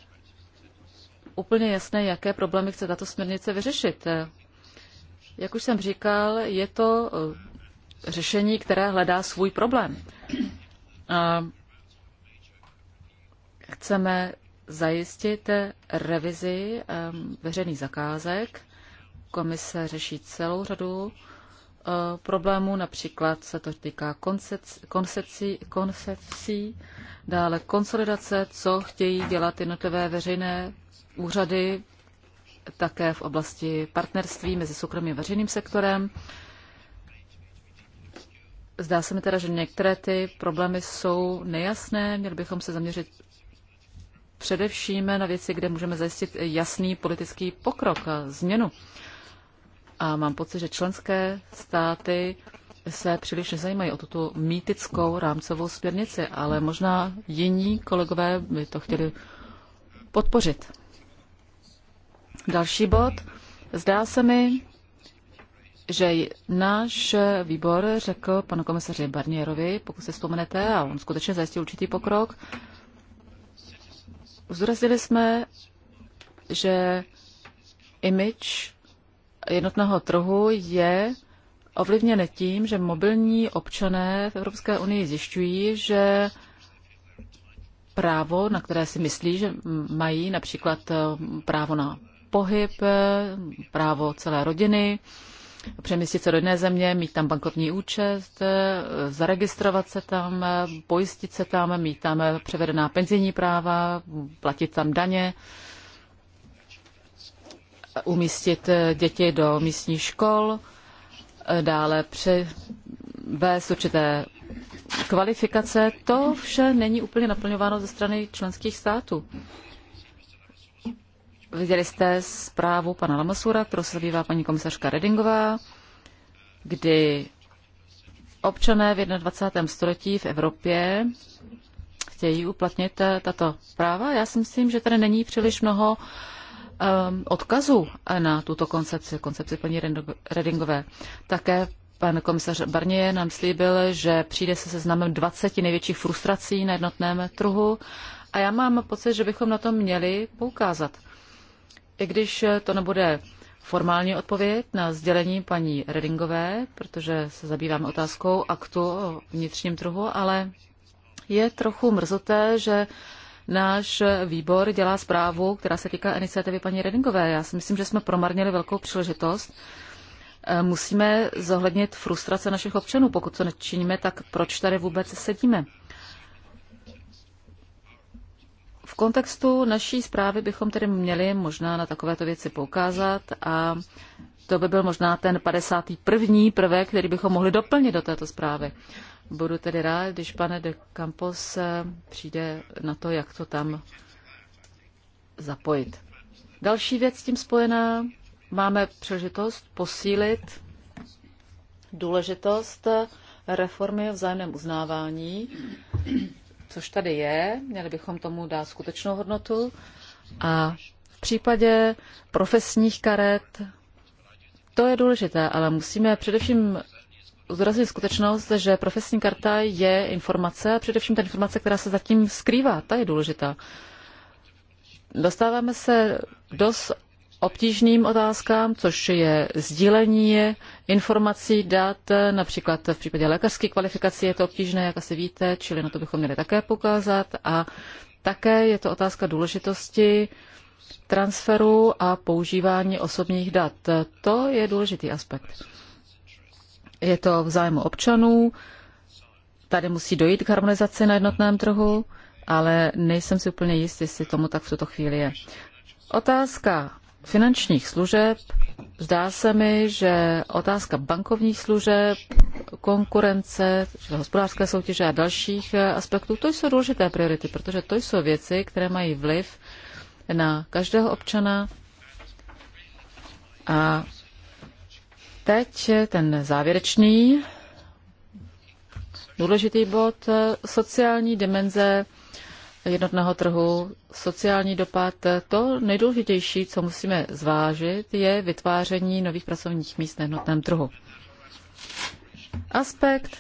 úplně jasné, jaké problémy chce tato směrnice vyřešit. Jak už jsem říkal, je to eh, řešení, které hledá svůj problém. A chceme zajistit revizi eh, veřejných zakázek. Komise řeší celou řadu eh, problémů, například se to týká koncepcí, koncepcí, koncepcí dále konsolidace, co chtějí dělat jednotlivé veřejné úřady také v oblasti partnerství mezi soukromým a veřejným sektorem. Zdá se mi teda, že některé ty problémy jsou nejasné. Měli bychom se zaměřit především na věci, kde můžeme zajistit jasný politický pokrok a změnu. A mám pocit, že členské státy se příliš nezajímají o tuto mýtickou rámcovou směrnici, ale možná jiní kolegové by to chtěli podpořit. Další bod. Zdá se mi, že náš výbor řekl panu komisaři Barnierovi, pokud se vzpomenete, a on skutečně zajistil určitý pokrok, zdůraznili jsme, že image jednotného trhu je ovlivněn tím, že mobilní občané v Evropské unii zjišťují, že právo, na které si myslí, že mají například eh, právo na pohyb, eh, právo celé rodiny, přemístit se do jiné země, mít tam bankovní účet, eh, zaregistrovat se tam, eh, pojistit se tam, mít tam převedená penzijní práva, platit tam daně, umístit děti do místních škol, dále převést určité kvalifikace. To vše není úplně naplňováno ze strany členských států. Viděli jste zprávu pana Lamasura, kterou se zabývá paní komisařka Redingová, kdy občané v 21. století v Evropě chtějí uplatnit eh, tato práva. Já si myslím, že tady není příliš mnoho um, odkazů na tuto koncepci, koncepci paní Redingové. Také pan komisař Barnier nám slíbil, že přijde se seznamem 20 největších frustrací na jednotném trhu a já mám pocit, že bychom na to měli poukázat i když to nebude formální odpověď na sdělení paní Redingové, protože se zabýváme otázkou aktu o vnitřním trhu, ale je trochu mrzuté, že náš výbor dělá zprávu, která se týká iniciativy paní Redingové. Já si myslím, že jsme promarnili velkou příležitost. Eh, musíme zohlednit frustrace našich občanů. Pokud to nečiníme, tak proč tady vůbec sedíme? V kontextu naší zprávy bychom tedy měli možná na takovéto věci poukázat a to by byl možná ten 51. prvek, který bychom mohli doplnit do této zprávy. Budu tedy rád, když pane de Campos eh, přijde na to, jak to tam zapojit. Další věc s tím spojená, máme přežitost posílit důležitost eh, reformy o vzájemném uznávání což tady je, měli bychom tomu dát skutečnou hodnotu. A v případě profesních karet, to je důležité, ale musíme především zdůraznit skutečnost, že profesní karta je informace, a především ta informace, která se zatím skrývá, ta je důležitá. Dostáváme se dost obtížným otázkám, což je sdílení informací, dat, například v případě lékařské kvalifikace je to obtížné, jak asi víte, čili na to bychom měli také poukázat. A také je to otázka důležitosti transferu a používání osobních dat. To je důležitý aspekt. Je to v zájmu občanů, tady musí dojít k harmonizaci na jednotném trhu, ale nejsem si úplně jist, jestli tomu tak v tuto chvíli je. Otázka finančních služeb, zdá se mi, že otázka bankovních služeb, konkurence, hospodářské soutěže a dalších eh, aspektů, to jsou důležité priority, protože to jsou věci, které mají vliv na každého občana. A teď ten závěrečný důležitý bod, eh, sociální dimenze jednotného trhu, sociální dopad. To nejdůležitější, co musíme zvážit, je vytváření nových pracovních míst na jednotném trhu. Aspekt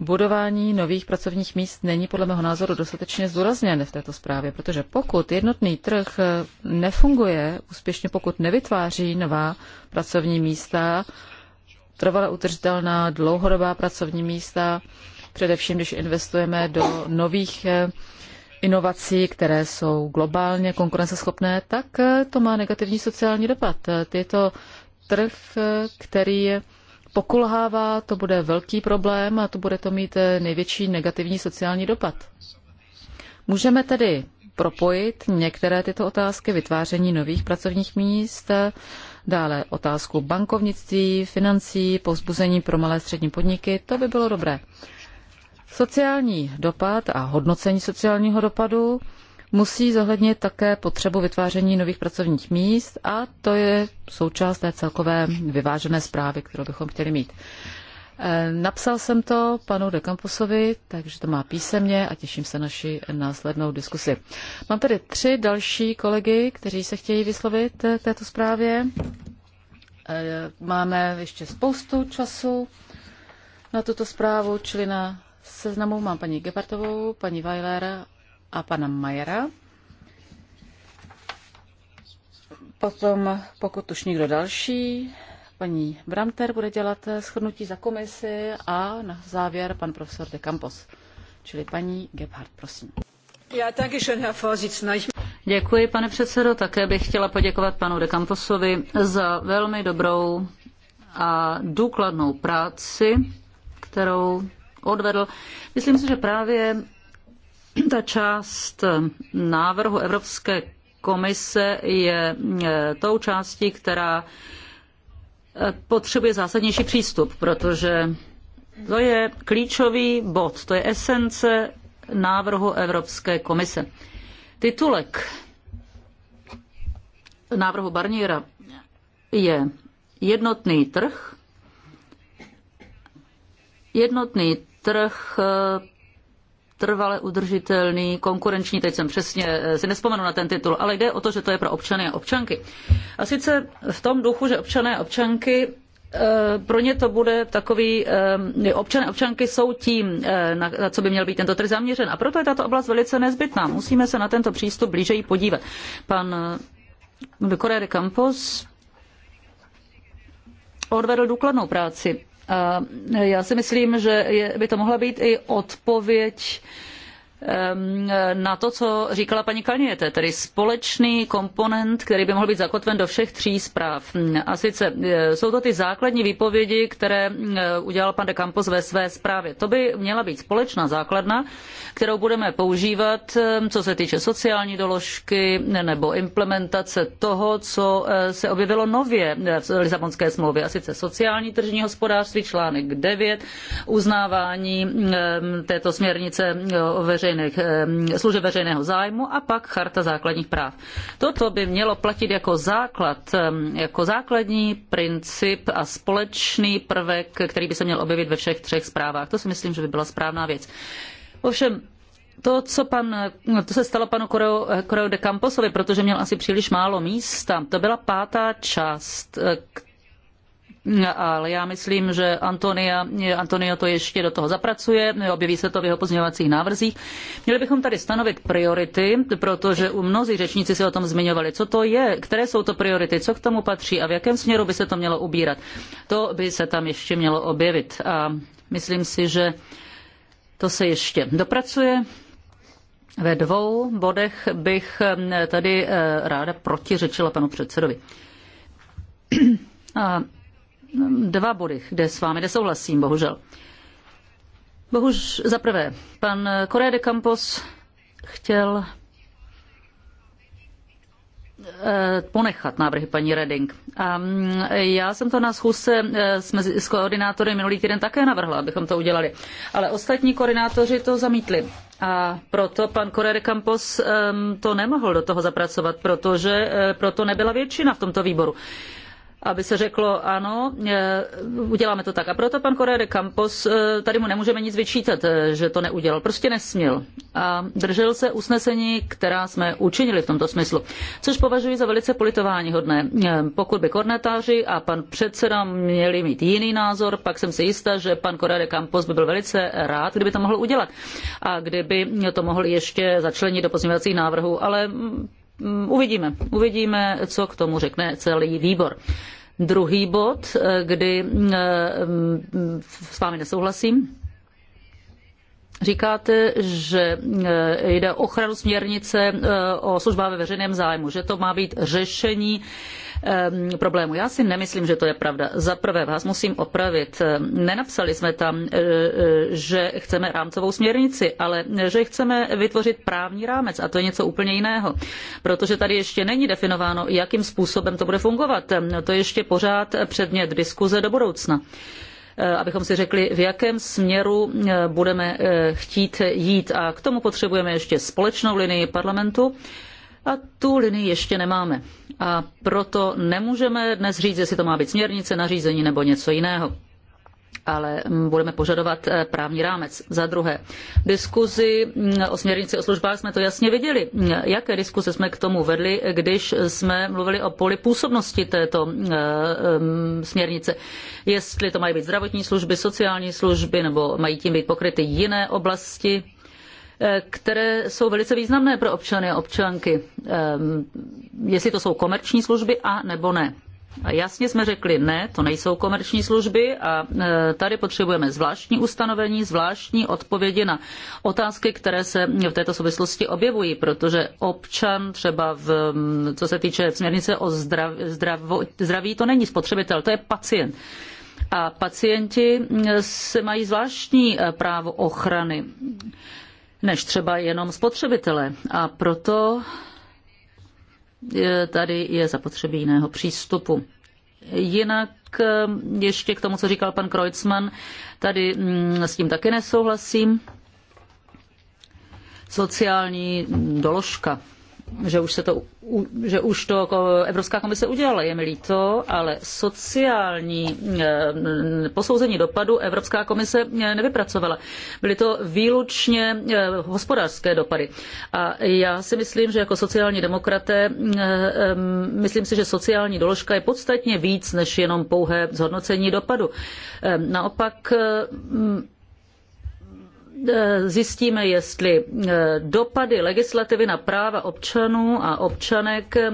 budování nových pracovních míst není podle mého názoru dostatečně zdůrazněn v této zprávě, protože pokud jednotný trh nefunguje úspěšně, pokud nevytváří nová pracovní místa, trvale udržitelná dlouhodobá pracovní místa, především když investujeme do nových inovací, které jsou globálně konkurenceschopné, tak to má negativní sociální dopad. Je to trh, který pokulhává, to bude velký problém a to bude to mít největší negativní sociální dopad. Můžeme tedy propojit některé tyto otázky, vytváření nových pracovních míst, dále otázku bankovnictví, financí, povzbuzení pro malé střední podniky, to by bylo dobré. Sociální dopad a hodnocení sociálního dopadu musí zohlednit také potřebu vytváření nových pracovních míst a to je součást té celkové vyvážené zprávy, kterou bychom chtěli mít. E, napsal jsem to panu de Campusovi, takže to má písemně a těším se naši následnou diskusi. Mám tady tři další kolegy, kteří se chtějí vyslovit k e, této zprávě. E, máme ještě spoustu času na tuto zprávu, čili na seznamu mám paní Gebartovou, paní Weiler a pana Majera. Potom, pokud už někdo další, paní Bramter bude dělat shrnutí za komisi a na závěr pan profesor de Campos. Čili paní Gebhardt, prosím. Já taky schön, Herr Vorsitzender. Děkuji, pane předsedo. Také bych chtěla poděkovat panu de Camposovi za velmi dobrou a důkladnou práci, kterou odvedl. Myslím si, že právě ta část návrhu Evropské komise je e, tou částí, která e, potřebuje zásadnější přístup, protože to je klíčový bod, to je esence návrhu Evropské komise. Titulek návrhu Barniera je jednotný trh, jednotný trh eh, trvale udržitelný, konkurenční, teď jsem přesně eh, si nespomenu na ten titul, ale jde o to, že to je pro občany a občanky. A sice v tom duchu, že občané a občanky eh, pro ně to bude takový, občané občanky jsou tím, na, co by měl být tento trh zaměřen. A proto je tato oblast velice nezbytná. Musíme se na tento přístup jí podívat. Pan Correa de Campos odvedl důkladnou práci já si myslím, že by to mohla být i odpověď Ehm, na to, co říkala paní Kalněte, tedy společný komponent, který by mohl být zakotven do všech tří zpráv. A sice eh, jsou to ty základní výpovědi, které eh, udělal pan de Campos ve své zprávě. To by měla být společná základna, kterou budeme používat, ehm, co se týče sociální doložky nebo implementace toho, co eh, se objevilo nově v Lisabonské smlouvě, a sice sociální tržní hospodářství, článek 9, uznávání ehm, této směrnice o veřejnosti veřejných, služeb veřejného zájmu a pak charta základních práv. Toto by mělo platit jako základ, jako základní princip a společný prvek, který by se měl objevit ve všech třech zprávách. To si myslím, že by byla správná věc. Ovšem, to, co pan, to se stalo panu Koreo, Koreo de Camposovi, protože měl asi příliš málo místa, to byla pátá část, ale já myslím, že Antonia, Antonio to ještě do toho zapracuje, objeví se to v jeho pozměňovacích návrzích. Měli bychom tady stanovit priority, protože u mnozí řečníci se o tom zmiňovali. Co to je, které jsou to priority, co k tomu patří a v jakém směru by se to mělo ubírat. To by se tam ještě mělo objevit a myslím si, že to se ještě dopracuje. Ve dvou bodech bych eh, tady eh, ráda protiřečila panu předsedovi. <clears throat> A dva body, kde s vámi nesouhlasím, bohužel. Bohužel za prvé, pan Correa de Campos chtěl eh, ponechat návrhy paní Reding. A mm, já jsem to na schůzce eh, s koordinátory minulý týden také navrhla, abychom to udělali. Ale ostatní koordinátoři to zamítli. A proto pan de Campos ehm, to nemohl do toho zapracovat, protože eh, proto nebyla většina v tomto výboru aby se řeklo ano, e, uděláme to tak. A proto pan Correa de Campos, e, tady mu nemůžeme nic vyčítat, e, že to neudělal. Prostě nesměl. A držel se usnesení, která jsme učinili v tomto smyslu. Což považuji za velice politováníhodné. Pokud by kornetáři a pan předseda měli mít jiný názor, pak jsem si jistá, že pan Correa de Campos by byl velice rád, kdyby to mohl udělat. A kdyby to mohl ještě začlenit do pozměňovacích návrhů. Ale Mm, uvidíme. Uvidíme, co k tomu řekne celý výbor. Druhý bod, eh, kdy eh, mm, s vámi nesouhlasím, Říkáte, že eh, jde o ochranu směrnice o službách ve veřejném zájmu, že to má být řešení Ehm, problému. Já si nemyslím, že to je pravda. Za prvé vás musím opravit. Ehm, nenapsali jsme tam, eh, eh, že chceme rámcovou směrnici, ale že chceme vytvořit právní rámec a to je něco úplně jiného. Protože tady ještě není definováno, jakým způsobem to bude fungovat. Ehm, to je ještě pořád předmět diskuze do budoucna eh, abychom si řekli, v jakém směru budeme chtít jít. A k tomu potřebujeme ještě společnou linii parlamentu a tu linii ještě nemáme. A proto nemůžeme dnes říct, jestli to má být směrnice, nařízení nebo něco jiného ale mm, budeme požadovat eh, právní rámec. Za druhé, diskuzi mm, o směrnici o službách jsme to jasně viděli. Mm, jaké diskuze jsme k tomu vedli, když jsme mluvili o poli působnosti této eh, směrnice? Jestli to mají být zdravotní služby, sociální služby, nebo mají tím být pokryty jiné oblasti? Eh, které jsou velice významné pro občany a občanky, ehm, jestli to jsou komerční služby a nebo ne. A jasně jsme řekli, ne, to nejsou komerční služby a eh, tady potřebujeme zvláštní ustanovení, zvláštní odpovědi na otázky, které se v této souvislosti objevují, protože občan třeba v, mm, co se týče směrnice o zdrav, zdrav, zdraví, to není spotřebitel, to je pacient. A pacienti mm, se mají zvláštní eh, právo ochrany než třeba jenom spotřebitele. A proto je, tady je zapotřebí jiného přístupu. Jinak eh, ještě k tomu, co říkal pan Kreutzmann, tady mm, s tím taky nesouhlasím. Sociální mm, doložka že už, se to, že už to jako Evropská komise udělala, je mi líto, ale sociální eh, posouzení dopadu Evropská komise eh, nevypracovala. Byly to výlučně eh, hospodářské dopady. A já si myslím, že jako sociální demokraté, myslím si, že sociální doložka je podstatně víc než jenom pouhé zhodnocení dopadu. Naopak Eh, zjistíme, jestli eh, dopady legislativy na práva občanů a občanek eh,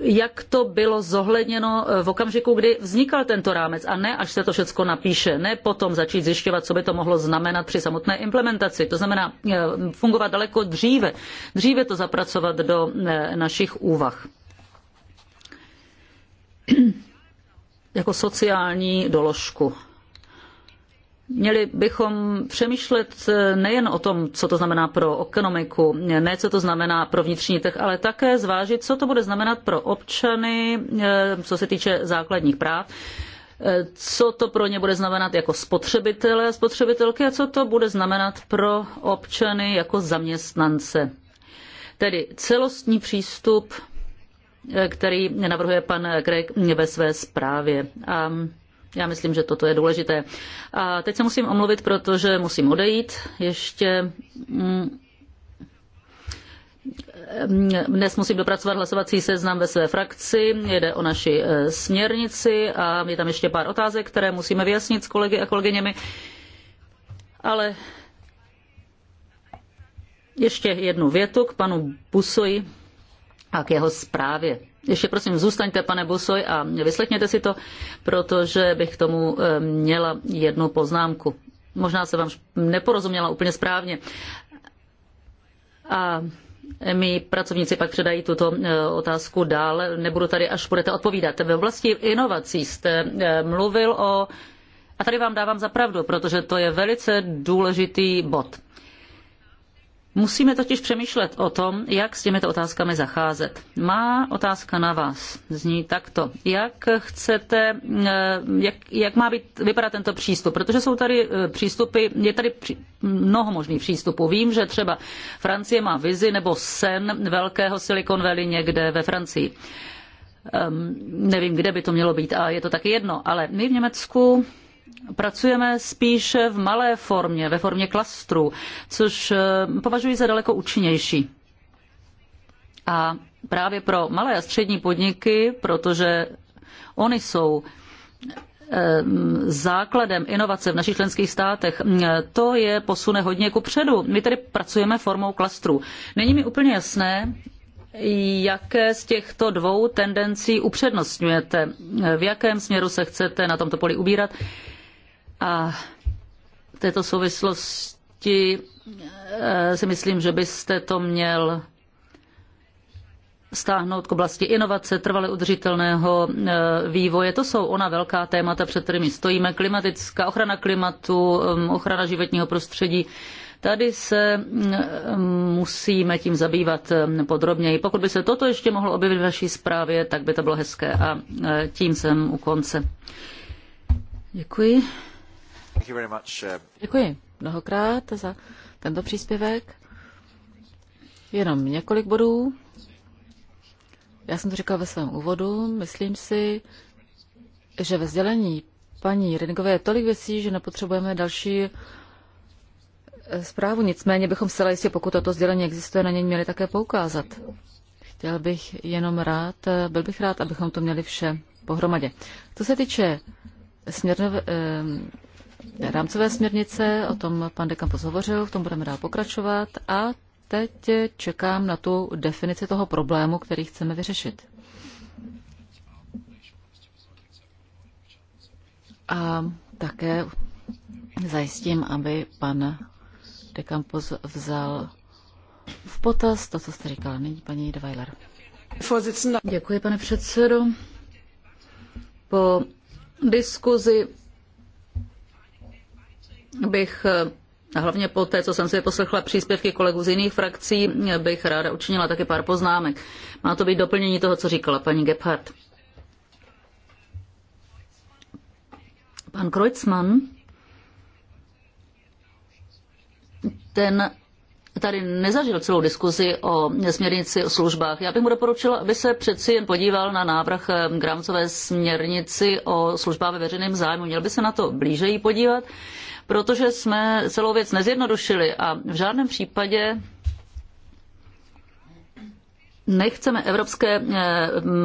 jak to bylo zohledněno v okamžiku, kdy vznikal tento rámec a ne až se to všechno napíše, ne potom začít zjišťovat, co by to mohlo znamenat při samotné implementaci. To znamená fungovat daleko dříve, dříve to zapracovat do našich úvah. <clears throat> jako sociální doložku Měli bychom přemýšlet eh, nejen o tom, co to znamená pro ekonomiku, ne co to znamená pro vnitřní trh, ale také zvážit, co to bude znamenat pro občany, eh, co se týče základních práv eh, co to pro ně bude znamenat jako spotřebitele a spotřebitelky a co to bude znamenat pro občany jako zaměstnance. Tedy celostní přístup, který navrhuje pan Greg ve své zprávě. A já myslím, že toto je důležité. A teď se musím omluvit, protože musím odejít. Ještě mm, mm, dnes musím dopracovat hlasovací seznam ve své frakci, Jde o naši e, směrnici a je tam ještě pár otázek, které musíme vyjasnit s kolegy a kolegyněmi. Ale ještě jednu větu k panu Busoji a k jeho zprávě ještě prosím zůstaňte, pane Busoj, a vyslechněte si to, protože bych k tomu eh, měla jednu poznámku. Možná se vám neporozuměla úplně správně. A my pracovníci pak předají tuto eh, otázku dál. Nebudu tady, až budete odpovídat. Ve oblasti inovací jste eh, mluvil o... A tady vám dávám za pravdu, protože to je velice důležitý bod. Musíme totiž přemýšlet o tom, jak s těmito otázkami zacházet. Má otázka na vás zní takto. Jak chcete, eh, jak, jak má být, vypadat tento přístup? Protože jsou tady eh, přístupy, je tady mnoho možných přístupů. Vím, že třeba Francie má vizi nebo sen velkého Silicon Valley někde ve Francii. Um, nevím, kde by to mělo být a je to taky jedno, ale my v Německu pracujeme spíše v malé formě, ve formě klastrů, což eh, považuji za daleko účinnější. A právě pro malé a střední podniky, protože oni jsou eh, základem inovace v našich členských státech, eh, to je posune hodně ku předu. My tedy pracujeme formou klastrů. Není mi úplně jasné, jaké z těchto dvou tendencí upřednostňujete, v jakém směru se chcete na tomto poli ubírat. A v této souvislosti eh, si myslím, že byste to měl stáhnout k oblasti inovace, trvale udržitelného eh, vývoje. To jsou ona velká témata, před kterými stojíme. Klimatická ochrana klimatu, mm, ochrana životního prostředí. Tady se mm, musíme tím zabývat mm, podrobněji. Pokud by se toto ještě mohlo objevit v vaší zprávě, tak by to bylo hezké. A eh, tím jsem u konce. Děkuji. Uh, Děkuji mnohokrát za tento příspěvek. Jenom několik bodů. Já jsem to říkal ve svém úvodu. Myslím si, že ve sdělení paní Ringové je tolik věcí, že nepotřebujeme další eh, zprávu. Nicméně bychom zcela jistě, pokud toto sdělení existuje, na něj měli také poukázat. Chtěl bych jenom rád, eh, byl bych rád, abychom to měli vše pohromadě. Co se týče směrnov, eh, rámcové směrnice, o tom pan Dekampos hovořil, v tom budeme dál pokračovat a teď čekám na tu definici toho problému, který chceme vyřešit. A také zajistím, aby pan Dekampos vzal v potaz to, co jste říkala. Nyní paní Dweiler. Děkuji, pane předsedo. Po diskuzi bych eh, hlavně po té, co jsem si poslechla příspěvky kolegů z jiných frakcí, bych ráda učinila také pár poznámek. Má to být doplnění toho, co říkala paní Gebhardt. Pan Kreutzmann, ten tady nezažil celou diskuzi o směrnici o službách. Já bych mu doporučila, aby se přeci jen podíval na návrh eh, Grámcové směrnici o službách ve veřejném zájmu. Měl by se na to blíže podívat protože jsme celou věc nezjednodušili a v žádném případě nechceme evropské eh,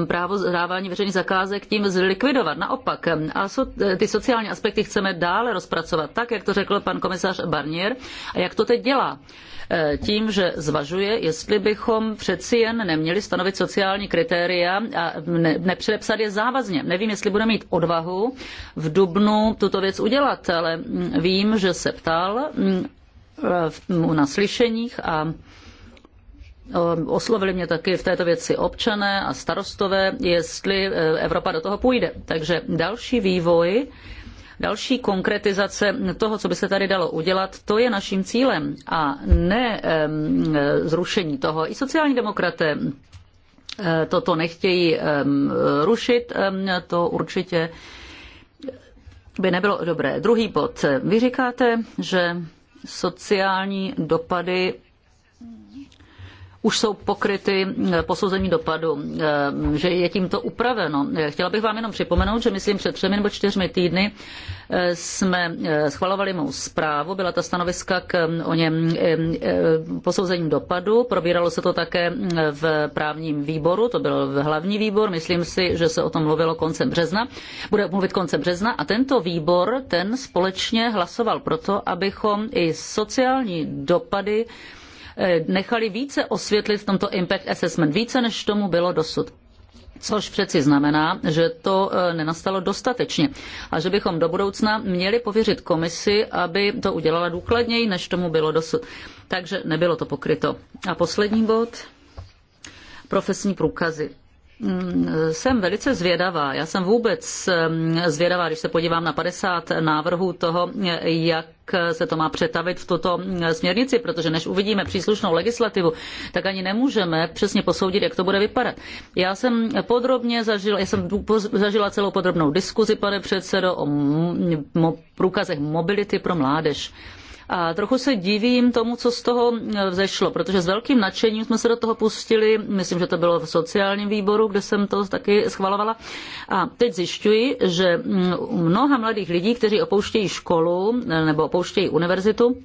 právo zadávání veřejných zakázek tím zlikvidovat. Naopak, eh, a eh, ty sociální aspekty chceme dále rozpracovat, tak jak to řekl pan komisař Barnier a jak to teď dělá. E, tím, že zvažuje, jestli bychom přeci jen neměli stanovit sociální kritéria a ne, nepředepsat je závazně. Nevím, jestli bude mít odvahu v Dubnu tuto věc udělat, ale mm, vím, že se ptal mm, e, na slyšeních a e, Oslovili mě taky v této věci občané a starostové, jestli Evropa do toho půjde. Takže další vývoj další konkretizace toho, co by se tady dalo udělat, to je naším cílem a ne zrušení toho. I sociální demokraté toto nechtějí rušit, to určitě by nebylo dobré. Druhý bod. Vy říkáte, že sociální dopady už jsou pokryty eh, posouzení dopadu, eh, že je tímto upraveno. Eh, chtěla bych vám jenom připomenout, že myslím před třemi nebo čtyřmi týdny jsme schvalovali mou zprávu, byla ta stanoviska k o něm posouzením dopadu, probíralo se to také v právním výboru, to byl hlavní výbor, myslím si, že se o tom mluvilo koncem března, bude mluvit koncem března a tento výbor, ten společně hlasoval proto, abychom i sociální dopady Eh, nechali více osvětlit v tomto impact assessment, více než tomu bylo dosud. Což přeci znamená, že to eh, nenastalo dostatečně a že bychom do budoucna měli pověřit komisi, aby to udělala důkladněji, než tomu bylo dosud. Takže nebylo to pokryto. A poslední bod. Profesní průkazy. Mm, jsem velice zvědavá. Já jsem vůbec mm, zvědavá, když se podívám na 50 návrhů toho, jak se to má přetavit v tuto mm, směrnici, protože než uvidíme příslušnou legislativu, tak ani nemůžeme přesně posoudit, jak to bude vypadat. Já jsem podrobně zažila, já jsem zažila celou podrobnou diskuzi, pane předsedo, o průkazech mobility pro mládež. A trochu se divím tomu, co z toho e, vzešlo, protože s velkým nadšením jsme se do toho pustili. Myslím, že to bylo v sociálním výboru, kde jsem to taky schvalovala. A teď zjišťuji, že mm, u mnoha mladých lidí, kteří opouštějí školu e, nebo opouštějí univerzitu,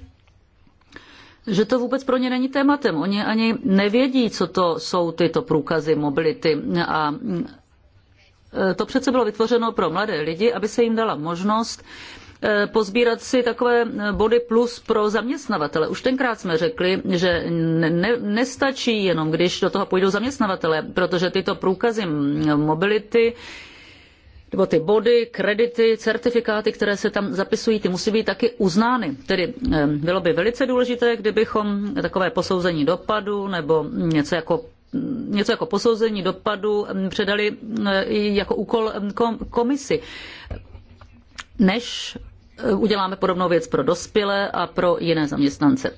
že to vůbec pro ně není tématem. Oni ani nevědí, co to jsou tyto průkazy mobility. A mm, e, to přece bylo vytvořeno pro mladé lidi, aby se jim dala možnost Eh, pozbírat si takové eh, body plus pro zaměstnavatele. Už tenkrát jsme řekli, že ne, nestačí jenom, když do toho půjdou zaměstnavatele, protože tyto průkazy mobility nebo ty body, kredity, certifikáty, které se tam zapisují, ty musí být taky uznány. Tedy eh, bylo by velice důležité, kdybychom takové posouzení dopadu nebo něco jako něco jako posouzení dopadu předali jako úkol komisi než eh, uděláme podobnou věc pro dospělé a pro jiné zaměstnance.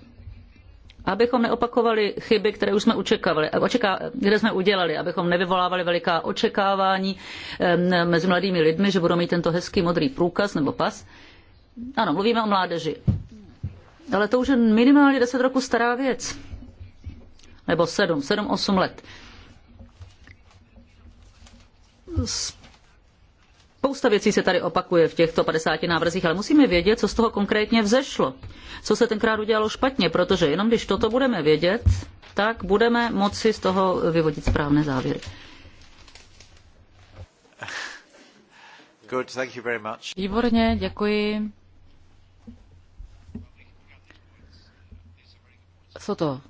Abychom neopakovali chyby, které už jsme učekávali. Eh, očeká, jsme udělali, abychom nevyvolávali veliká očekávání mezi mladými lidmi, že budou mít tento hezký modrý průkaz nebo pas. Ano, mluvíme o mládeži. Ale to už je minimálně 10 roku stará věc. Nebo 7, 7, 8 let Spousta věcí se tady opakuje v těchto 50 návrzích, ale musíme vědět, co z toho konkrétně vzešlo. Co se tenkrát udělalo špatně, protože jenom když toto budeme vědět, tak budeme moci z toho vyvodit správné závěry. Good, thank you very much. Výborně, děkuji. Jsou to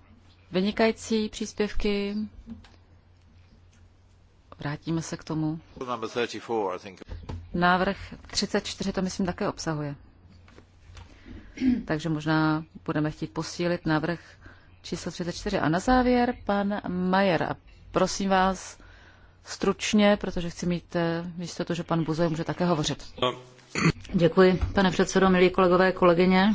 vynikající příspěvky. Vrátíme se k tomu. Návrh 34 to myslím také obsahuje. Takže možná budeme chtít posílit návrh číslo 34. A na závěr pan Majer. A prosím vás stručně, protože chci mít eh, jistotu, že pan Buzoj může také hovořit. Děkuji, pane předsedo, milí kolegové, kolegyně.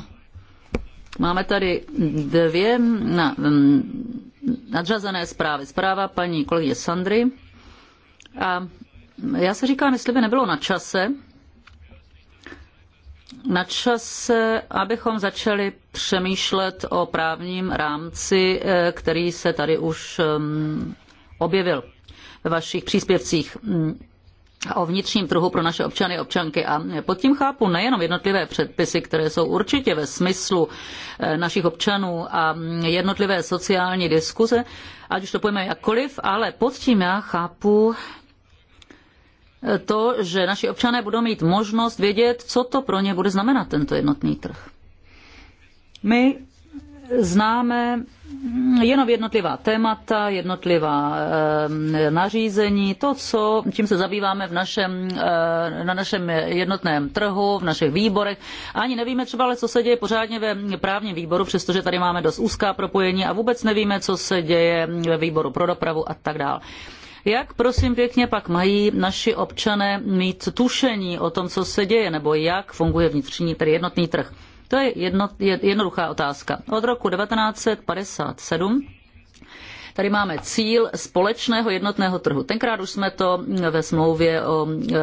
Máme tady dvě na, mm, nadřazené zprávy. Zpráva paní kolegyně Sandry a já se říkám, jestli by nebylo na čase, na čase, abychom začali přemýšlet o právním rámci, eh, který se tady už mm, objevil ve vašich příspěvcích mm, o vnitřním trhu pro naše občany, občanky. A pod tím chápu nejenom jednotlivé předpisy, které jsou určitě ve smyslu eh, našich občanů a mm, jednotlivé sociální diskuze, ať už to pojme jakkoliv, ale pod tím já chápu to, že naši občané budou mít možnost vědět, co to pro ně bude znamenat tento jednotný trh. My známe jenom jednotlivá témata, jednotlivá ehm, nařízení, to, co, čím se zabýváme v našem, eh, na našem jednotném trhu, v našich výborech. Ani nevíme třeba, ale co se děje pořádně ve právním výboru, přestože tady máme dost úzká propojení a vůbec nevíme, co se děje ve výboru pro dopravu a tak dále. Jak prosím pěkně pak mají naši občané mít tušení o tom, co se děje, nebo jak funguje vnitřní, tedy jednotný trh? To je jedno, jednoduchá otázka. Od roku 1957 Tady máme cíl společného jednotného trhu. Tenkrát už jsme to ve smlouvě, o, e,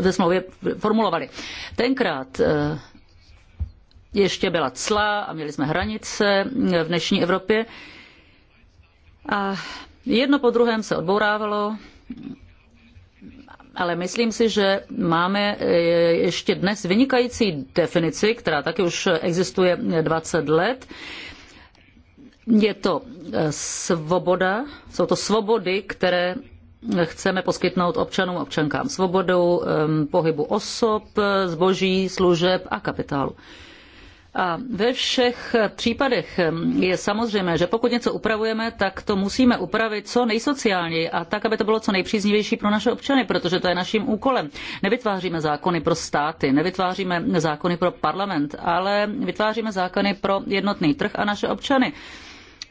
ve smlouvě formulovali. Tenkrát e, ještě byla cla a měli jsme hranice v dnešní Evropě. A Jedno po druhém se odbourávalo, ale myslím si, že máme e, ještě dnes vynikající definici, která taky už existuje 20 let. Je to e, svoboda, jsou to svobody, které chceme poskytnout občanům a občankám. svobodu e, pohybu osob, zboží, služeb a kapitálu. A ve všech případech je samozřejmé, že pokud něco upravujeme, tak to musíme upravit co nejsociálněji a tak, aby to bylo co nejpříznivější pro naše občany, protože to je naším úkolem. Nevytváříme zákony pro státy, nevytváříme zákony pro parlament, ale vytváříme zákony pro jednotný trh a naše občany.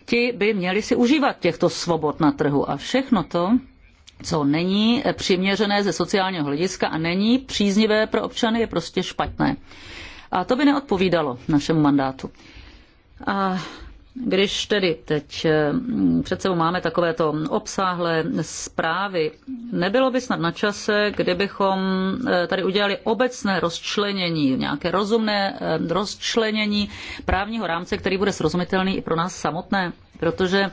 Ti by měli si užívat těchto svobod na trhu a všechno to co není přiměřené ze sociálního hlediska a není příznivé pro občany, je prostě špatné. A to by neodpovídalo našemu mandátu. A když tedy teď mm, před sebou máme takovéto obsáhlé zprávy, nebylo by snad na čase, kdybychom e, tady udělali obecné rozčlenění, nějaké rozumné e, rozčlenění právního rámce, který bude srozumitelný i pro nás samotné, protože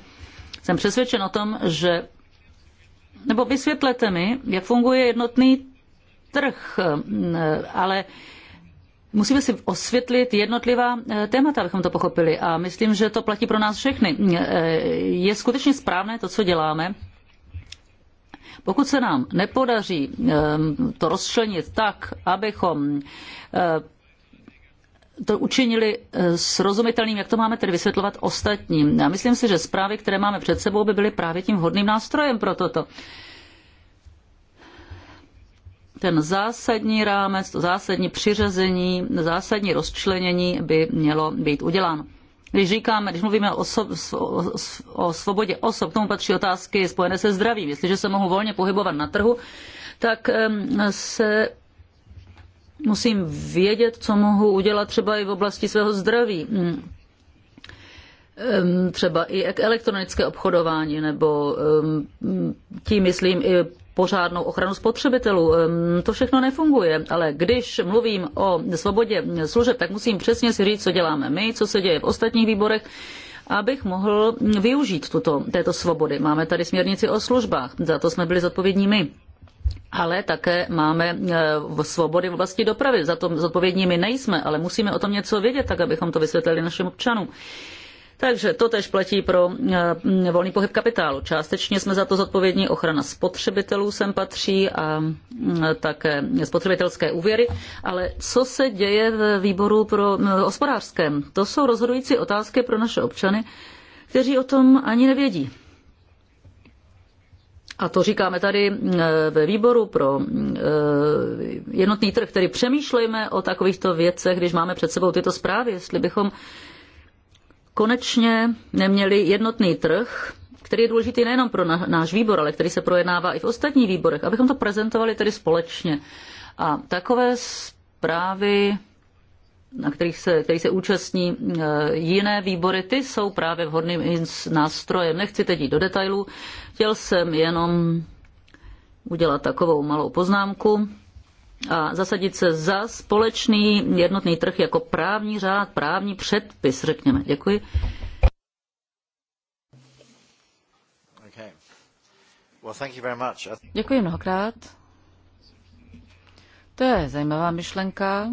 jsem přesvědčen o tom, že nebo vysvětlete mi, jak funguje jednotný trh, e, ale Musíme si osvětlit jednotlivá eh, témata, abychom to pochopili. A myslím, že to platí pro nás všechny. Eh, je skutečně správné to, co děláme, pokud se nám nepodaří ehm, to rozčlenit tak, abychom eh, to učinili srozumitelným, jak to máme tedy vysvětlovat ostatním. Já myslím si, že zprávy, které máme před sebou, by byly právě tím hodným nástrojem pro toto ten zásadní rámec, to zásadní přiřazení, zásadní rozčlenění by mělo být uděláno. Když říkáme, když mluvíme o, so, o svobodě osob, k tomu patří otázky spojené se zdravím. Jestliže se mohu volně pohybovat na trhu, tak se musím vědět, co mohu udělat třeba i v oblasti svého zdraví hmm. třeba i elektronické obchodování, nebo tím myslím i pořádnou ochranu spotřebitelů. To všechno nefunguje, ale když mluvím o svobodě služeb, tak musím přesně si říct, co děláme my, co se děje v ostatních výborech abych mohl využít tuto, této svobody. Máme tady směrnici o službách, za to jsme byli zodpovědní my. Ale také máme eh, svobody v oblasti dopravy. Za to zodpovědní my nejsme, ale musíme o tom něco vědět, tak abychom to vysvětlili našim občanům. Takže to tež platí pro eh, volný pohyb kapitálu. Částečně jsme za to zodpovědní, ochrana spotřebitelů sem patří a mm, také spotřebitelské úvěry. Ale co se děje v výboru pro eh, hospodářském? To jsou rozhodující otázky pro naše občany, kteří o tom ani nevědí. A to říkáme tady eh, ve výboru pro jednotný trh, který přemýšlejme o takovýchto věcech, když máme před sebou tyto zprávy, jestli bychom konečně neměli jednotný trh, který je důležitý nejenom pro náš výbor, ale který se projednává i v ostatních výborech, abychom to prezentovali tedy společně. A takové zprávy, na kterých se, který se účastní eh, jiné výbory, ty jsou právě vhodným nástrojem. Nechci teď jít do detailů, chtěl jsem jenom udělat takovou malou poznámku a zasadit se za společný jednotný trh jako právní řád, právní předpis, řekněme. Děkuji. Děkuji mnohokrát. To je zajímavá myšlenka.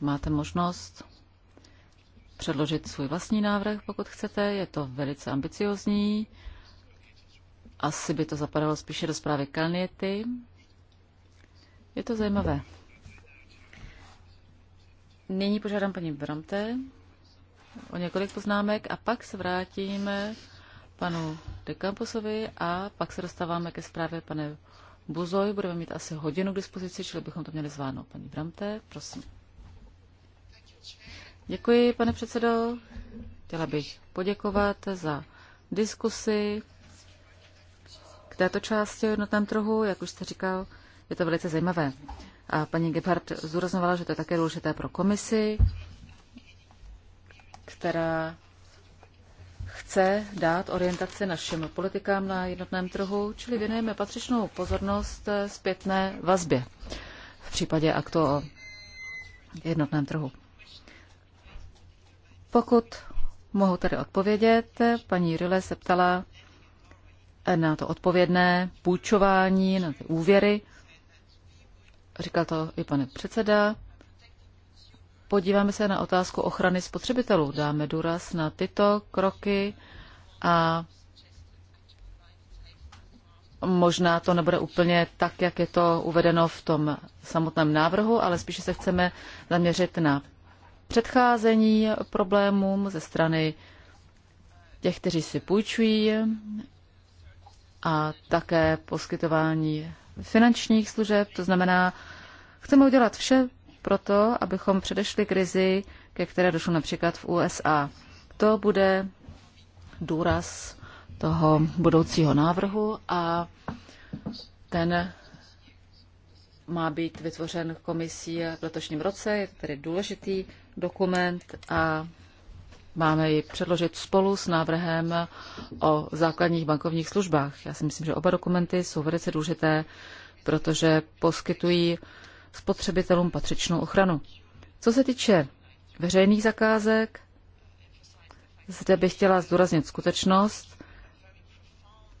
Máte možnost předložit svůj vlastní návrh, pokud chcete. Je to velice ambiciozní. Asi by to zapadalo spíše do zprávy Kalniety, je to zajímavé. Nyní požádám paní Bramte o několik poznámek a pak se vrátíme panu Dekamposovi a pak se dostáváme ke zprávě pane Buzoj. Budeme mít asi hodinu k dispozici, čili bychom to měli zvládnout. Paní Bramte, prosím. Děkuji, pane předsedo. Chtěla bych poděkovat za diskusi k této části o jednotném trhu, jak už jste říkal, je to velice zajímavé. A paní Gebhardt zúraznovala, že to je také důležité pro komisi, která chce dát orientaci našim politikám na jednotném trhu, čili věnujeme patřičnou pozornost zpětné vazbě v případě aktu o jednotném trhu. Pokud mohu tady odpovědět, paní Rile se ptala na to odpovědné půjčování, na ty úvěry říkal to i pane předseda, podíváme se na otázku ochrany spotřebitelů. Dáme důraz na tyto kroky a možná to nebude úplně tak, jak je to uvedeno v tom samotném návrhu, ale spíše se chceme zaměřit na předcházení problémům ze strany těch, kteří si půjčují a také poskytování finančních služeb, to znamená, chceme udělat vše pro to, abychom předešli krizi, ke které došlo například v USA. To bude důraz toho budoucího návrhu a ten má být vytvořen komisí v letošním roce. Je tedy důležitý dokument a Máme ji předložit spolu s návrhem o základních bankovních službách. Já si myslím, že oba dokumenty jsou velice důležité, protože poskytují spotřebitelům patřičnou ochranu. Co se týče veřejných zakázek, zde bych chtěla zdůraznit skutečnost,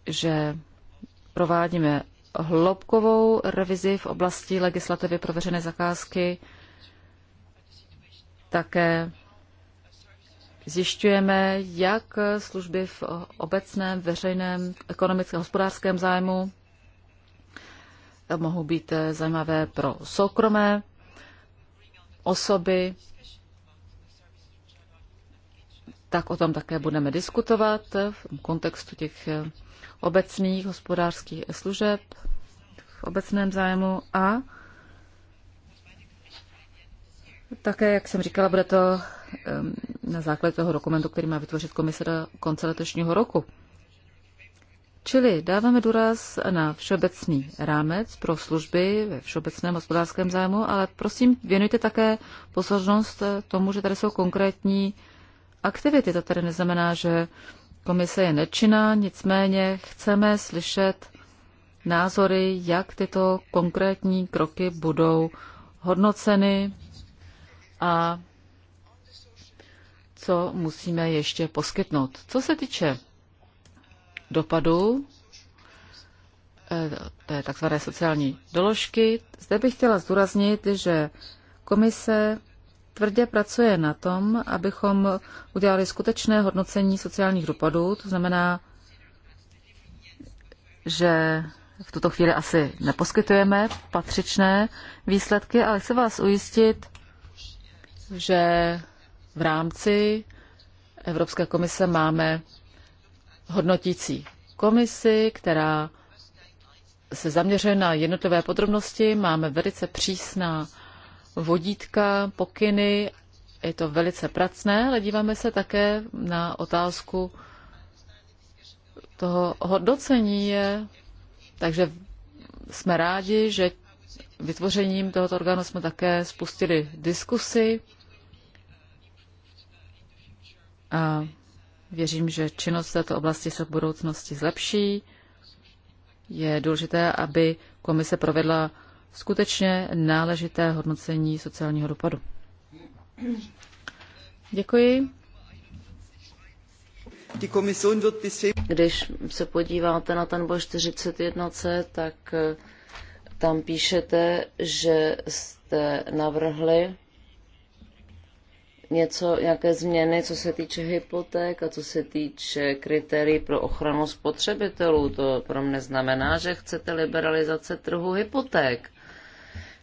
že provádíme hloubkovou revizi v oblasti legislativy pro veřejné zakázky. Také zjišťujeme, jak služby v obecném, veřejném, ekonomickém, hospodářském zájmu mohou být zajímavé pro soukromé osoby, tak o tom také budeme diskutovat v kontextu těch obecných hospodářských služeb v obecném zájmu a také, jak jsem říkala, bude to na základě toho dokumentu, který má vytvořit komise do konce letošního roku. Čili dáváme důraz na všeobecný rámec pro služby ve všeobecném hospodářském zájmu, ale prosím věnujte také pozornost tomu, že tady jsou konkrétní aktivity. To tady neznamená, že komise je nečinná, nicméně chceme slyšet názory, jak tyto konkrétní kroky budou hodnoceny a co musíme ještě poskytnout. Co se týče dopadu eh, té tzv. sociální doložky, zde bych chtěla zdůraznit, že komise tvrdě pracuje na tom, abychom udělali skutečné hodnocení sociálních dopadů, to znamená, že v tuto chvíli asi neposkytujeme patřičné výsledky, ale chci vás ujistit, že v rámci Evropské komise máme hodnotící komisi, která se zaměřuje na jednotlivé podrobnosti. Máme velice přísná vodítka, pokyny, je to velice pracné, ale díváme se také na otázku toho hodnocení. Je, takže jsme rádi, že vytvořením tohoto orgánu jsme také spustili diskusy a věřím, že činnost této oblasti se v budoucnosti zlepší. Je důležité, aby komise provedla skutečně náležité hodnocení sociálního dopadu. Děkuji. Když se podíváte na ten bod 41c, tak eh, tam píšete, že jste navrhli něco, jaké změny, co se týče hypoték a co se týče kritérií pro ochranu spotřebitelů. To pro mě znamená, že chcete liberalizace trhu hypoték.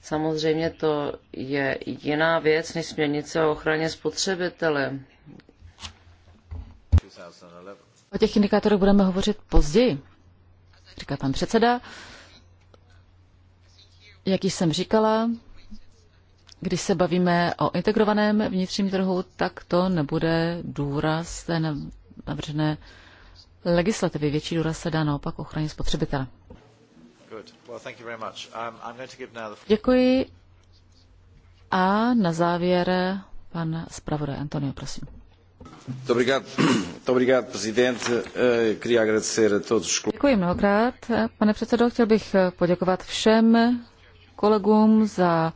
Samozřejmě to je jiná věc než směrnice o ochraně spotřebitele. O těch indikátorech budeme hovořit později, říká pan předseda. Jak již jsem říkala, když se bavíme o integrovaném vnitřním trhu, tak to nebude důraz té navržené legislativy. Větší důraz se dá naopak ochraně spotřebitele. Um, Děkuji. A na závěr pan zpravodaj Antonio, prosím. <clears throat> Eh, Děkuji mnohokrát. Pane předsedo, chtěl bych poděkovat všem kolegům za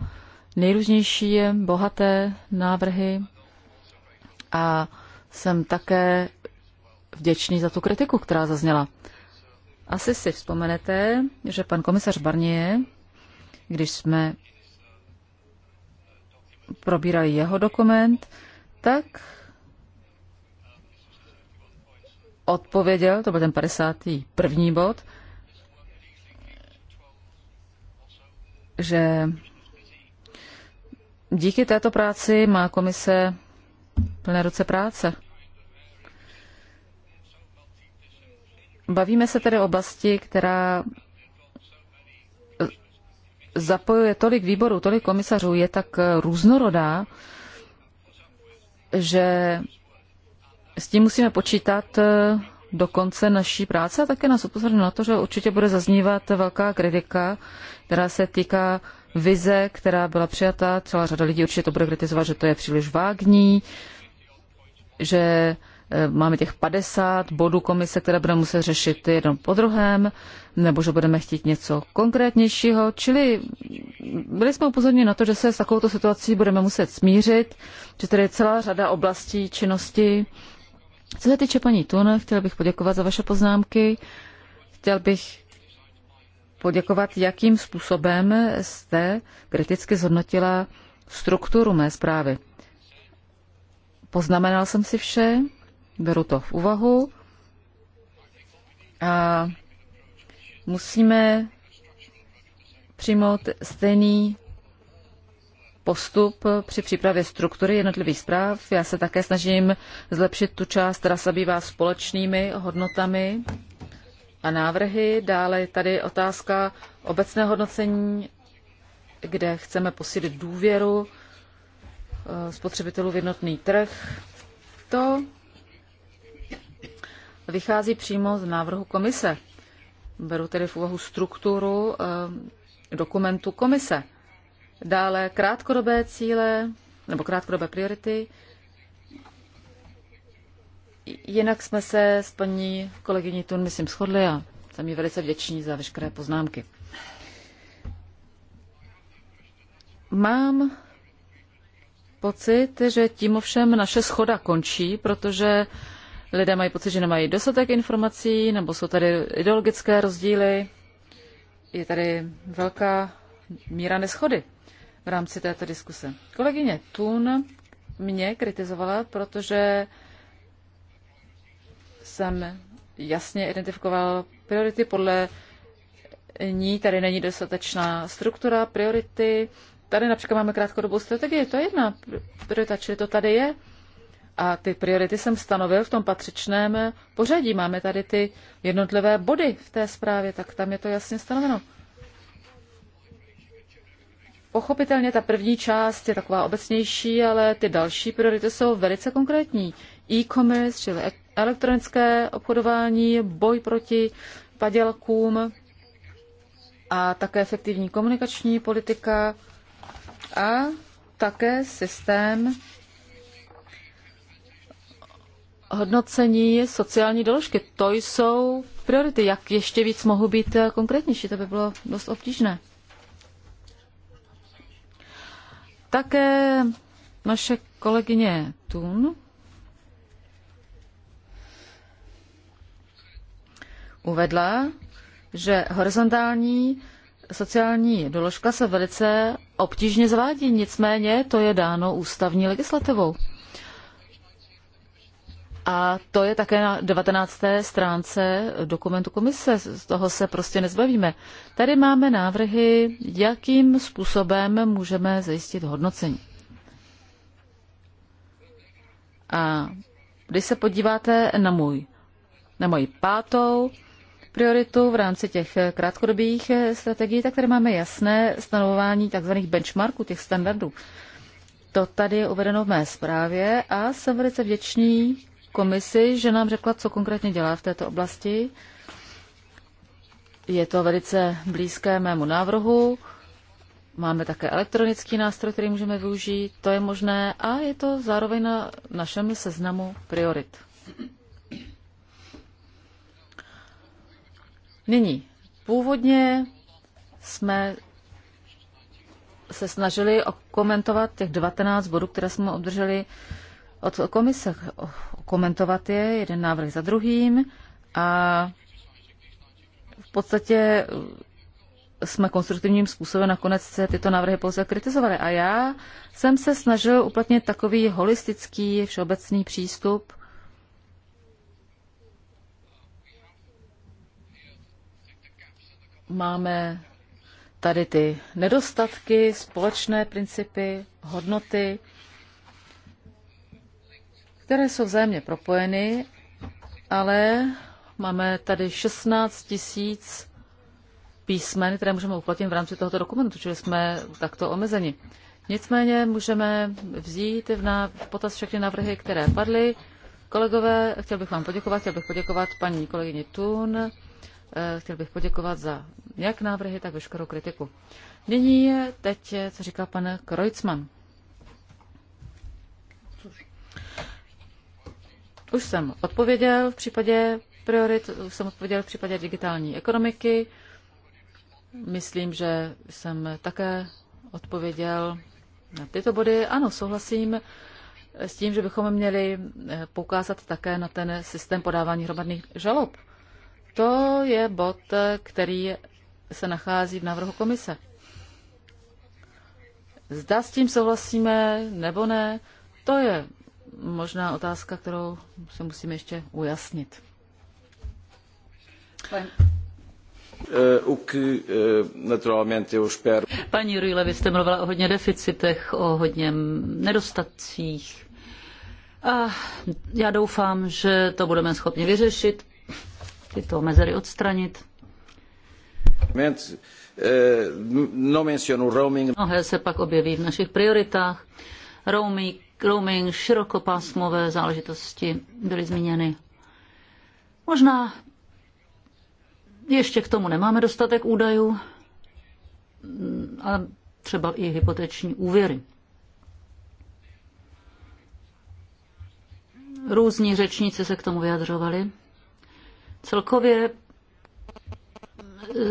nejrůznější bohaté návrhy a jsem také vděčný za tu kritiku, která zazněla. Asi si vzpomenete, že pan komisař Barnier, když jsme probírali jeho dokument, tak odpověděl, to byl ten 51. bod, že Díky této práci má komise plné ruce práce. Bavíme se tedy oblasti, která zapojuje tolik výborů, tolik komisařů, je tak různorodá, že s tím musíme počítat eh, do konce naší práce a také nás upozorňuje na to, že určitě bude zaznívat velká kritika, která se týká vize, která byla přijata. Celá řada lidí určitě to bude kritizovat, že to je příliš vágní, že eh, máme těch 50 bodů komise, které budeme muset řešit jedno po druhém, nebo že budeme chtít něco konkrétnějšího. Čili byli jsme upozorněni na to, že se s takovouto situací budeme muset smířit, že tady je celá řada oblastí činnosti. Co se týče paní Tun, chtěl bych poděkovat za vaše poznámky. Chtěl bych poděkovat, jakým způsobem jste kriticky zhodnotila strukturu mé zprávy. Poznamenal jsem si vše, beru to v úvahu a musíme přijmout stejný postup při přípravě struktury jednotlivých zpráv. Já se také snažím zlepšit tu část, která se bývá společnými hodnotami a návrhy. Dále je tady otázka obecné hodnocení, kde chceme posílit důvěru eh, spotřebitelů v jednotný trh. To vychází přímo z návrhu komise. Beru tedy v úvahu strukturu eh, dokumentu komise. Dále krátkodobé cíle nebo krátkodobé priority, Jinak jsme se s paní kolegyní Tun, myslím, shodli a jsem jí velice vděční za veškeré poznámky. Mám pocit, že tím ovšem naše schoda končí, protože lidé mají pocit, že nemají dostatek informací, nebo jsou tady ideologické rozdíly. Je tady velká míra neschody v rámci této diskuse. Kolegyně Tun mě kritizovala, protože jsem jasně identifikoval priority. Podle ní tady není dostatečná struktura, priority. Tady například máme krátkodobou strategii, to je jedna priorita, čili to tady je. A ty priority jsem stanovil v tom patřičném pořadí. Máme tady ty jednotlivé body v té zprávě, tak tam je to jasně stanoveno. Pochopitelně ta první část je taková obecnější, ale ty další priority jsou velice konkrétní. E-commerce, čili elektronické obchodování, boj proti padělkům a také efektivní komunikační politika a také systém hodnocení sociální doložky. To jsou priority. Jak ještě víc mohu být konkrétnější? To by bylo dost obtížné. Také naše kolegyně Tun uvedla, že horizontální sociální doložka se velice obtížně zvádí, nicméně to je dáno ústavní legislativou. A to je také na 19. stránce dokumentu komise, z toho se prostě nezbavíme. Tady máme návrhy, jakým způsobem můžeme zajistit hodnocení. A když se podíváte na můj, na moji pátou prioritu v rámci těch krátkodobých eh, strategií, tak tady máme jasné stanovování tzv. benchmarků, těch standardů. To tady je uvedeno v mé zprávě a jsem velice vděčný komisi, že nám řekla, co konkrétně dělá v této oblasti. Je to velice blízké mému návrhu. Máme také elektronický nástroj, který můžeme využít, to je možné a je to zároveň na našem seznamu priorit. Nyní, původně jsme se snažili komentovat těch 19 bodů, které jsme obdrželi od komise. Komentovat je jeden návrh za druhým a v podstatě jsme konstruktivním způsobem nakonec se tyto návrhy pouze kritizovali. A já jsem se snažil uplatnit takový holistický, všeobecný přístup máme tady ty nedostatky, společné principy, hodnoty, které jsou vzájemně propojeny, ale máme tady 16 tisíc písmen, které můžeme uplatnit v rámci tohoto dokumentu, čili jsme takto omezeni. Nicméně můžeme vzít v, na, v potaz všechny návrhy, které padly. Kolegové, chtěl bych vám poděkovat, chtěl bych poděkovat paní kolegyni Tun, Eh, chtěl bych poděkovat za jak návrhy, tak veškerou kritiku. Nyní je teď, eh, co říká pan Krojcman. Už jsem odpověděl v případě priorit, už jsem odpověděl v případě digitální ekonomiky. Myslím, že jsem také odpověděl na tyto body. Ano, souhlasím s tím, že bychom měli eh, poukázat také na ten systém podávání hromadných žalob. To je bod, který se nachází v návrhu komise. Zda s tím souhlasíme nebo ne, to je možná otázka, kterou se musíme ještě ujasnit. Eh, eh, Paní Rýle, vy jste mluvila o hodně deficitech, o hodně nedostatcích. A já doufám, že to budeme schopni vyřešit, tyto mezery odstranit. Eh, no Mnohé se pak objeví v našich prioritách. Roaming, roaming širokopásmové záležitosti byly zmíněny. Možná ještě k tomu nemáme dostatek údajů, ale třeba i hypoteční úvěry. Různí řečníci se k tomu vyjadřovali. Celkově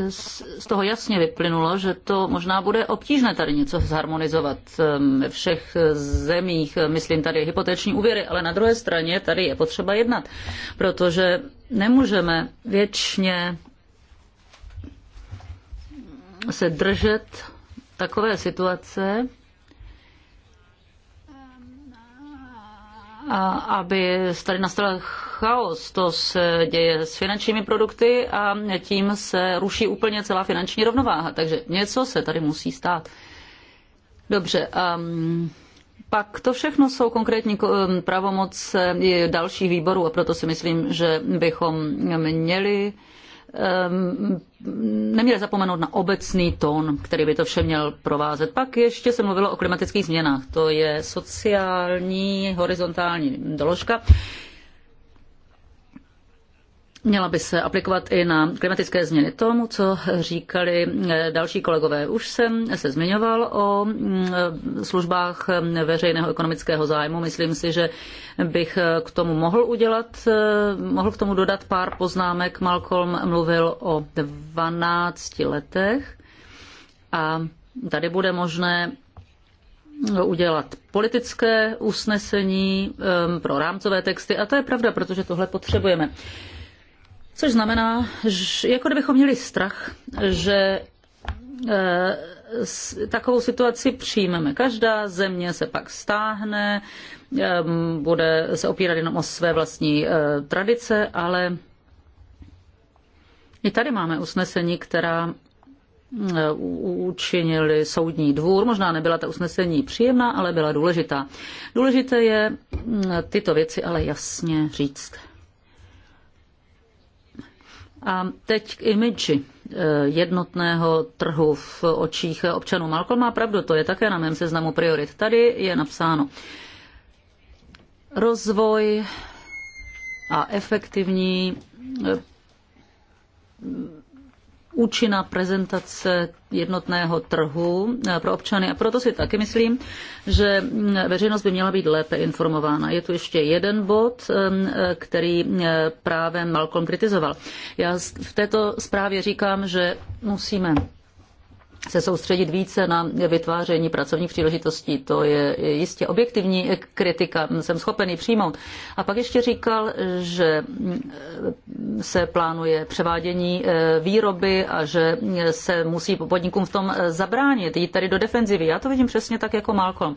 z toho jasně vyplynulo, že to možná bude obtížné tady něco zharmonizovat ehm, ve všech zemích, myslím tady hypoteční úvěry, ale na druhé straně tady je potřeba jednat, protože nemůžeme věčně se držet takové situace, aby tady nastal chaos. To se děje s finančními produkty a tím se ruší úplně celá finanční rovnováha. Takže něco se tady musí stát. Dobře. Um, pak to všechno jsou konkrétní um, pravomoc dalších výborů a proto si myslím, že bychom měli Ehm, neměli zapomenout na obecný tón, který by to vše měl provázet. Pak ještě se mluvilo o klimatických změnách. To je sociální horizontální doložka. Měla by se aplikovat i na klimatické změny tomu, co říkali eh, další kolegové. Už jsem se zmiňoval o mm, službách eh, veřejného ekonomického zájmu. Myslím si, že bych eh, k tomu mohl udělat, mohl k tomu dodat pár poznámek. Malcolm mluvil o 12 letech a tady bude možné udělat politické usnesení pro rámcové texty a to je pravda, protože tohle potřebujeme. Což znamená, že jako kdybychom měli strach, že e, takovou situaci přijmeme. Každá země se pak stáhne, e, bude se opírat jenom o své vlastní e, tradice, ale i tady máme usnesení, která učinili soudní dvůr. Možná nebyla ta usnesení příjemná, ale byla důležitá. Důležité je tyto věci ale jasně říct. A teď k imidži eh, jednotného trhu v očích občanů. Malcolm má pravdu, to je také na mém seznamu priorit. Tady je napsáno rozvoj a efektivní eh, účinná prezentace jednotného trhu eh, pro občany. A proto si taky myslím, že mm, veřejnost by měla být lépe informována. Je tu ještě jeden bod, eh, který eh, právě Malcolm kritizoval. Já v této zprávě říkám, že musíme se soustředit více na vytváření pracovních příležitostí. To je jistě objektivní kritika, jsem schopen ji přijmout. A pak ještě říkal, že se plánuje převádění eh, výroby a že se musí podnikům v tom zabránit, jít tady do defenzivy. Já to vidím přesně tak jako Malcolm.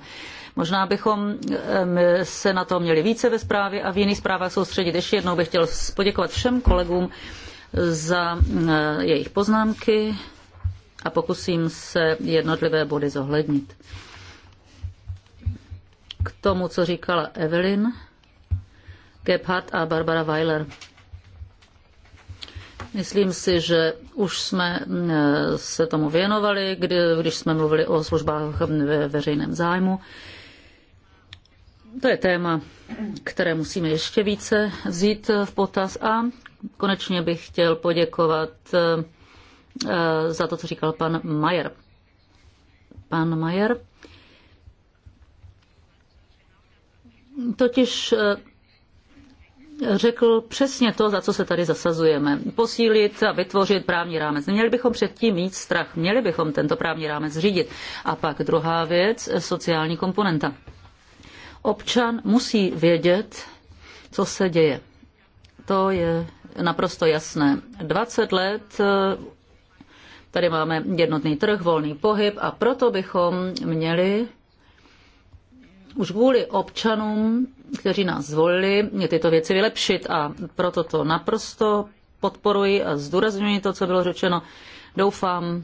Možná bychom ehm, se na to měli více ve zprávě a v jiných zprávách soustředit. Ještě jednou bych chtěl poděkovat všem kolegům za eh, jejich poznámky a pokusím se jednotlivé body zohlednit. K tomu, co říkala Evelyn Gebhardt a Barbara Weiler. Myslím si, že už jsme eh, se tomu věnovali, kdy, když jsme mluvili o službách ve veřejném zájmu. To je téma, které musíme ještě více vzít v potaz a konečně bych chtěl poděkovat eh, Eh, za to, co říkal pan Majer. Pan Majer. Totiž eh, řekl přesně to, za co se tady zasazujeme. Posílit a vytvořit právní rámec. Měli bychom předtím mít strach, měli bychom tento právní rámec řídit. A pak druhá věc, eh, sociální komponenta. Občan musí vědět, co se děje. To je naprosto jasné. 20 let Tady máme jednotný trh, volný pohyb a proto bychom měli už kvůli občanům, kteří nás zvolili, tyto věci vylepšit a proto to naprosto podporuji a zdůrazňuji to, co bylo řečeno. Doufám,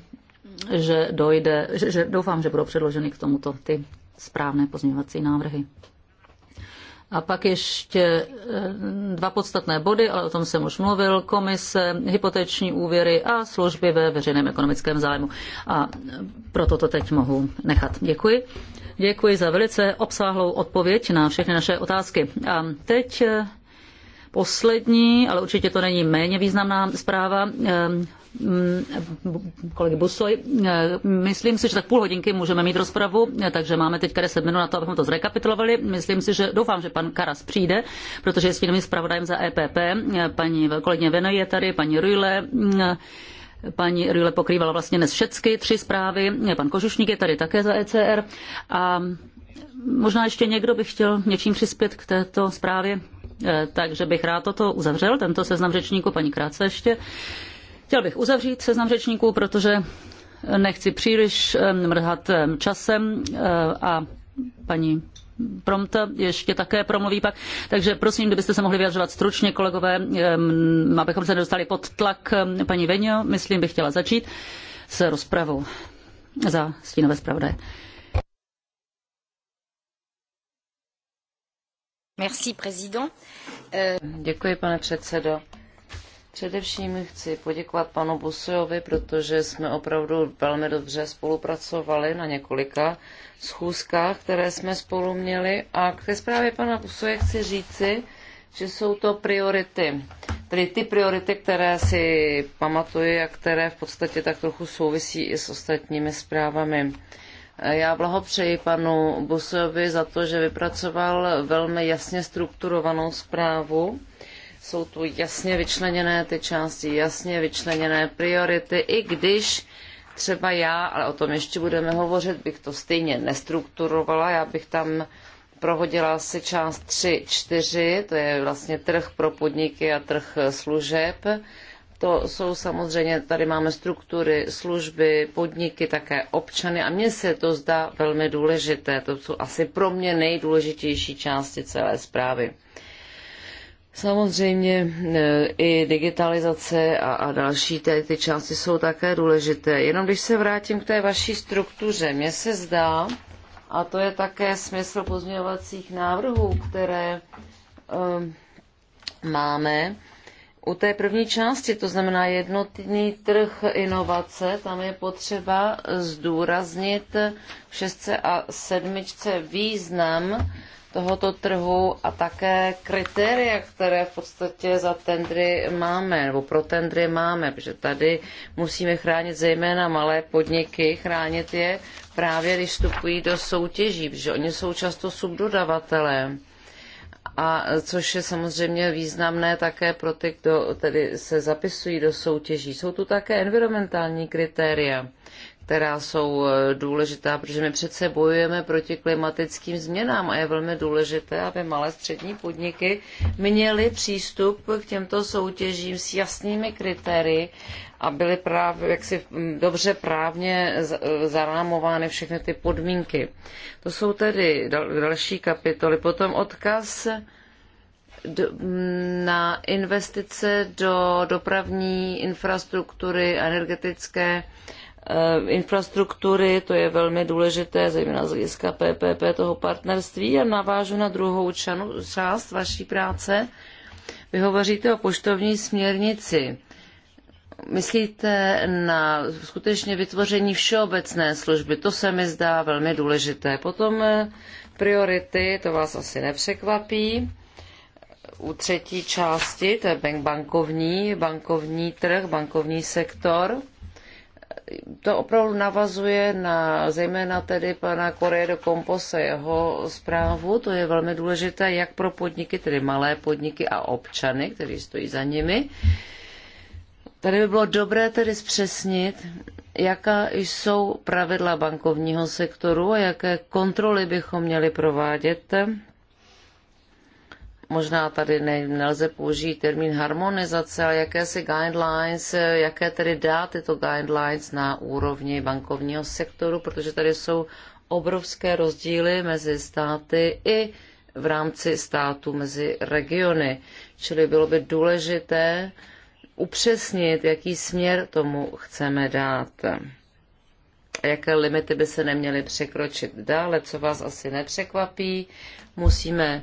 že dojde, že, že doufám, že budou předloženy k tomuto ty správné pozměňovací návrhy. A pak ještě eh, dva podstatné body, ale o tom jsem už mluvil, komise, hypoteční úvěry a služby ve veřejném ekonomickém zájmu. A proto to teď mohu nechat. Děkuji. Děkuji za velice obsáhlou odpověď na všechny naše otázky. A teď eh, poslední, ale určitě to není méně významná zpráva. Eh, Mm, kolegy Busoj. Eh, myslím si, že tak půl hodinky můžeme mít rozpravu, eh, takže máme teď 10 minut na to, abychom to zrekapitulovali. Myslím si, že doufám, že pan Karas přijde, protože je stínovým zpravodajem za EPP. Eh, paní kolegyně Veno je tady, paní Rüle. Paní Rüle pokrývala vlastně dnes všechny tři zprávy. Pan Kožušník je tady také za ECR. A možná ještě někdo by chtěl něčím přispět k této zprávě. Takže bych rád toto uzavřel, tento seznam řečníků, paní Krátce ještě. Chtěl bych uzavřít seznam řečníků, protože nechci příliš eh, mrhat eh, časem eh, a paní Prompta ještě také promluví pak. Takže prosím, kdybyste se mohli vyjadřovat stručně, kolegové, abychom se nedostali pod tlak. Paní Veňo, myslím, bych chtěla začít s rozpravou za stínové zpravodaje. Merci, Děkuji, pane předsedo. Především chci poděkovat panu Busojovi, protože jsme opravdu velmi dobře spolupracovali na několika schůzkách, které jsme spolu měli. A k té zprávě pana Busoje chci říci, že jsou to priority. Tedy ty priority, které si pamatuji a které v podstatě tak trochu souvisí i s ostatními zprávami. Já blahopřeji panu Busovi za to, že vypracoval velmi jasně strukturovanou zprávu jsou tu jasně vyčleněné ty části, jasně vyčleněné priority, i když třeba já, ale o tom ještě budeme hovořit, bych to stejně nestrukturovala, já bych tam prohodila si část 3, 4, to je vlastně trh pro podniky a trh služeb. To jsou samozřejmě, tady máme struktury, služby, podniky, také občany a mně se to zdá velmi důležité. To jsou asi pro mě nejdůležitější části celé zprávy. Samozřejmě e, i digitalizace a, a další ty, ty části jsou také důležité. Jenom když se vrátím k té vaší struktuře, mně se zdá, a to je také smysl pozměňovacích návrhů, které um, máme, u té první části, to znamená jednotný trh inovace, tam je potřeba zdůraznit v šestce a sedmičce význam tohoto trhu a také kritéria, které v podstatě za tendry máme, nebo pro tendry máme, protože tady musíme chránit zejména malé podniky, chránit je právě, když vstupují do soutěží, protože oni jsou často subdodavatelé. A což je samozřejmě významné také pro ty, kdo tedy se zapisují do soutěží. Jsou tu také environmentální kritéria která jsou eh, důležitá, protože my přece bojujeme proti klimatickým změnám a je velmi důležité, aby malé střední podniky měly přístup k těmto soutěžím s jasnými kritérii a byly právě jaksi mm, dobře právně eh, zarámovány všechny ty podmínky. To jsou tedy další kapitoly. Potom odkaz mm, na investice do dopravní infrastruktury, energetické Eh, infrastruktury, to je velmi důležité, zejména z hlediska PPP toho partnerství. A navážu na druhou čanu, část vaší práce. Vy hovoříte o poštovní směrnici. Myslíte na skutečně vytvoření všeobecné služby? To se mi zdá velmi důležité. Potom eh, priority, to vás asi nepřekvapí u třetí části, to je bankovní, bankovní trh, bankovní sektor to opravdu navazuje na zejména tedy pana Koreje do Kompose, jeho zprávu. To je velmi důležité jak pro podniky, tedy malé podniky a občany, kteří stojí za nimi. Tady by bylo dobré tedy zpřesnit, jaká jsou pravidla bankovního sektoru a jaké kontroly bychom měli provádět možná tady ne, nelze použít termín harmonizace, ale jakési guidelines, jaké tedy dá tyto guidelines na úrovni bankovního sektoru, protože tady jsou obrovské rozdíly mezi státy i v rámci státu mezi regiony. Čili bylo by důležité upřesnit, jaký směr tomu chceme dát. A jaké limity by se neměly překročit dále, co vás asi nepřekvapí. Musíme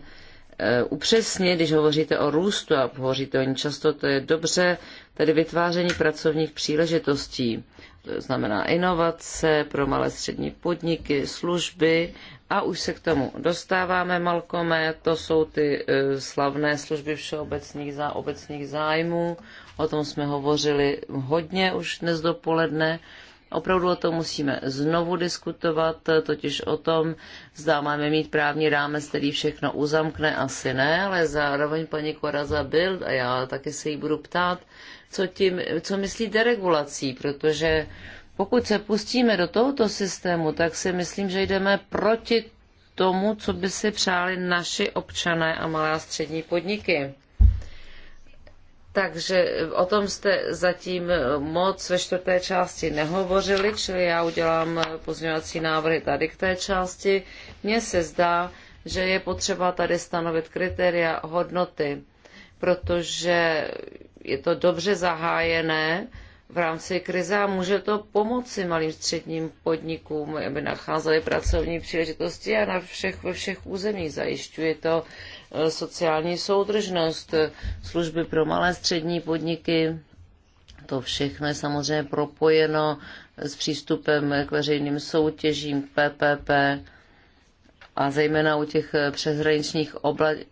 Eh, upřesnit, když hovoříte o růstu a hovoříte o ní často, to je dobře, tedy vytváření pracovních příležitostí. To znamená inovace pro malé střední podniky, služby a už se k tomu dostáváme, Malkome, to jsou ty eh, slavné služby všeobecných za obecných zájmů, o tom jsme hovořili hodně už dnes dopoledne Opravdu o tom musíme znovu diskutovat, totiž o tom, zda máme mít právní rámec, který všechno uzamkne, asi ne, ale zároveň paní Koraza byl a já taky se jí budu ptát, co, tím, co myslí deregulací, protože pokud se pustíme do tohoto systému, tak si myslím, že jdeme proti tomu, co by si přáli naši občané a malé a střední podniky. Takže o tom jste zatím moc ve čtvrté části nehovořili, čili já udělám pozměňovací návrhy tady k té části. Mně se zdá, že je potřeba tady stanovit kritéria hodnoty, protože je to dobře zahájené v rámci krize a může to pomoci malým středním podnikům, aby nacházeli pracovní příležitosti a na všech, ve všech územích zajišťuje to sociální soudržnost, služby pro malé střední podniky, to všechno je samozřejmě propojeno s přístupem k veřejným soutěžím, k PPP a zejména u těch přeshraničních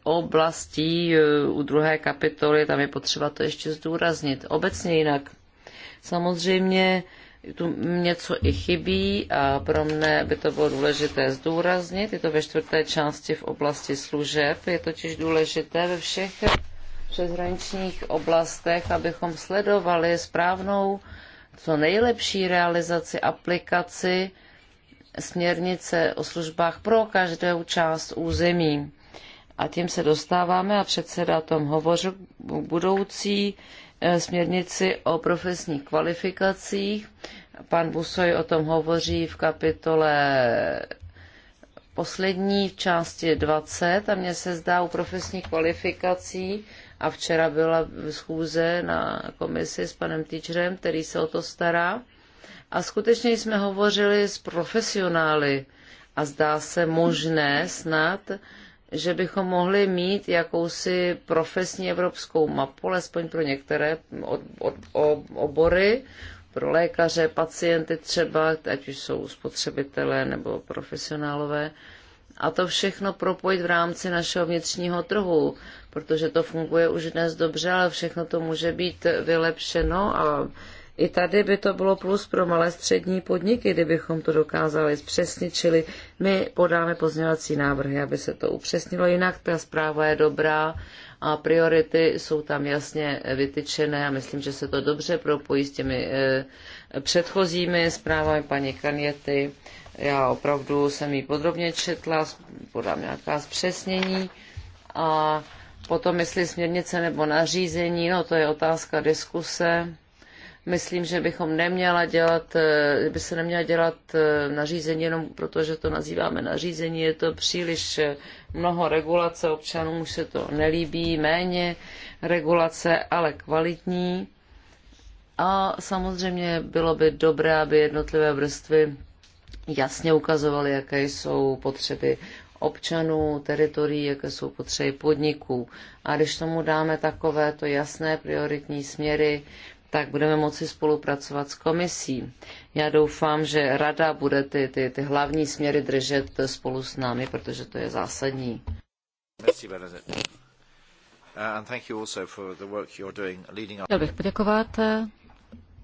oblastí, u druhé kapitoly, tam je potřeba to ještě zdůraznit. Obecně jinak. Samozřejmě tu něco i chybí a pro mne by to bylo důležité zdůraznit. Je to ve čtvrté části v oblasti služeb. Je totiž důležité ve všech přeshraničních oblastech, abychom sledovali správnou, co nejlepší realizaci, aplikaci směrnice o službách pro každou část území. A tím se dostáváme a předseda o tom hovořil budoucí Eh, směrnici o profesních kvalifikacích. Pan Busoj o tom hovoří v kapitole poslední v části 20 a mně se zdá u profesních kvalifikací a včera byla schůze na komisi s panem Týčerem, který se o to stará. A skutečně jsme hovořili s profesionály a zdá se možné snad, že bychom mohli mít jakousi profesní evropskou mapu, alespoň pro některé od, od, od, obory, pro lékaře, pacienty třeba, ať už jsou spotřebitelé nebo profesionálové. A to všechno propojit v rámci našeho vnitřního trhu, protože to funguje už dnes dobře, ale všechno to může být vylepšeno a i tady by to bylo plus pro malé střední podniky, kdybychom to dokázali zpřesnit, čili my podáme pozměňovací návrhy, aby se to upřesnilo. Jinak ta zpráva je dobrá a priority jsou tam jasně vytyčené a myslím, že se to dobře propojí s těmi eh, předchozími zprávami paní Kaněty. Já opravdu jsem ji podrobně četla, podám nějaká zpřesnění a potom, jestli směrnice nebo nařízení, no to je otázka diskuse Myslím, že bychom neměla dělat, eh, by se neměla dělat eh, nařízení jenom proto, že to nazýváme nařízení. Je to příliš eh, mnoho regulace, občanům už se to nelíbí, méně regulace, ale kvalitní. A samozřejmě bylo by dobré, aby jednotlivé vrstvy jasně ukazovaly, jaké jsou potřeby občanů, teritorií, jaké jsou potřeby podniků. A když tomu dáme takovéto jasné prioritní směry, tak budeme moci spolupracovat s komisí. Já doufám, že rada bude ty, ty, ty hlavní směry držet spolu s námi, protože to je zásadní. Uh, Chtěl bych poděkovat,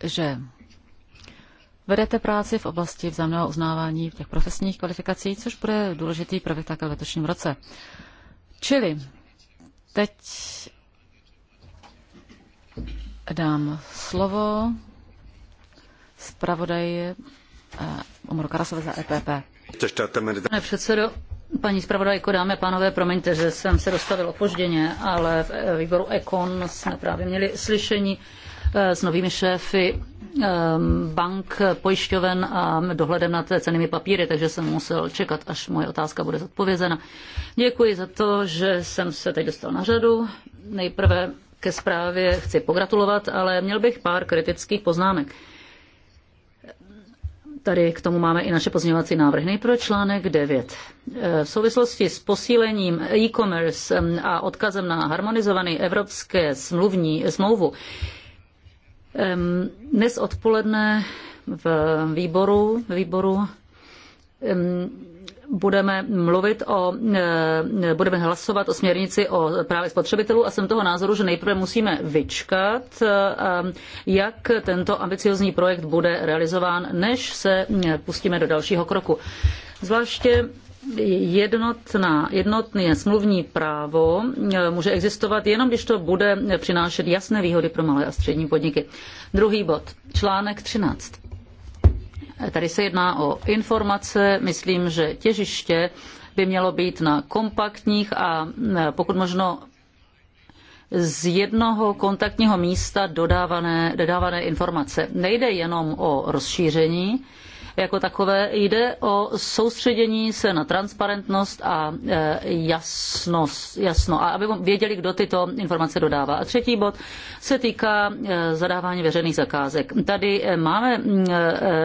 že vedete práci v oblasti vzájemného uznávání těch profesních kvalifikací, což bude důležitý prvek také v letošním roce. Čili teď dám slovo zpravodaji eh, Omaru Karasovi za EPP. Pane předsedo, paní zpravodajko, dámy a pánové, promiňte, že jsem se dostavil opožděně, ale v eh, výboru Econ jsme právě měli slyšení eh, s novými šéfy ehm, bank, pojišťoven a dohledem nad cenými papíry, takže jsem musel čekat, až moje otázka bude zodpovězena. Děkuji za to, že jsem se teď dostal na řadu. Nejprve ke zprávě chci pogratulovat, ale měl bych pár kritických poznámek. Tady k tomu máme i naše pozměňovací návrhy. Nejprve článek 9. E, v souvislosti s posílením e-commerce e, a odkazem na harmonizovaný evropské smluvní smlouvu, e, dnes odpoledne v výboru, výboru budeme mluvit o, e, budeme hlasovat o směrnici o právě spotřebitelů a jsem toho názoru, že nejprve musíme vyčkat, e, jak tento ambiciozní projekt bude realizován, než se e, pustíme do dalšího kroku. Zvláště jednotná, jednotné smluvní právo může existovat jenom, když to bude přinášet jasné výhody pro malé a střední podniky. Druhý bod, článek 13. Tady se jedná o informace, myslím, že těžiště by mělo být na kompaktních a e, pokud možno z jednoho kontaktního místa dodávané, dodávané informace. Nejde jenom o rozšíření, jako takové. Jde o soustředění se na transparentnost a e, jasnost, jasno, a aby věděli, kdo tyto informace dodává. A třetí bod se týká e, zadávání veřejných zakázek. Tady e, máme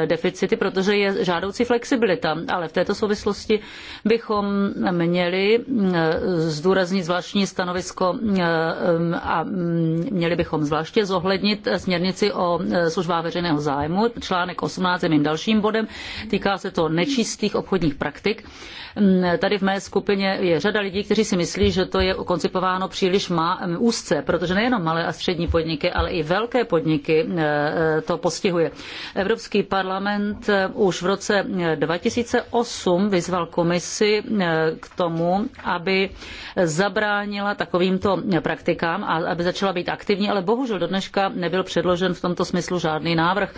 deficity, protože je žádoucí flexibilita, ale v této souvislosti bychom měli zdůraznit zvláštní stanovisko a měli bychom zvláště zohlednit směrnici o službách veřejného zájmu, článek 18 je mým dalším bodem, Týká se to nečistých obchodních praktik Mm, tady v mé skupině je řada lidí, kteří si myslí, že to je koncipováno příliš má, mm, úzce, protože nejenom malé a střední podniky, ale i velké podniky mm, eh, to postihuje. Evropský parlament eh, už v roce 2008 eh, vyzval komisi k tomu, aby zabránila takovýmto praktikám a aby začala být aktivní, ale bohužel do dneška nebyl předložen v tomto smyslu žádný návrh.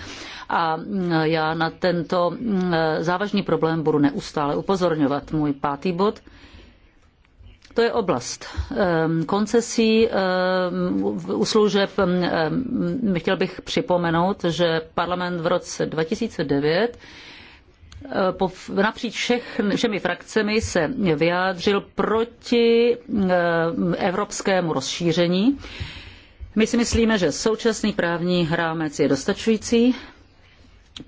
A já na tento závažný problém budu neustále upozorňovat probrat, můj pátý bod. To je oblast ehm, koncesí ehm, u služeb. Ehm, chtěl bych připomenout, že parlament v roce 2009 eh, napříč všech, všemi frakcemi se vyjádřil proti evropskému rozšíření. My si myslíme, že současný právní rámec je dostačující,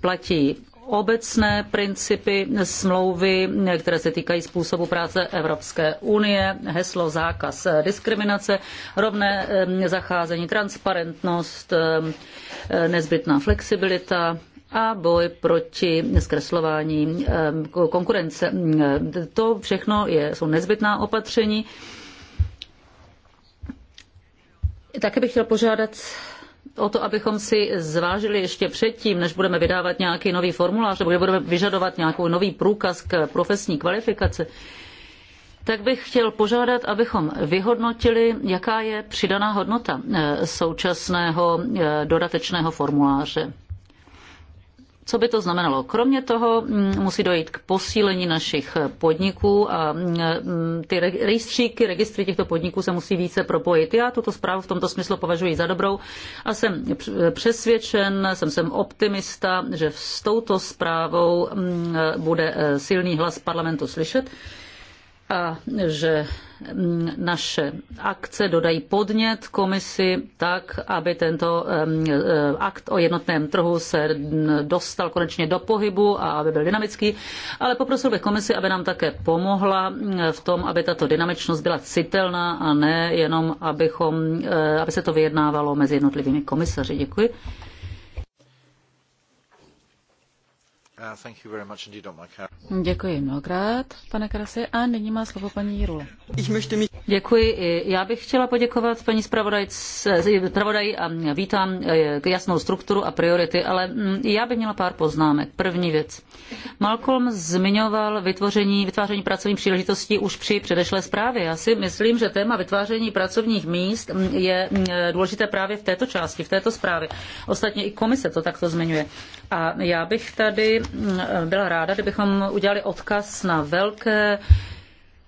platí obecné principy smlouvy, které se týkají způsobu práce Evropské unie, heslo zákaz diskriminace, rovné zacházení, transparentnost, nezbytná flexibilita, a boj proti zkreslování konkurence. To všechno je, jsou nezbytná opatření. Také bych chtěl požádat o to, abychom si zvážili ještě předtím, než budeme vydávat nějaký nový formulář nebo budeme vyžadovat nějaký nový průkaz k profesní kvalifikaci, tak bych chtěl požádat, abychom vyhodnotili, jaká je přidaná hodnota eh, současného eh, dodatečného formuláře. Co by to znamenalo? Kromě toho mm, musí dojít k posílení našich podniků a mm, ty rejstříky, registry těchto podniků se musí více propojit. Já tuto zprávu v tomto smyslu považuji za dobrou a jsem přesvědčen, jsem jsem optimista, že s touto zprávou mm, bude eh, silný hlas parlamentu slyšet a že mm, naše akce dodají podnět komisi tak, aby tento e, akt o jednotném trhu se dostal konečně do pohybu a aby byl dynamický, ale poprosil bych komisi, aby nám také pomohla mm, v tom, aby tato dynamičnost byla citelná a ne jenom, abychom, e, aby se to vyjednávalo mezi jednotlivými komisaři. Děkuji. Uh, Děkuji mnohokrát, pane Krasi, A nyní má slovo paní Jirula. Děkuji. Já bych chtěla poděkovat paní zpravodaji a vítám eh, jasnou strukturu a priority, ale mm, já bych měla pár poznámek. První věc. Malcolm zmiňoval vytvoření, vytváření pracovních příležitostí už při předešlé zprávě. Já si myslím, že téma vytváření pracovních míst mm, je mm, důležité právě v této části, v této zprávě. Ostatně i komise to takto zmiňuje. A já bych tady mm, byla ráda, kdybychom udělali odkaz na velké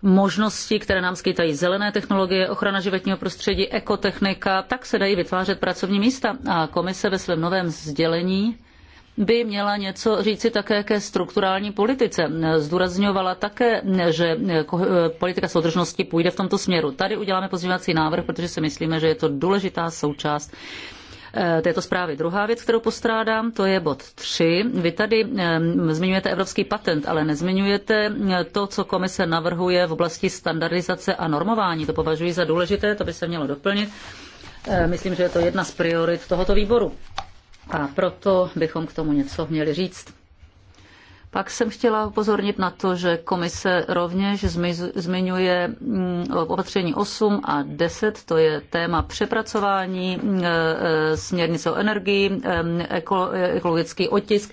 možnosti, které nám skýtají zelené technologie, ochrana životního prostředí, ekotechnika, tak se dají vytvářet pracovní místa. A komise ve svém novém sdělení by měla něco říci také ke strukturální politice. Zdůrazňovala také, že politika soudržnosti půjde v tomto směru. Tady uděláme pozměňovací návrh, protože si myslíme, že je to důležitá součást Eh, této zprávy. Druhá věc, kterou postrádám, to je bod 3. Vy tady eh, zmiňujete evropský patent, ale nezmiňujete eh, to, co komise navrhuje v oblasti standardizace a normování. To považuji za důležité, to by se mělo doplnit. Myslím, že je to jedna z priorit tohoto výboru. A proto bychom k tomu něco měli říct. Pak jsem chtěla upozornit na to, že komise rovněž zmiňuje mm, opatření 8 a 10, to je téma přepracování mm, e, e, směrnice o energii, mm, ekologický otisk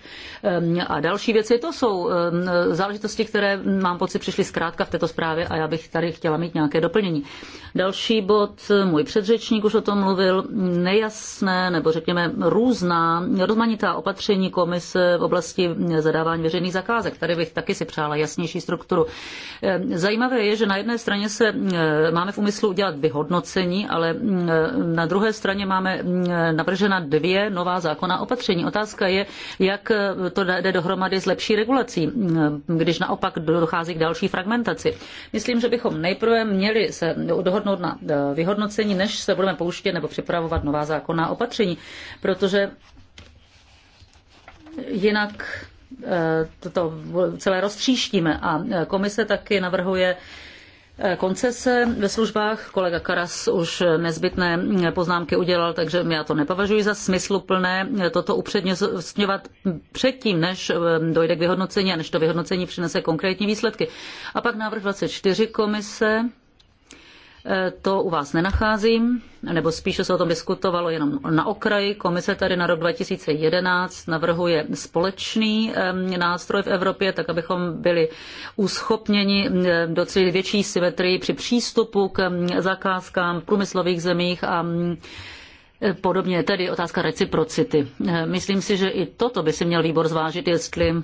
a další věci. To jsou záležitosti, které mám pocit přišly zkrátka v této zprávě a já bych tady chtěla mít nějaké doplnění. Další bod, můj předřečník už o tom mluvil, nejasné nebo řekněme různá, rozmanitá opatření komise v oblasti zadávání veřejných veřejných zakázek. Tady bych taky si přála jasnější strukturu. Eh, zajímavé je, že na jedné straně se eh, máme v úmyslu udělat vyhodnocení, ale mm, eh, na druhé straně máme mm, navržena dvě nová zákona opatření. Otázka je, jak to jde dohromady s lepší regulací, mm, když naopak dochází k další fragmentaci. Myslím, že bychom nejprve měli se dohodnout na vyhodnocení, než se budeme pouštět nebo připravovat nová zákonná opatření, protože jinak Eh, toto celé roztříštíme. A eh, komise taky navrhuje eh, koncese ve službách. Kolega Karas už nezbytné poznámky udělal, takže já to nepovažuji za smysluplné toto upřednostňovat předtím, než dojde k vyhodnocení a než to vyhodnocení přinese konkrétní výsledky. A pak návrh 24 komise E, to u vás nenacházím, nebo spíše se o tom diskutovalo jenom na okraji. Komise tady na rok 2011 navrhuje společný nástroj v Evropě, tak abychom byli uschopněni docílit větší symetrii při přístupu k zakázkám v průmyslových zemích a Podobně tedy otázka reciprocity. E, myslím si, že i toto by si měl výbor zvážit, jestli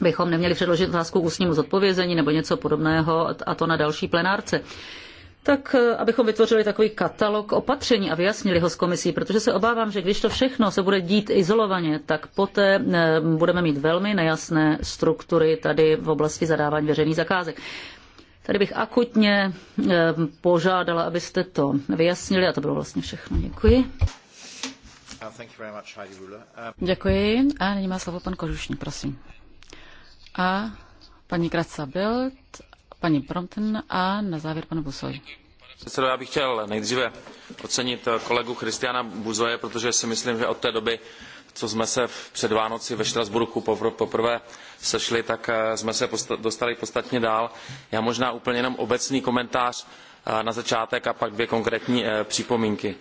bychom neměli předložit otázku ústnímu zodpovězení nebo něco podobného, a to na další plenárce tak eh, abychom vytvořili takový katalog opatření a vyjasnili ho s komisí, protože se obávám, že když to všechno se bude dít izolovaně, tak poté eh, budeme mít velmi nejasné struktury tady v oblasti zadávání veřejných zakázek. Tady bych akutně eh, požádala, abyste to vyjasnili a to bylo vlastně všechno. Děkuji. Uh, um, Děkuji a nyní má slovo pan Kožušní, prosím. A paní Kratsa Bild paní Prompton a na závěr pan Busoj. Předsedo, já bych chtěl nejdříve ocenit eh, kolegu Christiana Buzoje, protože si myslím, že od té doby, co jsme se před Vánoci ve Štrasburku poprvé sešli, tak eh, jsme se dostali podstatně dál. Já možná úplně jenom obecný komentář eh, na začátek a pak dvě konkrétní připomínky.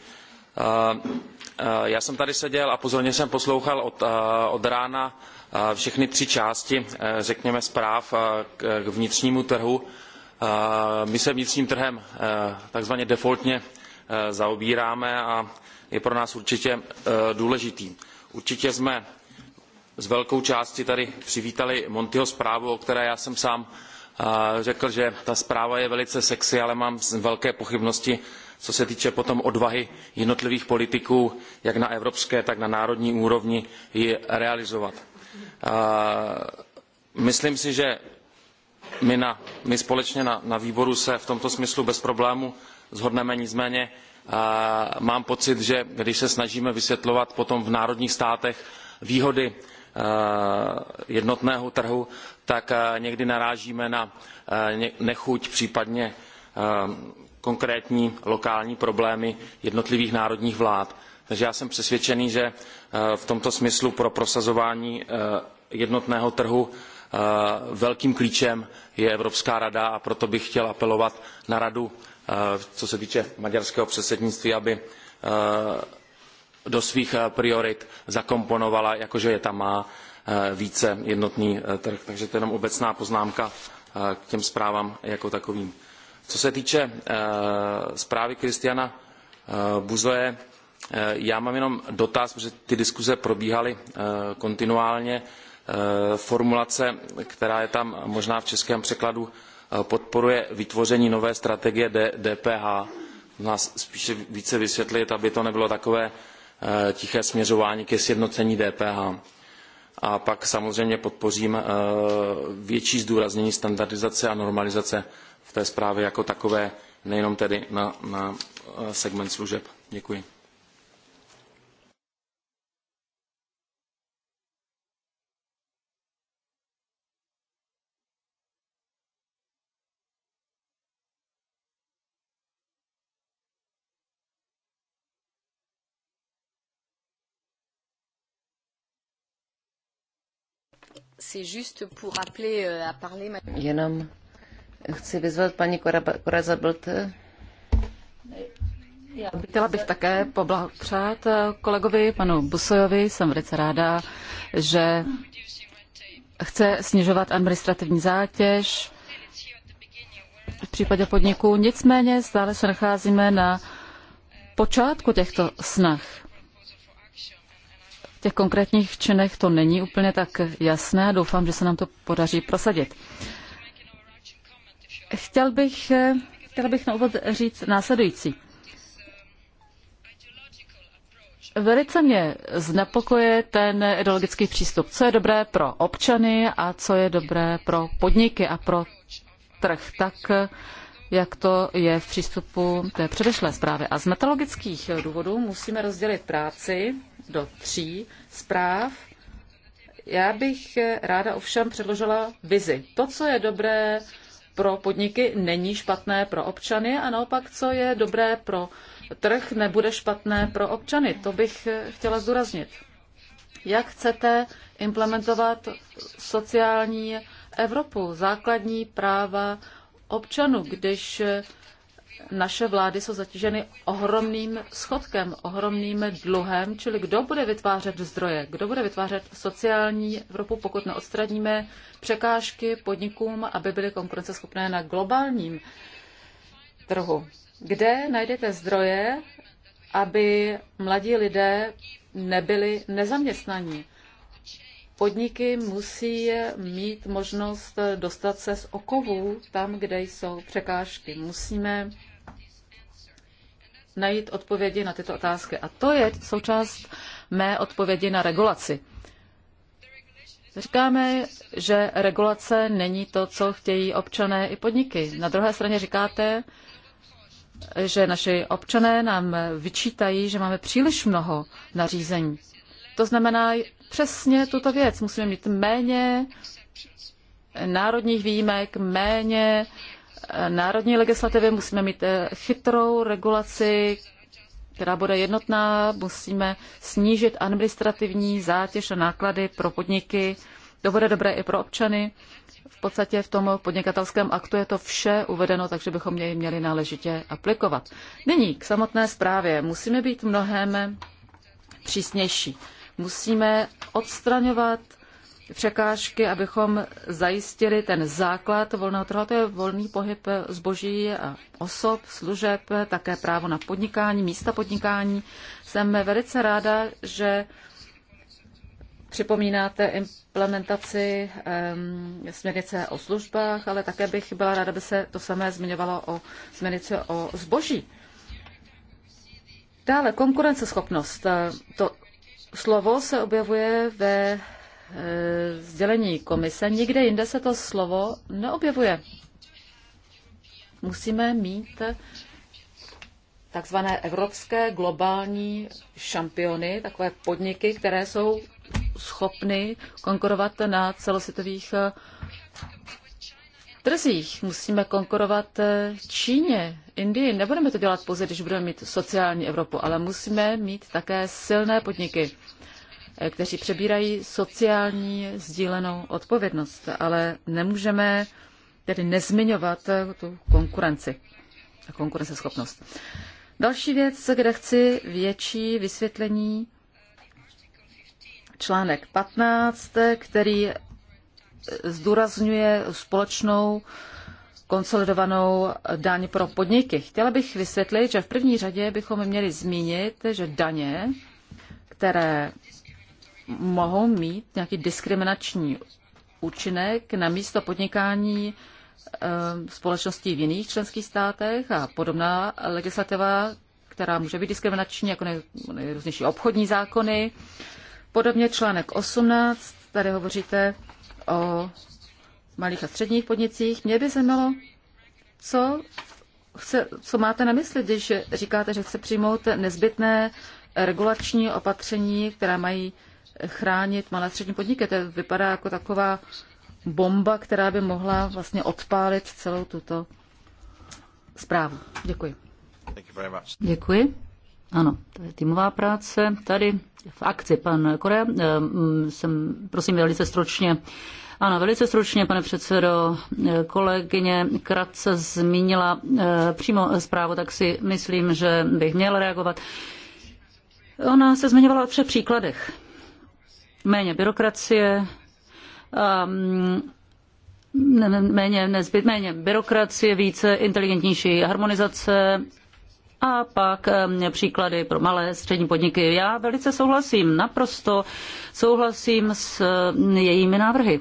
Já jsem tady seděl a pozorně jsem poslouchal od, od rána všechny tři části, eh, řekněme, zpráv eh, k vnitřnímu trhu. Eh, my se vnitřním trhem takzvaně defaultně zaobíráme a je pro nás určitě důležitý. Určitě jsme s velkou částí tady přivítali Montyho zprávu, o které já jsem sám řekl, že ta zpráva je velice sexy, ale mám velké pochybnosti, co se týče potom odvahy jednotlivých politiků, jak na evropské, tak na národní úrovni ji realizovat Eh, myslím si, že my, na, my společně na, na, výboru se v tomto smyslu bez problému zhodneme, nicméně eh, mám pocit, že když se snažíme vysvětlovat potom v národních státech výhody eh, jednotného trhu, tak někdy narážíme na nechuť, případně konkrétní lokální problémy jednotlivých národních vlád. Takže já jsem přesvědčený, že Eh, v tomto smyslu pro prosazování eh, jednotného trhu eh, velkým klíčem je Evropská rada a proto bych chtěl apelovat na radu, co se týče maďarského předsednictví, aby do svých priorit zakomponovala, jakože je tam má více jednotný trh. Takže to je jenom obecná poznámka k těm zprávám jako takovým. Co se týče zprávy Kristiana Buzoje, Eh, já mám jenom dotaz, protože ty diskuze probíhaly eh, kontinuálně. Eh, formulace, která je tam možná v českém překladu, podporuje vytvoření nové strategie DPH. Nás spíše více vysvětlit, aby to nebylo takové tiché směřování ke sjednocení DPH. A pak samozřejmě podpořím větší zdůraznění standardizace a normalizace v té zprávě jako takové, nejenom tedy na, na segment služeb. Děkuji. Euh, Jenom chci vyzvat paní Koraza Blte. chtěla bych také poblahopřát eh, kolegovi panu Busojovi. Jsem velice ráda, že chce snižovat administrativní zátěž v případě podniků. Nicméně stále se nacházíme na počátku těchto snah těch konkrétních činech to není úplně tak jasné a doufám, že se nám to podaří prosadit. Chtěl bych, chtěl bych na úvod říct následující. Velice mě znepokoje ten ideologický přístup, co je dobré pro občany a co je dobré pro podniky a pro trh, tak jak to je v přístupu té předešlé zprávy. A z metalogických důvodů musíme rozdělit práci do tří zpráv. Já bych ráda ovšem předložila vizi. To, co je dobré pro podniky, není špatné pro občany a naopak, co je dobré pro trh, nebude špatné pro občany. To bych chtěla zdůraznit. Jak chcete implementovat sociální Evropu, základní práva občanů, když naše vlády jsou zatíženy ohromným schodkem, ohromným dluhem, čili kdo bude vytvářet zdroje, kdo bude vytvářet sociální Evropu, pokud neodstraníme překážky podnikům, aby byly konkurenceschopné na globálním trhu. Kde najdete zdroje, aby mladí lidé nebyli nezaměstnaní? Podniky musí mít možnost dostat se z okovů tam, kde jsou překážky. Musíme najít odpovědi na tyto otázky. A to je součást mé odpovědi na regulaci. Říkáme, že regulace není to, co chtějí občané i podniky. Na druhé straně říkáte, že naši občané nám vyčítají, že máme příliš mnoho nařízení. To znamená přesně tuto věc. Musíme mít méně národních výjimek, méně uh, národní legislativě musíme mít eh, chytrou regulaci, která bude jednotná, musíme snížit administrativní zátěž a náklady pro podniky, to bude dobré i pro občany. V podstatě v tom podnikatelském aktu je to vše uvedeno, takže bychom jej měli náležitě aplikovat. Nyní k samotné zprávě. Musíme být mnohem přísnější. Musíme odstraňovat překážky, abychom zajistili ten základ volného trhu, to je volný pohyb zboží a osob, služeb, také právo na podnikání, místa podnikání. Jsem velice ráda, že připomínáte implementaci um, směrnice o službách, ale také bych byla ráda, aby se to samé zmiňovalo o směrnici o zboží. Dále konkurenceschopnost. To slovo se objevuje ve Eh, sdělení komise, nikde jinde se to slovo neobjevuje. Musíme mít takzvané evropské globální šampiony, takové podniky, které jsou schopny konkurovat na celosvětových eh, trzích. Musíme konkurovat eh, Číně, Indii. Nebudeme to dělat pouze, když budeme mít sociální Evropu, ale musíme mít také silné podniky. Eh, kteří přebírají sociální sdílenou odpovědnost, ale nemůžeme tedy nezmiňovat eh, tu konkurenci a konkurenceschopnost. Další věc, kde chci větší vysvětlení, článek 15, který eh, zdůrazňuje společnou konsolidovanou daň pro podniky. Chtěla bych vysvětlit, že v první řadě bychom měli zmínit, že daně, které mohou mít nějaký diskriminační účinek na místo podnikání eh, společností v jiných členských státech a podobná legislativa, která může být diskriminační, jako nejrůznější obchodní zákony. Podobně článek 18, tady hovoříte o malých a středních podnicích. Mě by zajímalo, co, chce, co máte na mysli, když říkáte, že chce přijmout nezbytné regulační opatření, která mají chránit malé střední podniky. To vypadá jako taková bomba, která by mohla vlastně odpálit celou tuto zprávu. Děkuji. Děkuji. Ano, to je týmová práce. Tady v akci pan Kore, eh, mm, jsem, prosím, velice stročně. Ano, velice stručně, pane předsedo, eh, kolegyně krátce zmínila eh, přímo zprávu, tak si myslím, že bych měl reagovat. Ona se zmiňovala o třech příkladech méně byrokracie, mm, méně, nezbyt, méně byrokracie, více inteligentnější harmonizace a pak mm, příklady pro malé střední podniky. Já velice souhlasím, naprosto souhlasím s mm, jejími návrhy.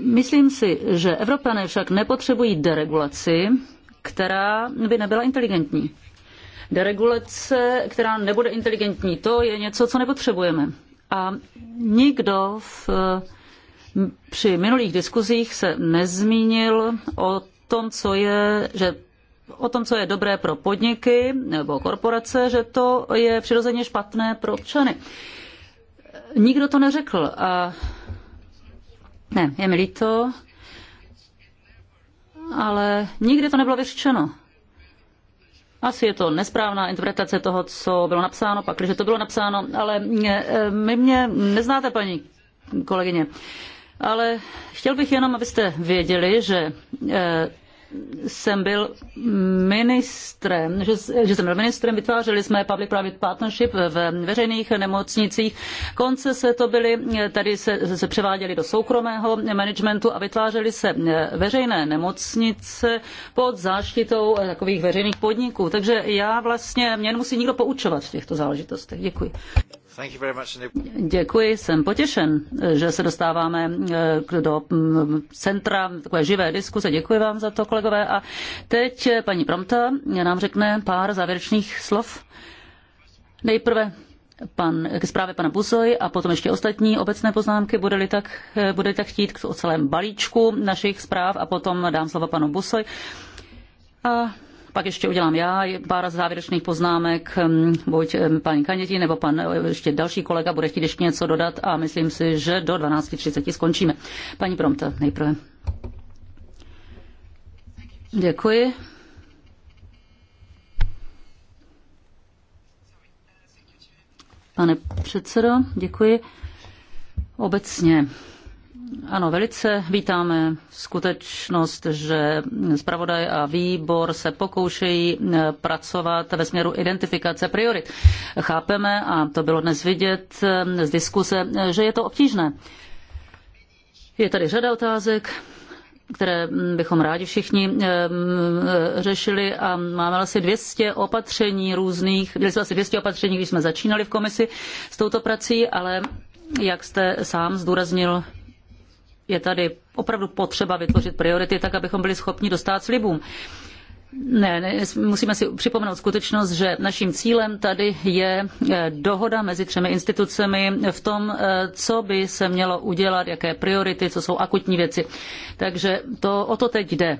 Myslím si, že Evropané však nepotřebují deregulaci, která by nebyla inteligentní deregulace, která nebude inteligentní, to je něco, co nepotřebujeme. A nikdo v, při minulých diskuzích se nezmínil o tom, co je, že o tom, co je dobré pro podniky nebo korporace, že to je přirozeně špatné pro občany. Nikdo to neřekl. A ne, je mi líto, ale nikdy to nebylo vyřečeno. Asi je to nesprávná interpretace toho, co bylo napsáno, pak, když to bylo napsáno, ale mě, eh, my mě neznáte, paní kolegyně. Ale chtěl bych jenom, abyste věděli, že eh, jsem byl ministrem, že, že jsem byl ministrem, vytvářeli jsme public private partnership v veřejných nemocnicích. Konce se to byly, tady se, se převáděli do soukromého managementu a vytvářely se eh, veřejné nemocnice pod záštitou eh, takových veřejných podniků. Takže já vlastně, mě nemusí nikdo poučovat v těchto záležitostech. Děkuji. Děkuji, jsem potěšen, že se dostáváme eh, do mm, centra takové živé diskuse. Děkuji vám za to, kolegové. A teď eh, paní Promta nám řekne pár závěrečných slov. Nejprve pan, k zprávě pana Busoj a potom ještě ostatní obecné poznámky, bude-li tak, eh, bude tak chtít o celém balíčku našich zpráv a potom dám slovo panu Busoj. A pak ještě udělám já pár závěrečných poznámek, hm, buď hm, paní Kaněti nebo pan eh, ještě další kolega bude chtít ještě něco dodat a myslím si, že do 12.30 skončíme. Paní Promta nejprve. Děkuji. Pane předsedo, děkuji. Obecně ano, velice vítáme skutečnost, že zpravodaj a výbor se pokoušejí eh, pracovat ve směru identifikace priorit. Chápeme, a to bylo dnes vidět eh, z diskuse, že je to obtížné. Je tady řada otázek, které bychom rádi všichni eh, řešili a máme asi 200 opatření různých, měli jsme asi 200 opatření, když jsme začínali v komisi s touto prací, ale jak jste sám zdůraznil, je tady opravdu potřeba vytvořit priority tak, abychom byli schopni dostat slibům. Ne, ne, musíme si připomenout skutečnost, že naším cílem tady je eh, dohoda mezi třemi institucemi v tom, eh, co by se mělo udělat, jaké priority, co jsou akutní věci. Takže to, o to teď jde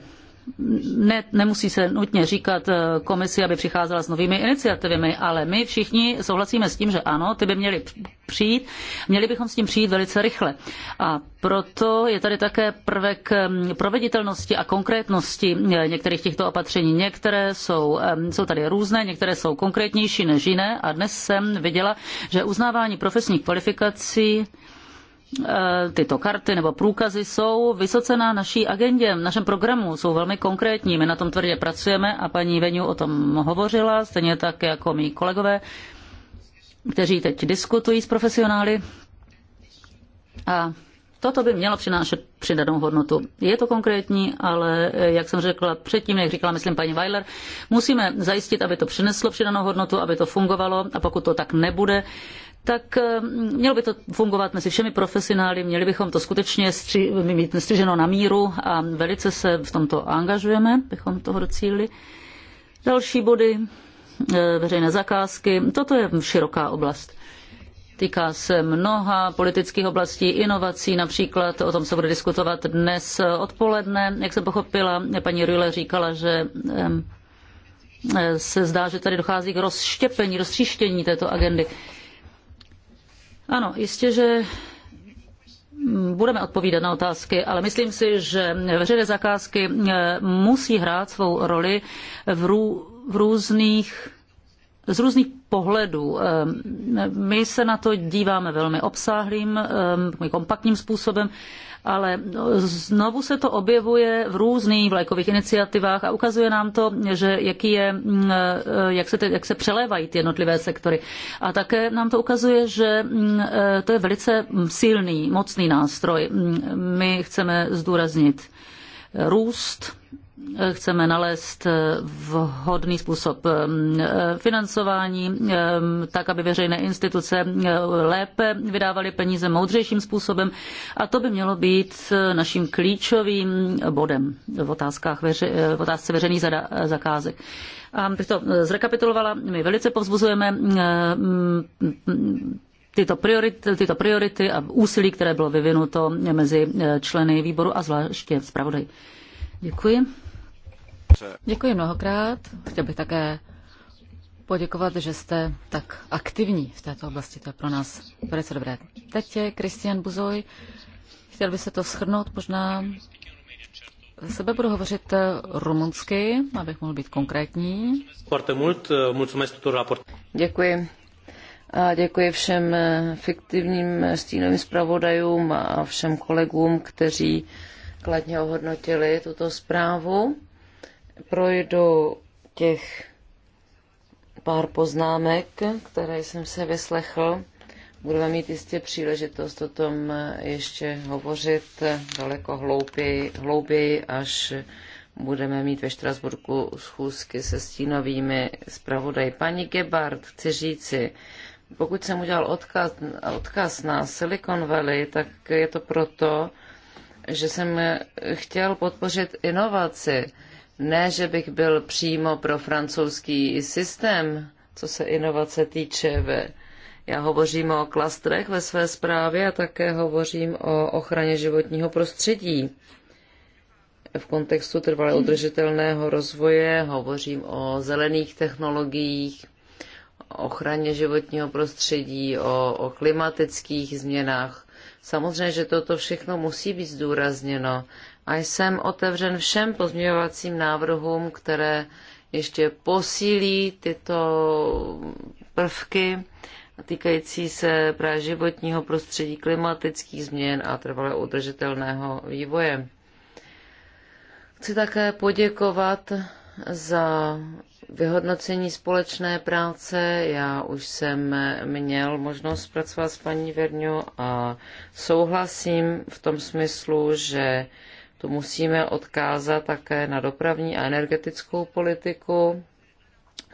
ne, nemusí se nutně říkat eh, komisi, aby přicházela s novými iniciativami, ale my všichni souhlasíme s tím, že ano, ty by měly přijít, měli bychom s tím přijít velice rychle. A proto je tady také prvek mm, proveditelnosti a konkrétnosti eh, některých těchto opatření. Některé jsou, jsou tady různé, některé jsou konkrétnější než jiné a dnes jsem viděla, že uznávání profesních kvalifikací Eh, tyto karty nebo průkazy jsou vysoce na naší agendě, v našem programu, jsou velmi konkrétní. My na tom tvrdě pracujeme a paní Veniu o tom hovořila, stejně tak jako mý kolegové, kteří teď diskutují s profesionály. A toto by mělo přinášet přidanou hodnotu. Je to konkrétní, ale eh, jak jsem řekla předtím, jak říkala, myslím, paní Weiler, musíme zajistit, aby to přineslo přidanou hodnotu, aby to fungovalo a pokud to tak nebude, tak eh, mělo by to fungovat mezi všemi profesionály, měli bychom to skutečně stři, mít střiženo na míru a velice se v tomto angažujeme, bychom toho docílili. Další body, eh, veřejné zakázky, toto je široká oblast. Týká se mnoha politických oblastí, inovací například, o tom se bude diskutovat dnes odpoledne. Jak jsem pochopila, paní Rüle říkala, že eh, se zdá, že tady dochází k rozštěpení, roztříštění této agendy. Ano, jistě, že budeme odpovídat na otázky, ale myslím si, že veřejné zakázky eh, musí hrát svou roli v, rů, v různých z různých pohledů. Ehm, my se na to díváme velmi obsáhlým, ehm, kompaktním způsobem, ale znovu se to objevuje v různých vlajkových iniciativách a ukazuje nám to, že jaký je, eh, jak, se te, jak se přelévají ty jednotlivé sektory. A také nám to ukazuje, že eh, to je velice silný, mocný nástroj. My chceme zdůraznit růst, chceme nalézt vhodný způsob mm, financování, mm, tak, aby veřejné instituce mm, lépe vydávaly peníze moudřejším způsobem. A to by mělo být naším klíčovým bodem v, otázkách veře, v otázce veřejných zakázek. A bych to zrekapitulovala, my velice povzbuzujeme tyto priority, tyto priority a úsilí, které bylo vyvinuto mezi členy výboru a zvláště zpravodaj. Děkuji. Děkuji mnohokrát. Chtěl bych také poděkovat, že jste tak aktivní v této oblasti. To je pro nás velice dobré. Teď je Kristian Buzoj. Chtěl by se to shrnout možná sebe budu hovořit eh, rumunsky, abych mohl být konkrétní. Eh, děkuji. A děkuji všem eh, fiktivním stínovým zpravodajům a všem kolegům, kteří kladně ohodnotili tuto zprávu projdu těch pár poznámek, které jsem se vyslechl. Budeme mít jistě příležitost o tom ještě hovořit daleko hlouběji, hlouběji až budeme mít ve Štrasburku schůzky se stínovými zpravodaj. Paní Gebhardt, chci říci, pokud jsem udělal odkaz, odkaz na Silicon Valley, tak je to proto, že jsem chtěl podpořit inovaci ne, že bych byl přímo pro francouzský systém, co se inovace týče. Ve, já hovořím o klastrech ve své zprávě a také hovořím o ochraně životního prostředí. V kontextu trvale udržitelného rozvoje hovořím o zelených technologiích, ochraně životního prostředí, o, o klimatických změnách. Samozřejmě, že toto všechno musí být zdůrazněno a jsem otevřen všem pozměňovacím návrhům, které ještě posílí tyto prvky týkající se právě životního prostředí, klimatických změn a trvale udržitelného vývoje. Chci také poděkovat za vyhodnocení společné práce. Já už jsem měl možnost pracovat s paní Verňo a souhlasím v tom smyslu, že tu musíme odkázat také na dopravní a energetickou politiku.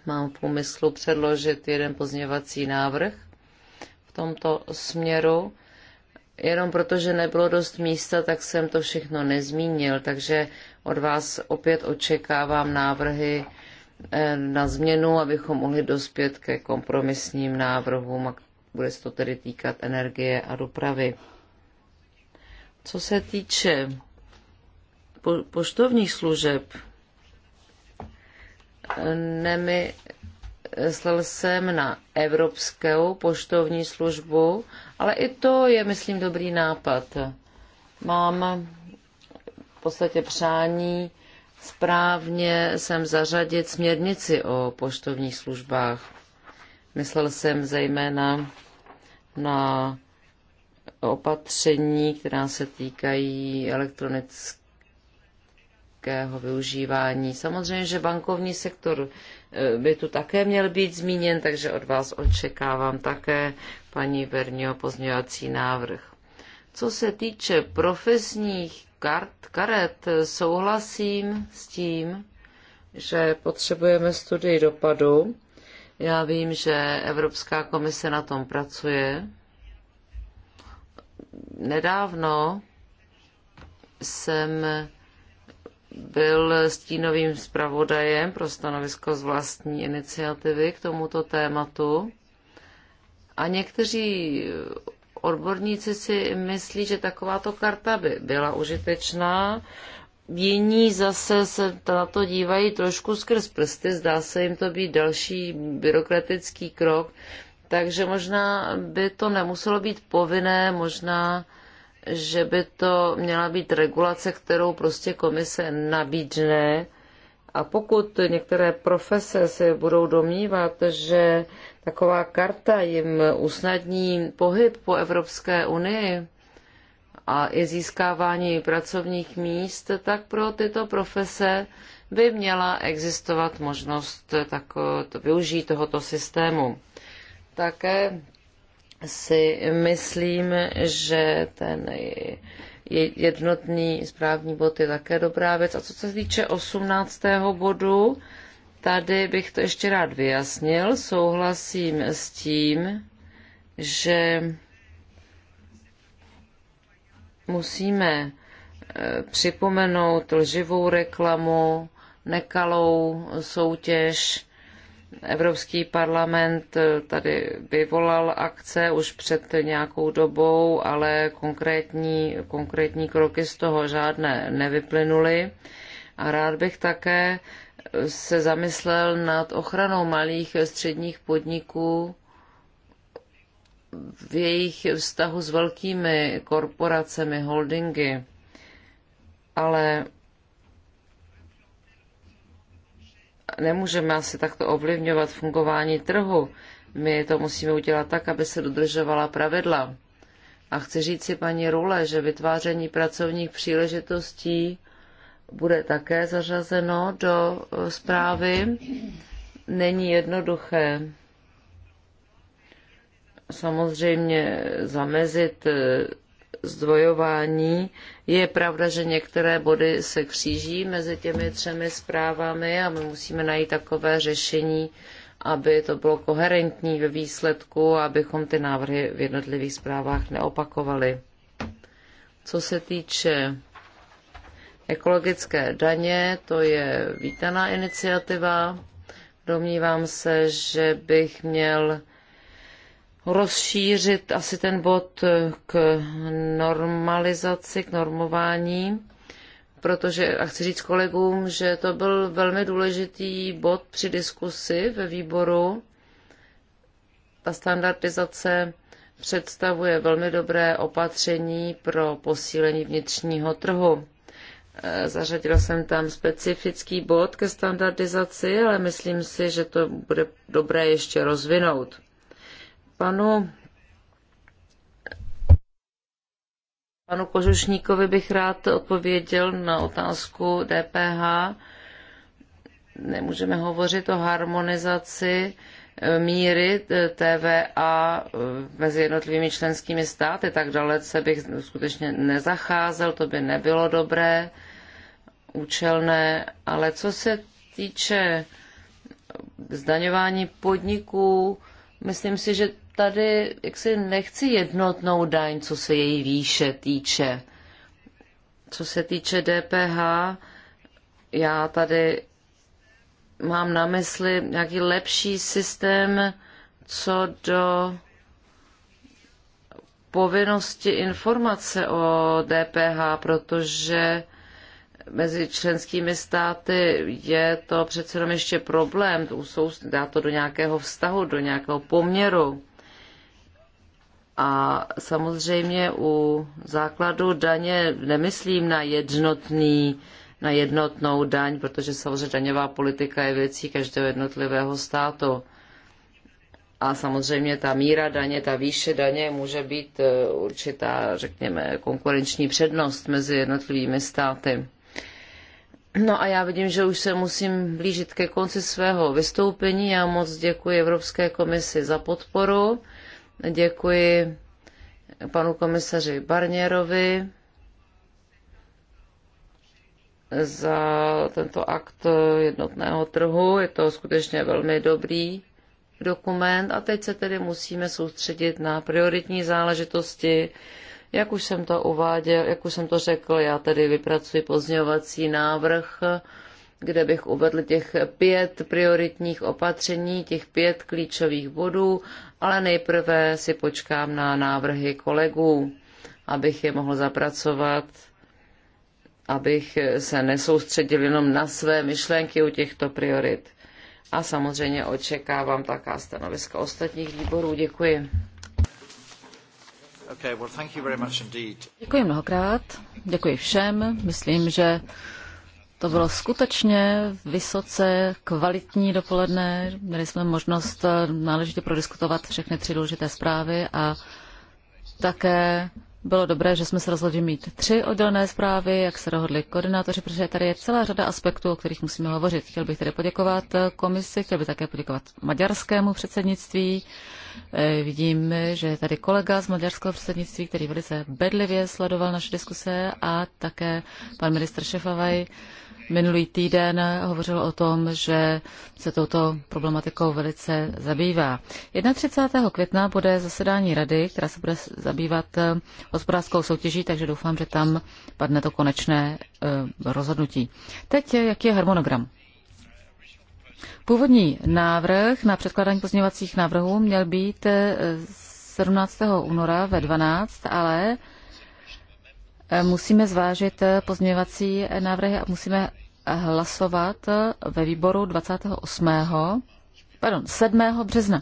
Mám v úmyslu předložit jeden pozměvací návrh v tomto směru. Jenom protože nebylo dost místa, tak jsem to všechno nezmínil, takže od vás opět očekávám návrhy eh, na změnu, abychom mohli dospět ke kompromisním návrhům a bude se to tedy týkat energie a dopravy. Co se týče po, poštovních služeb. Nemy, eh, jsem na Evropskou poštovní službu, ale i to je, myslím, dobrý nápad. Mám v podstatě přání správně sem zařadit směrnici o poštovních službách. Myslel jsem zejména na opatření, která se týkají elektronické nějakého využívání. Samozřejmě, že bankovní sektor e, by tu také měl být zmíněn, takže od vás očekávám také, paní Vernio, pozměňovací návrh. Co se týče profesních kart, karet, souhlasím s tím, že potřebujeme studii dopadu. Já vím, že Evropská komise na tom pracuje. Nedávno jsem byl stínovým zpravodajem pro stanovisko z vlastní iniciativy k tomuto tématu. A někteří odborníci si myslí, že takováto karta by byla užitečná. Jiní zase se na to dívají trošku skrz prsty, zdá se jim to být další byrokratický krok, takže možná by to nemuselo být povinné, možná že by to měla být regulace, kterou prostě komise nabídne. A pokud některé profese se budou domnívat, že taková karta jim usnadní pohyb po Evropské unii a i získávání pracovních míst, tak pro tyto profese by měla existovat možnost tak, to využít tohoto systému. Také si myslím, že ten jednotný správní bod je také dobrá věc. A co se týče 18. bodu, tady bych to ještě rád vyjasnil. Souhlasím s tím, že musíme eh, připomenout lživou reklamu, nekalou soutěž, Evropský parlament eh, tady vyvolal akce už před nějakou dobou, ale konkrétní, konkrétní kroky z toho žádné nevyplynuly. A rád bych také se zamyslel nad ochranou malých středních podniků v jejich vztahu s velkými korporacemi, holdingy. Ale nemůžeme asi takto ovlivňovat fungování trhu. My to musíme udělat tak, aby se dodržovala pravidla. A chci říct si paní Rule, že vytváření pracovních příležitostí bude také zařazeno do eh, zprávy. Není jednoduché samozřejmě zamezit eh, zdvojování. Je pravda, že některé body se kříží mezi těmi třemi zprávami a my musíme najít takové řešení, aby to bylo koherentní ve výsledku a abychom ty návrhy v jednotlivých zprávách neopakovali. Co se týče ekologické daně, to je vítaná iniciativa. Domnívám se, že bych měl rozšířit asi ten bod k normalizaci, k normování, protože, a chci říct kolegům, že to byl velmi důležitý bod při diskusi ve výboru. Ta standardizace představuje velmi dobré opatření pro posílení vnitřního trhu. E, Zařadila jsem tam specifický bod ke standardizaci, ale myslím si, že to bude dobré ještě rozvinout. Panu Panu Kožušníkovi bych rád odpověděl na otázku DPH. Nemůžeme hovořit o harmonizaci eh, míry eh, TVA eh, mezi jednotlivými členskými státy. Tak dalece bych skutečně nezacházel, to by nebylo dobré, účelné. Ale co se týče zdaňování podniků, myslím si, že tady jaksi nechci jednotnou daň, co se její výše týče. Co se týče DPH, já tady mám na mysli nějaký lepší systém co do povinnosti informace o DPH, protože mezi členskými státy je to přece jenom ještě problém, dá to do nějakého vztahu, do nějakého poměru. A samozřejmě u základu daně nemyslím na jednotný na jednotnou daň, protože samozřejmě daňová politika je věcí každého jednotlivého státu. A samozřejmě ta míra daně, ta výše daně může být e, určitá, řekněme, konkurenční přednost mezi jednotlivými státy. No a já vidím, že už se musím blížit ke konci svého vystoupení. Já moc děkuji Evropské komisi za podporu Děkuji panu komisaři Barnierovi za tento akt jednotného trhu. Je to skutečně velmi dobrý dokument a teď se tedy musíme soustředit na prioritní záležitosti. Jak už jsem to uváděl, jak už jsem to řekl, já tedy vypracuji pozňovací návrh, kde bych uvedl těch pět prioritních opatření, těch pět klíčových bodů ale nejprve si počkám na návrhy kolegů, abych je mohl zapracovat, abych se nesoustředil jenom na své myšlenky u těchto priorit. A samozřejmě očekávám taká stanoviska ostatních výborů. Děkuji. Děkuji mnohokrát, děkuji všem. Myslím, že to bylo skutečně vysoce kvalitní dopoledne. Měli jsme možnost eh, náležitě prodiskutovat všechny tři důležité zprávy a také bylo dobré, že jsme se rozhodli mít tři oddělené zprávy, jak se dohodli koordinátoři, protože tady je celá řada aspektů, o kterých musíme hovořit. Chtěl bych tedy poděkovat eh, komisi, chtěl bych také poděkovat maďarskému předsednictví. Eh, vidím, že je tady kolega z maďarského předsednictví, který velice bedlivě sledoval naše diskuse a také pan ministr Šefavaj, minulý týden hovořil o tom, že se touto problematikou velice zabývá. 31. května bude zasedání rady, která se bude zabývat eh, hospodářskou soutěží, takže doufám, že tam padne to konečné eh, rozhodnutí. Teď eh, jaký je harmonogram? Původní návrh na předkládání pozměňovacích návrhů měl být 17. února ve 12, ale musíme zvážit pozměňovací návrhy a musíme hlasovat ve výboru 28. Pardon, 7. března.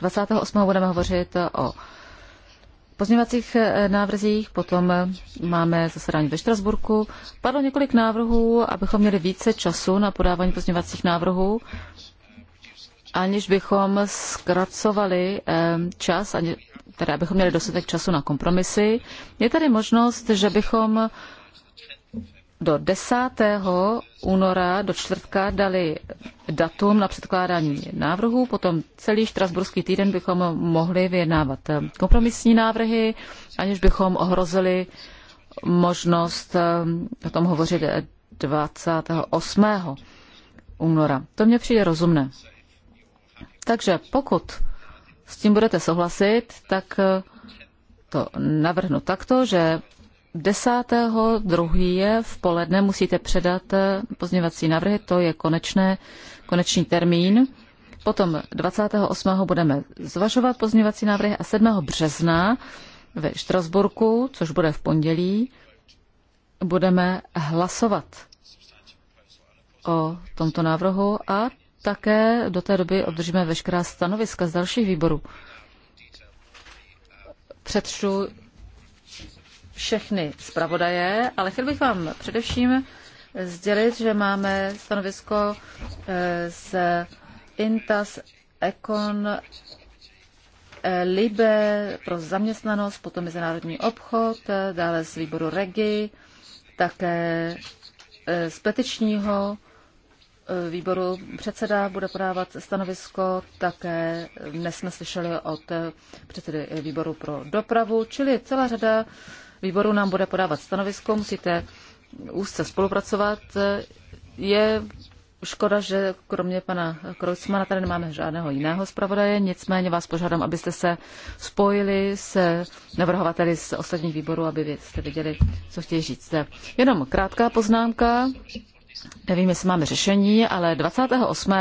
28. budeme hovořit o pozměňovacích eh, návrzích, potom máme zasedání ve Štrasburku. Padlo několik návrhů, abychom měli více času na podávání pozměňovacích návrhů, aniž bychom zkracovali eh, čas, tedy abychom měli dostatek času na kompromisy. Je tady možnost, že bychom do 10. února do čtvrtka dali datum na předkládání návrhů, potom celý štrasburský týden bychom mohli vyjednávat kompromisní návrhy, aniž bychom ohrozili možnost eh, o tom hovořit 28. Eh, února. To mně přijde rozumné. Takže pokud s tím budete souhlasit, tak eh, to navrhnu takto, že 10. druhý v poledne musíte předat eh, pozměvací návrhy, to je konečné, konečný termín. Potom 28. budeme zvažovat pozměvací návrhy a 7. března ve Štrasburku, což bude v pondělí, budeme hlasovat o tomto návrhu a také do té doby obdržíme veškerá stanoviska z dalších výborů. Předšu všechny zpravodaje, ale chtěl bych vám především sdělit, že máme stanovisko eh, z Intas Econ eh, Libe pro zaměstnanost, potom mezinárodní obchod, eh, dále z výboru Regi, také z petičního výboru předseda bude podávat stanovisko, také dnes jsme slyšeli od předsedy výboru pro dopravu, čili celá řada výboru nám bude podávat stanovisko, musíte úzce spolupracovat. Je škoda, že kromě pana Kreutzmana tady nemáme žádného jiného zpravodaje, nicméně vás požádám, abyste se spojili s navrhovateli z ostatních výborů, aby jste viděli, co chtějí říct. Jenom krátká poznámka, nevím, jestli máme řešení, ale 28.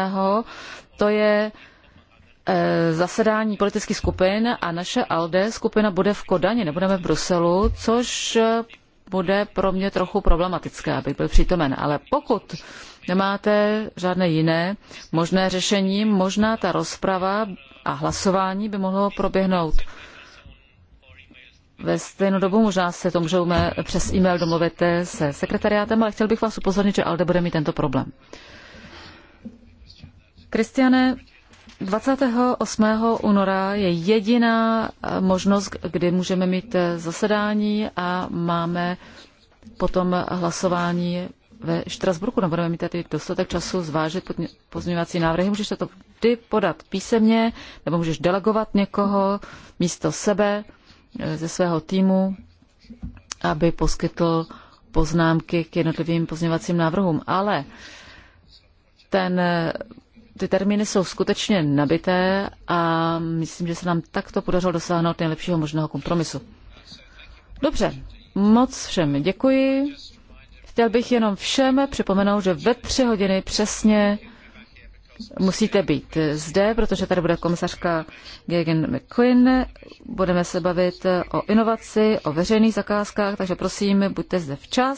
to je Eh, zasedání politických skupin a naše ALDE skupina bude v Kodani, nebudeme v Bruselu, což bude pro mě trochu problematické, abych byl přítomen. Ale pokud nemáte žádné jiné možné řešení, možná ta rozprava a hlasování by mohlo proběhnout ve stejnou dobu. Možná se to můžeme přes e-mail domluvit eh, se sekretariátem, ale chtěl bych vás upozornit, že Alde bude mít tento problém. Kristiane, 28. února je jediná možnost, kdy můžeme mít zasedání a máme potom hlasování ve Štrasburku. Nebudeme no, mít tady dostatek času zvážit pozměňovací návrhy. Můžeš to vždy podat písemně, nebo můžeš delegovat někoho místo sebe eh, ze svého týmu, aby poskytl poznámky k jednotlivým pozměňovacím návrhům. Ale ten eh, ty termíny jsou skutečně nabité a myslím, že se nám takto podařilo dosáhnout nejlepšího možného kompromisu. Dobře, moc všem děkuji. Chtěl bych jenom všem připomenout, že ve tři hodiny přesně musíte být zde, protože tady bude komisařka Gagan McQueen. Budeme se bavit o inovaci, o veřejných zakázkách, takže prosím, buďte zde včas.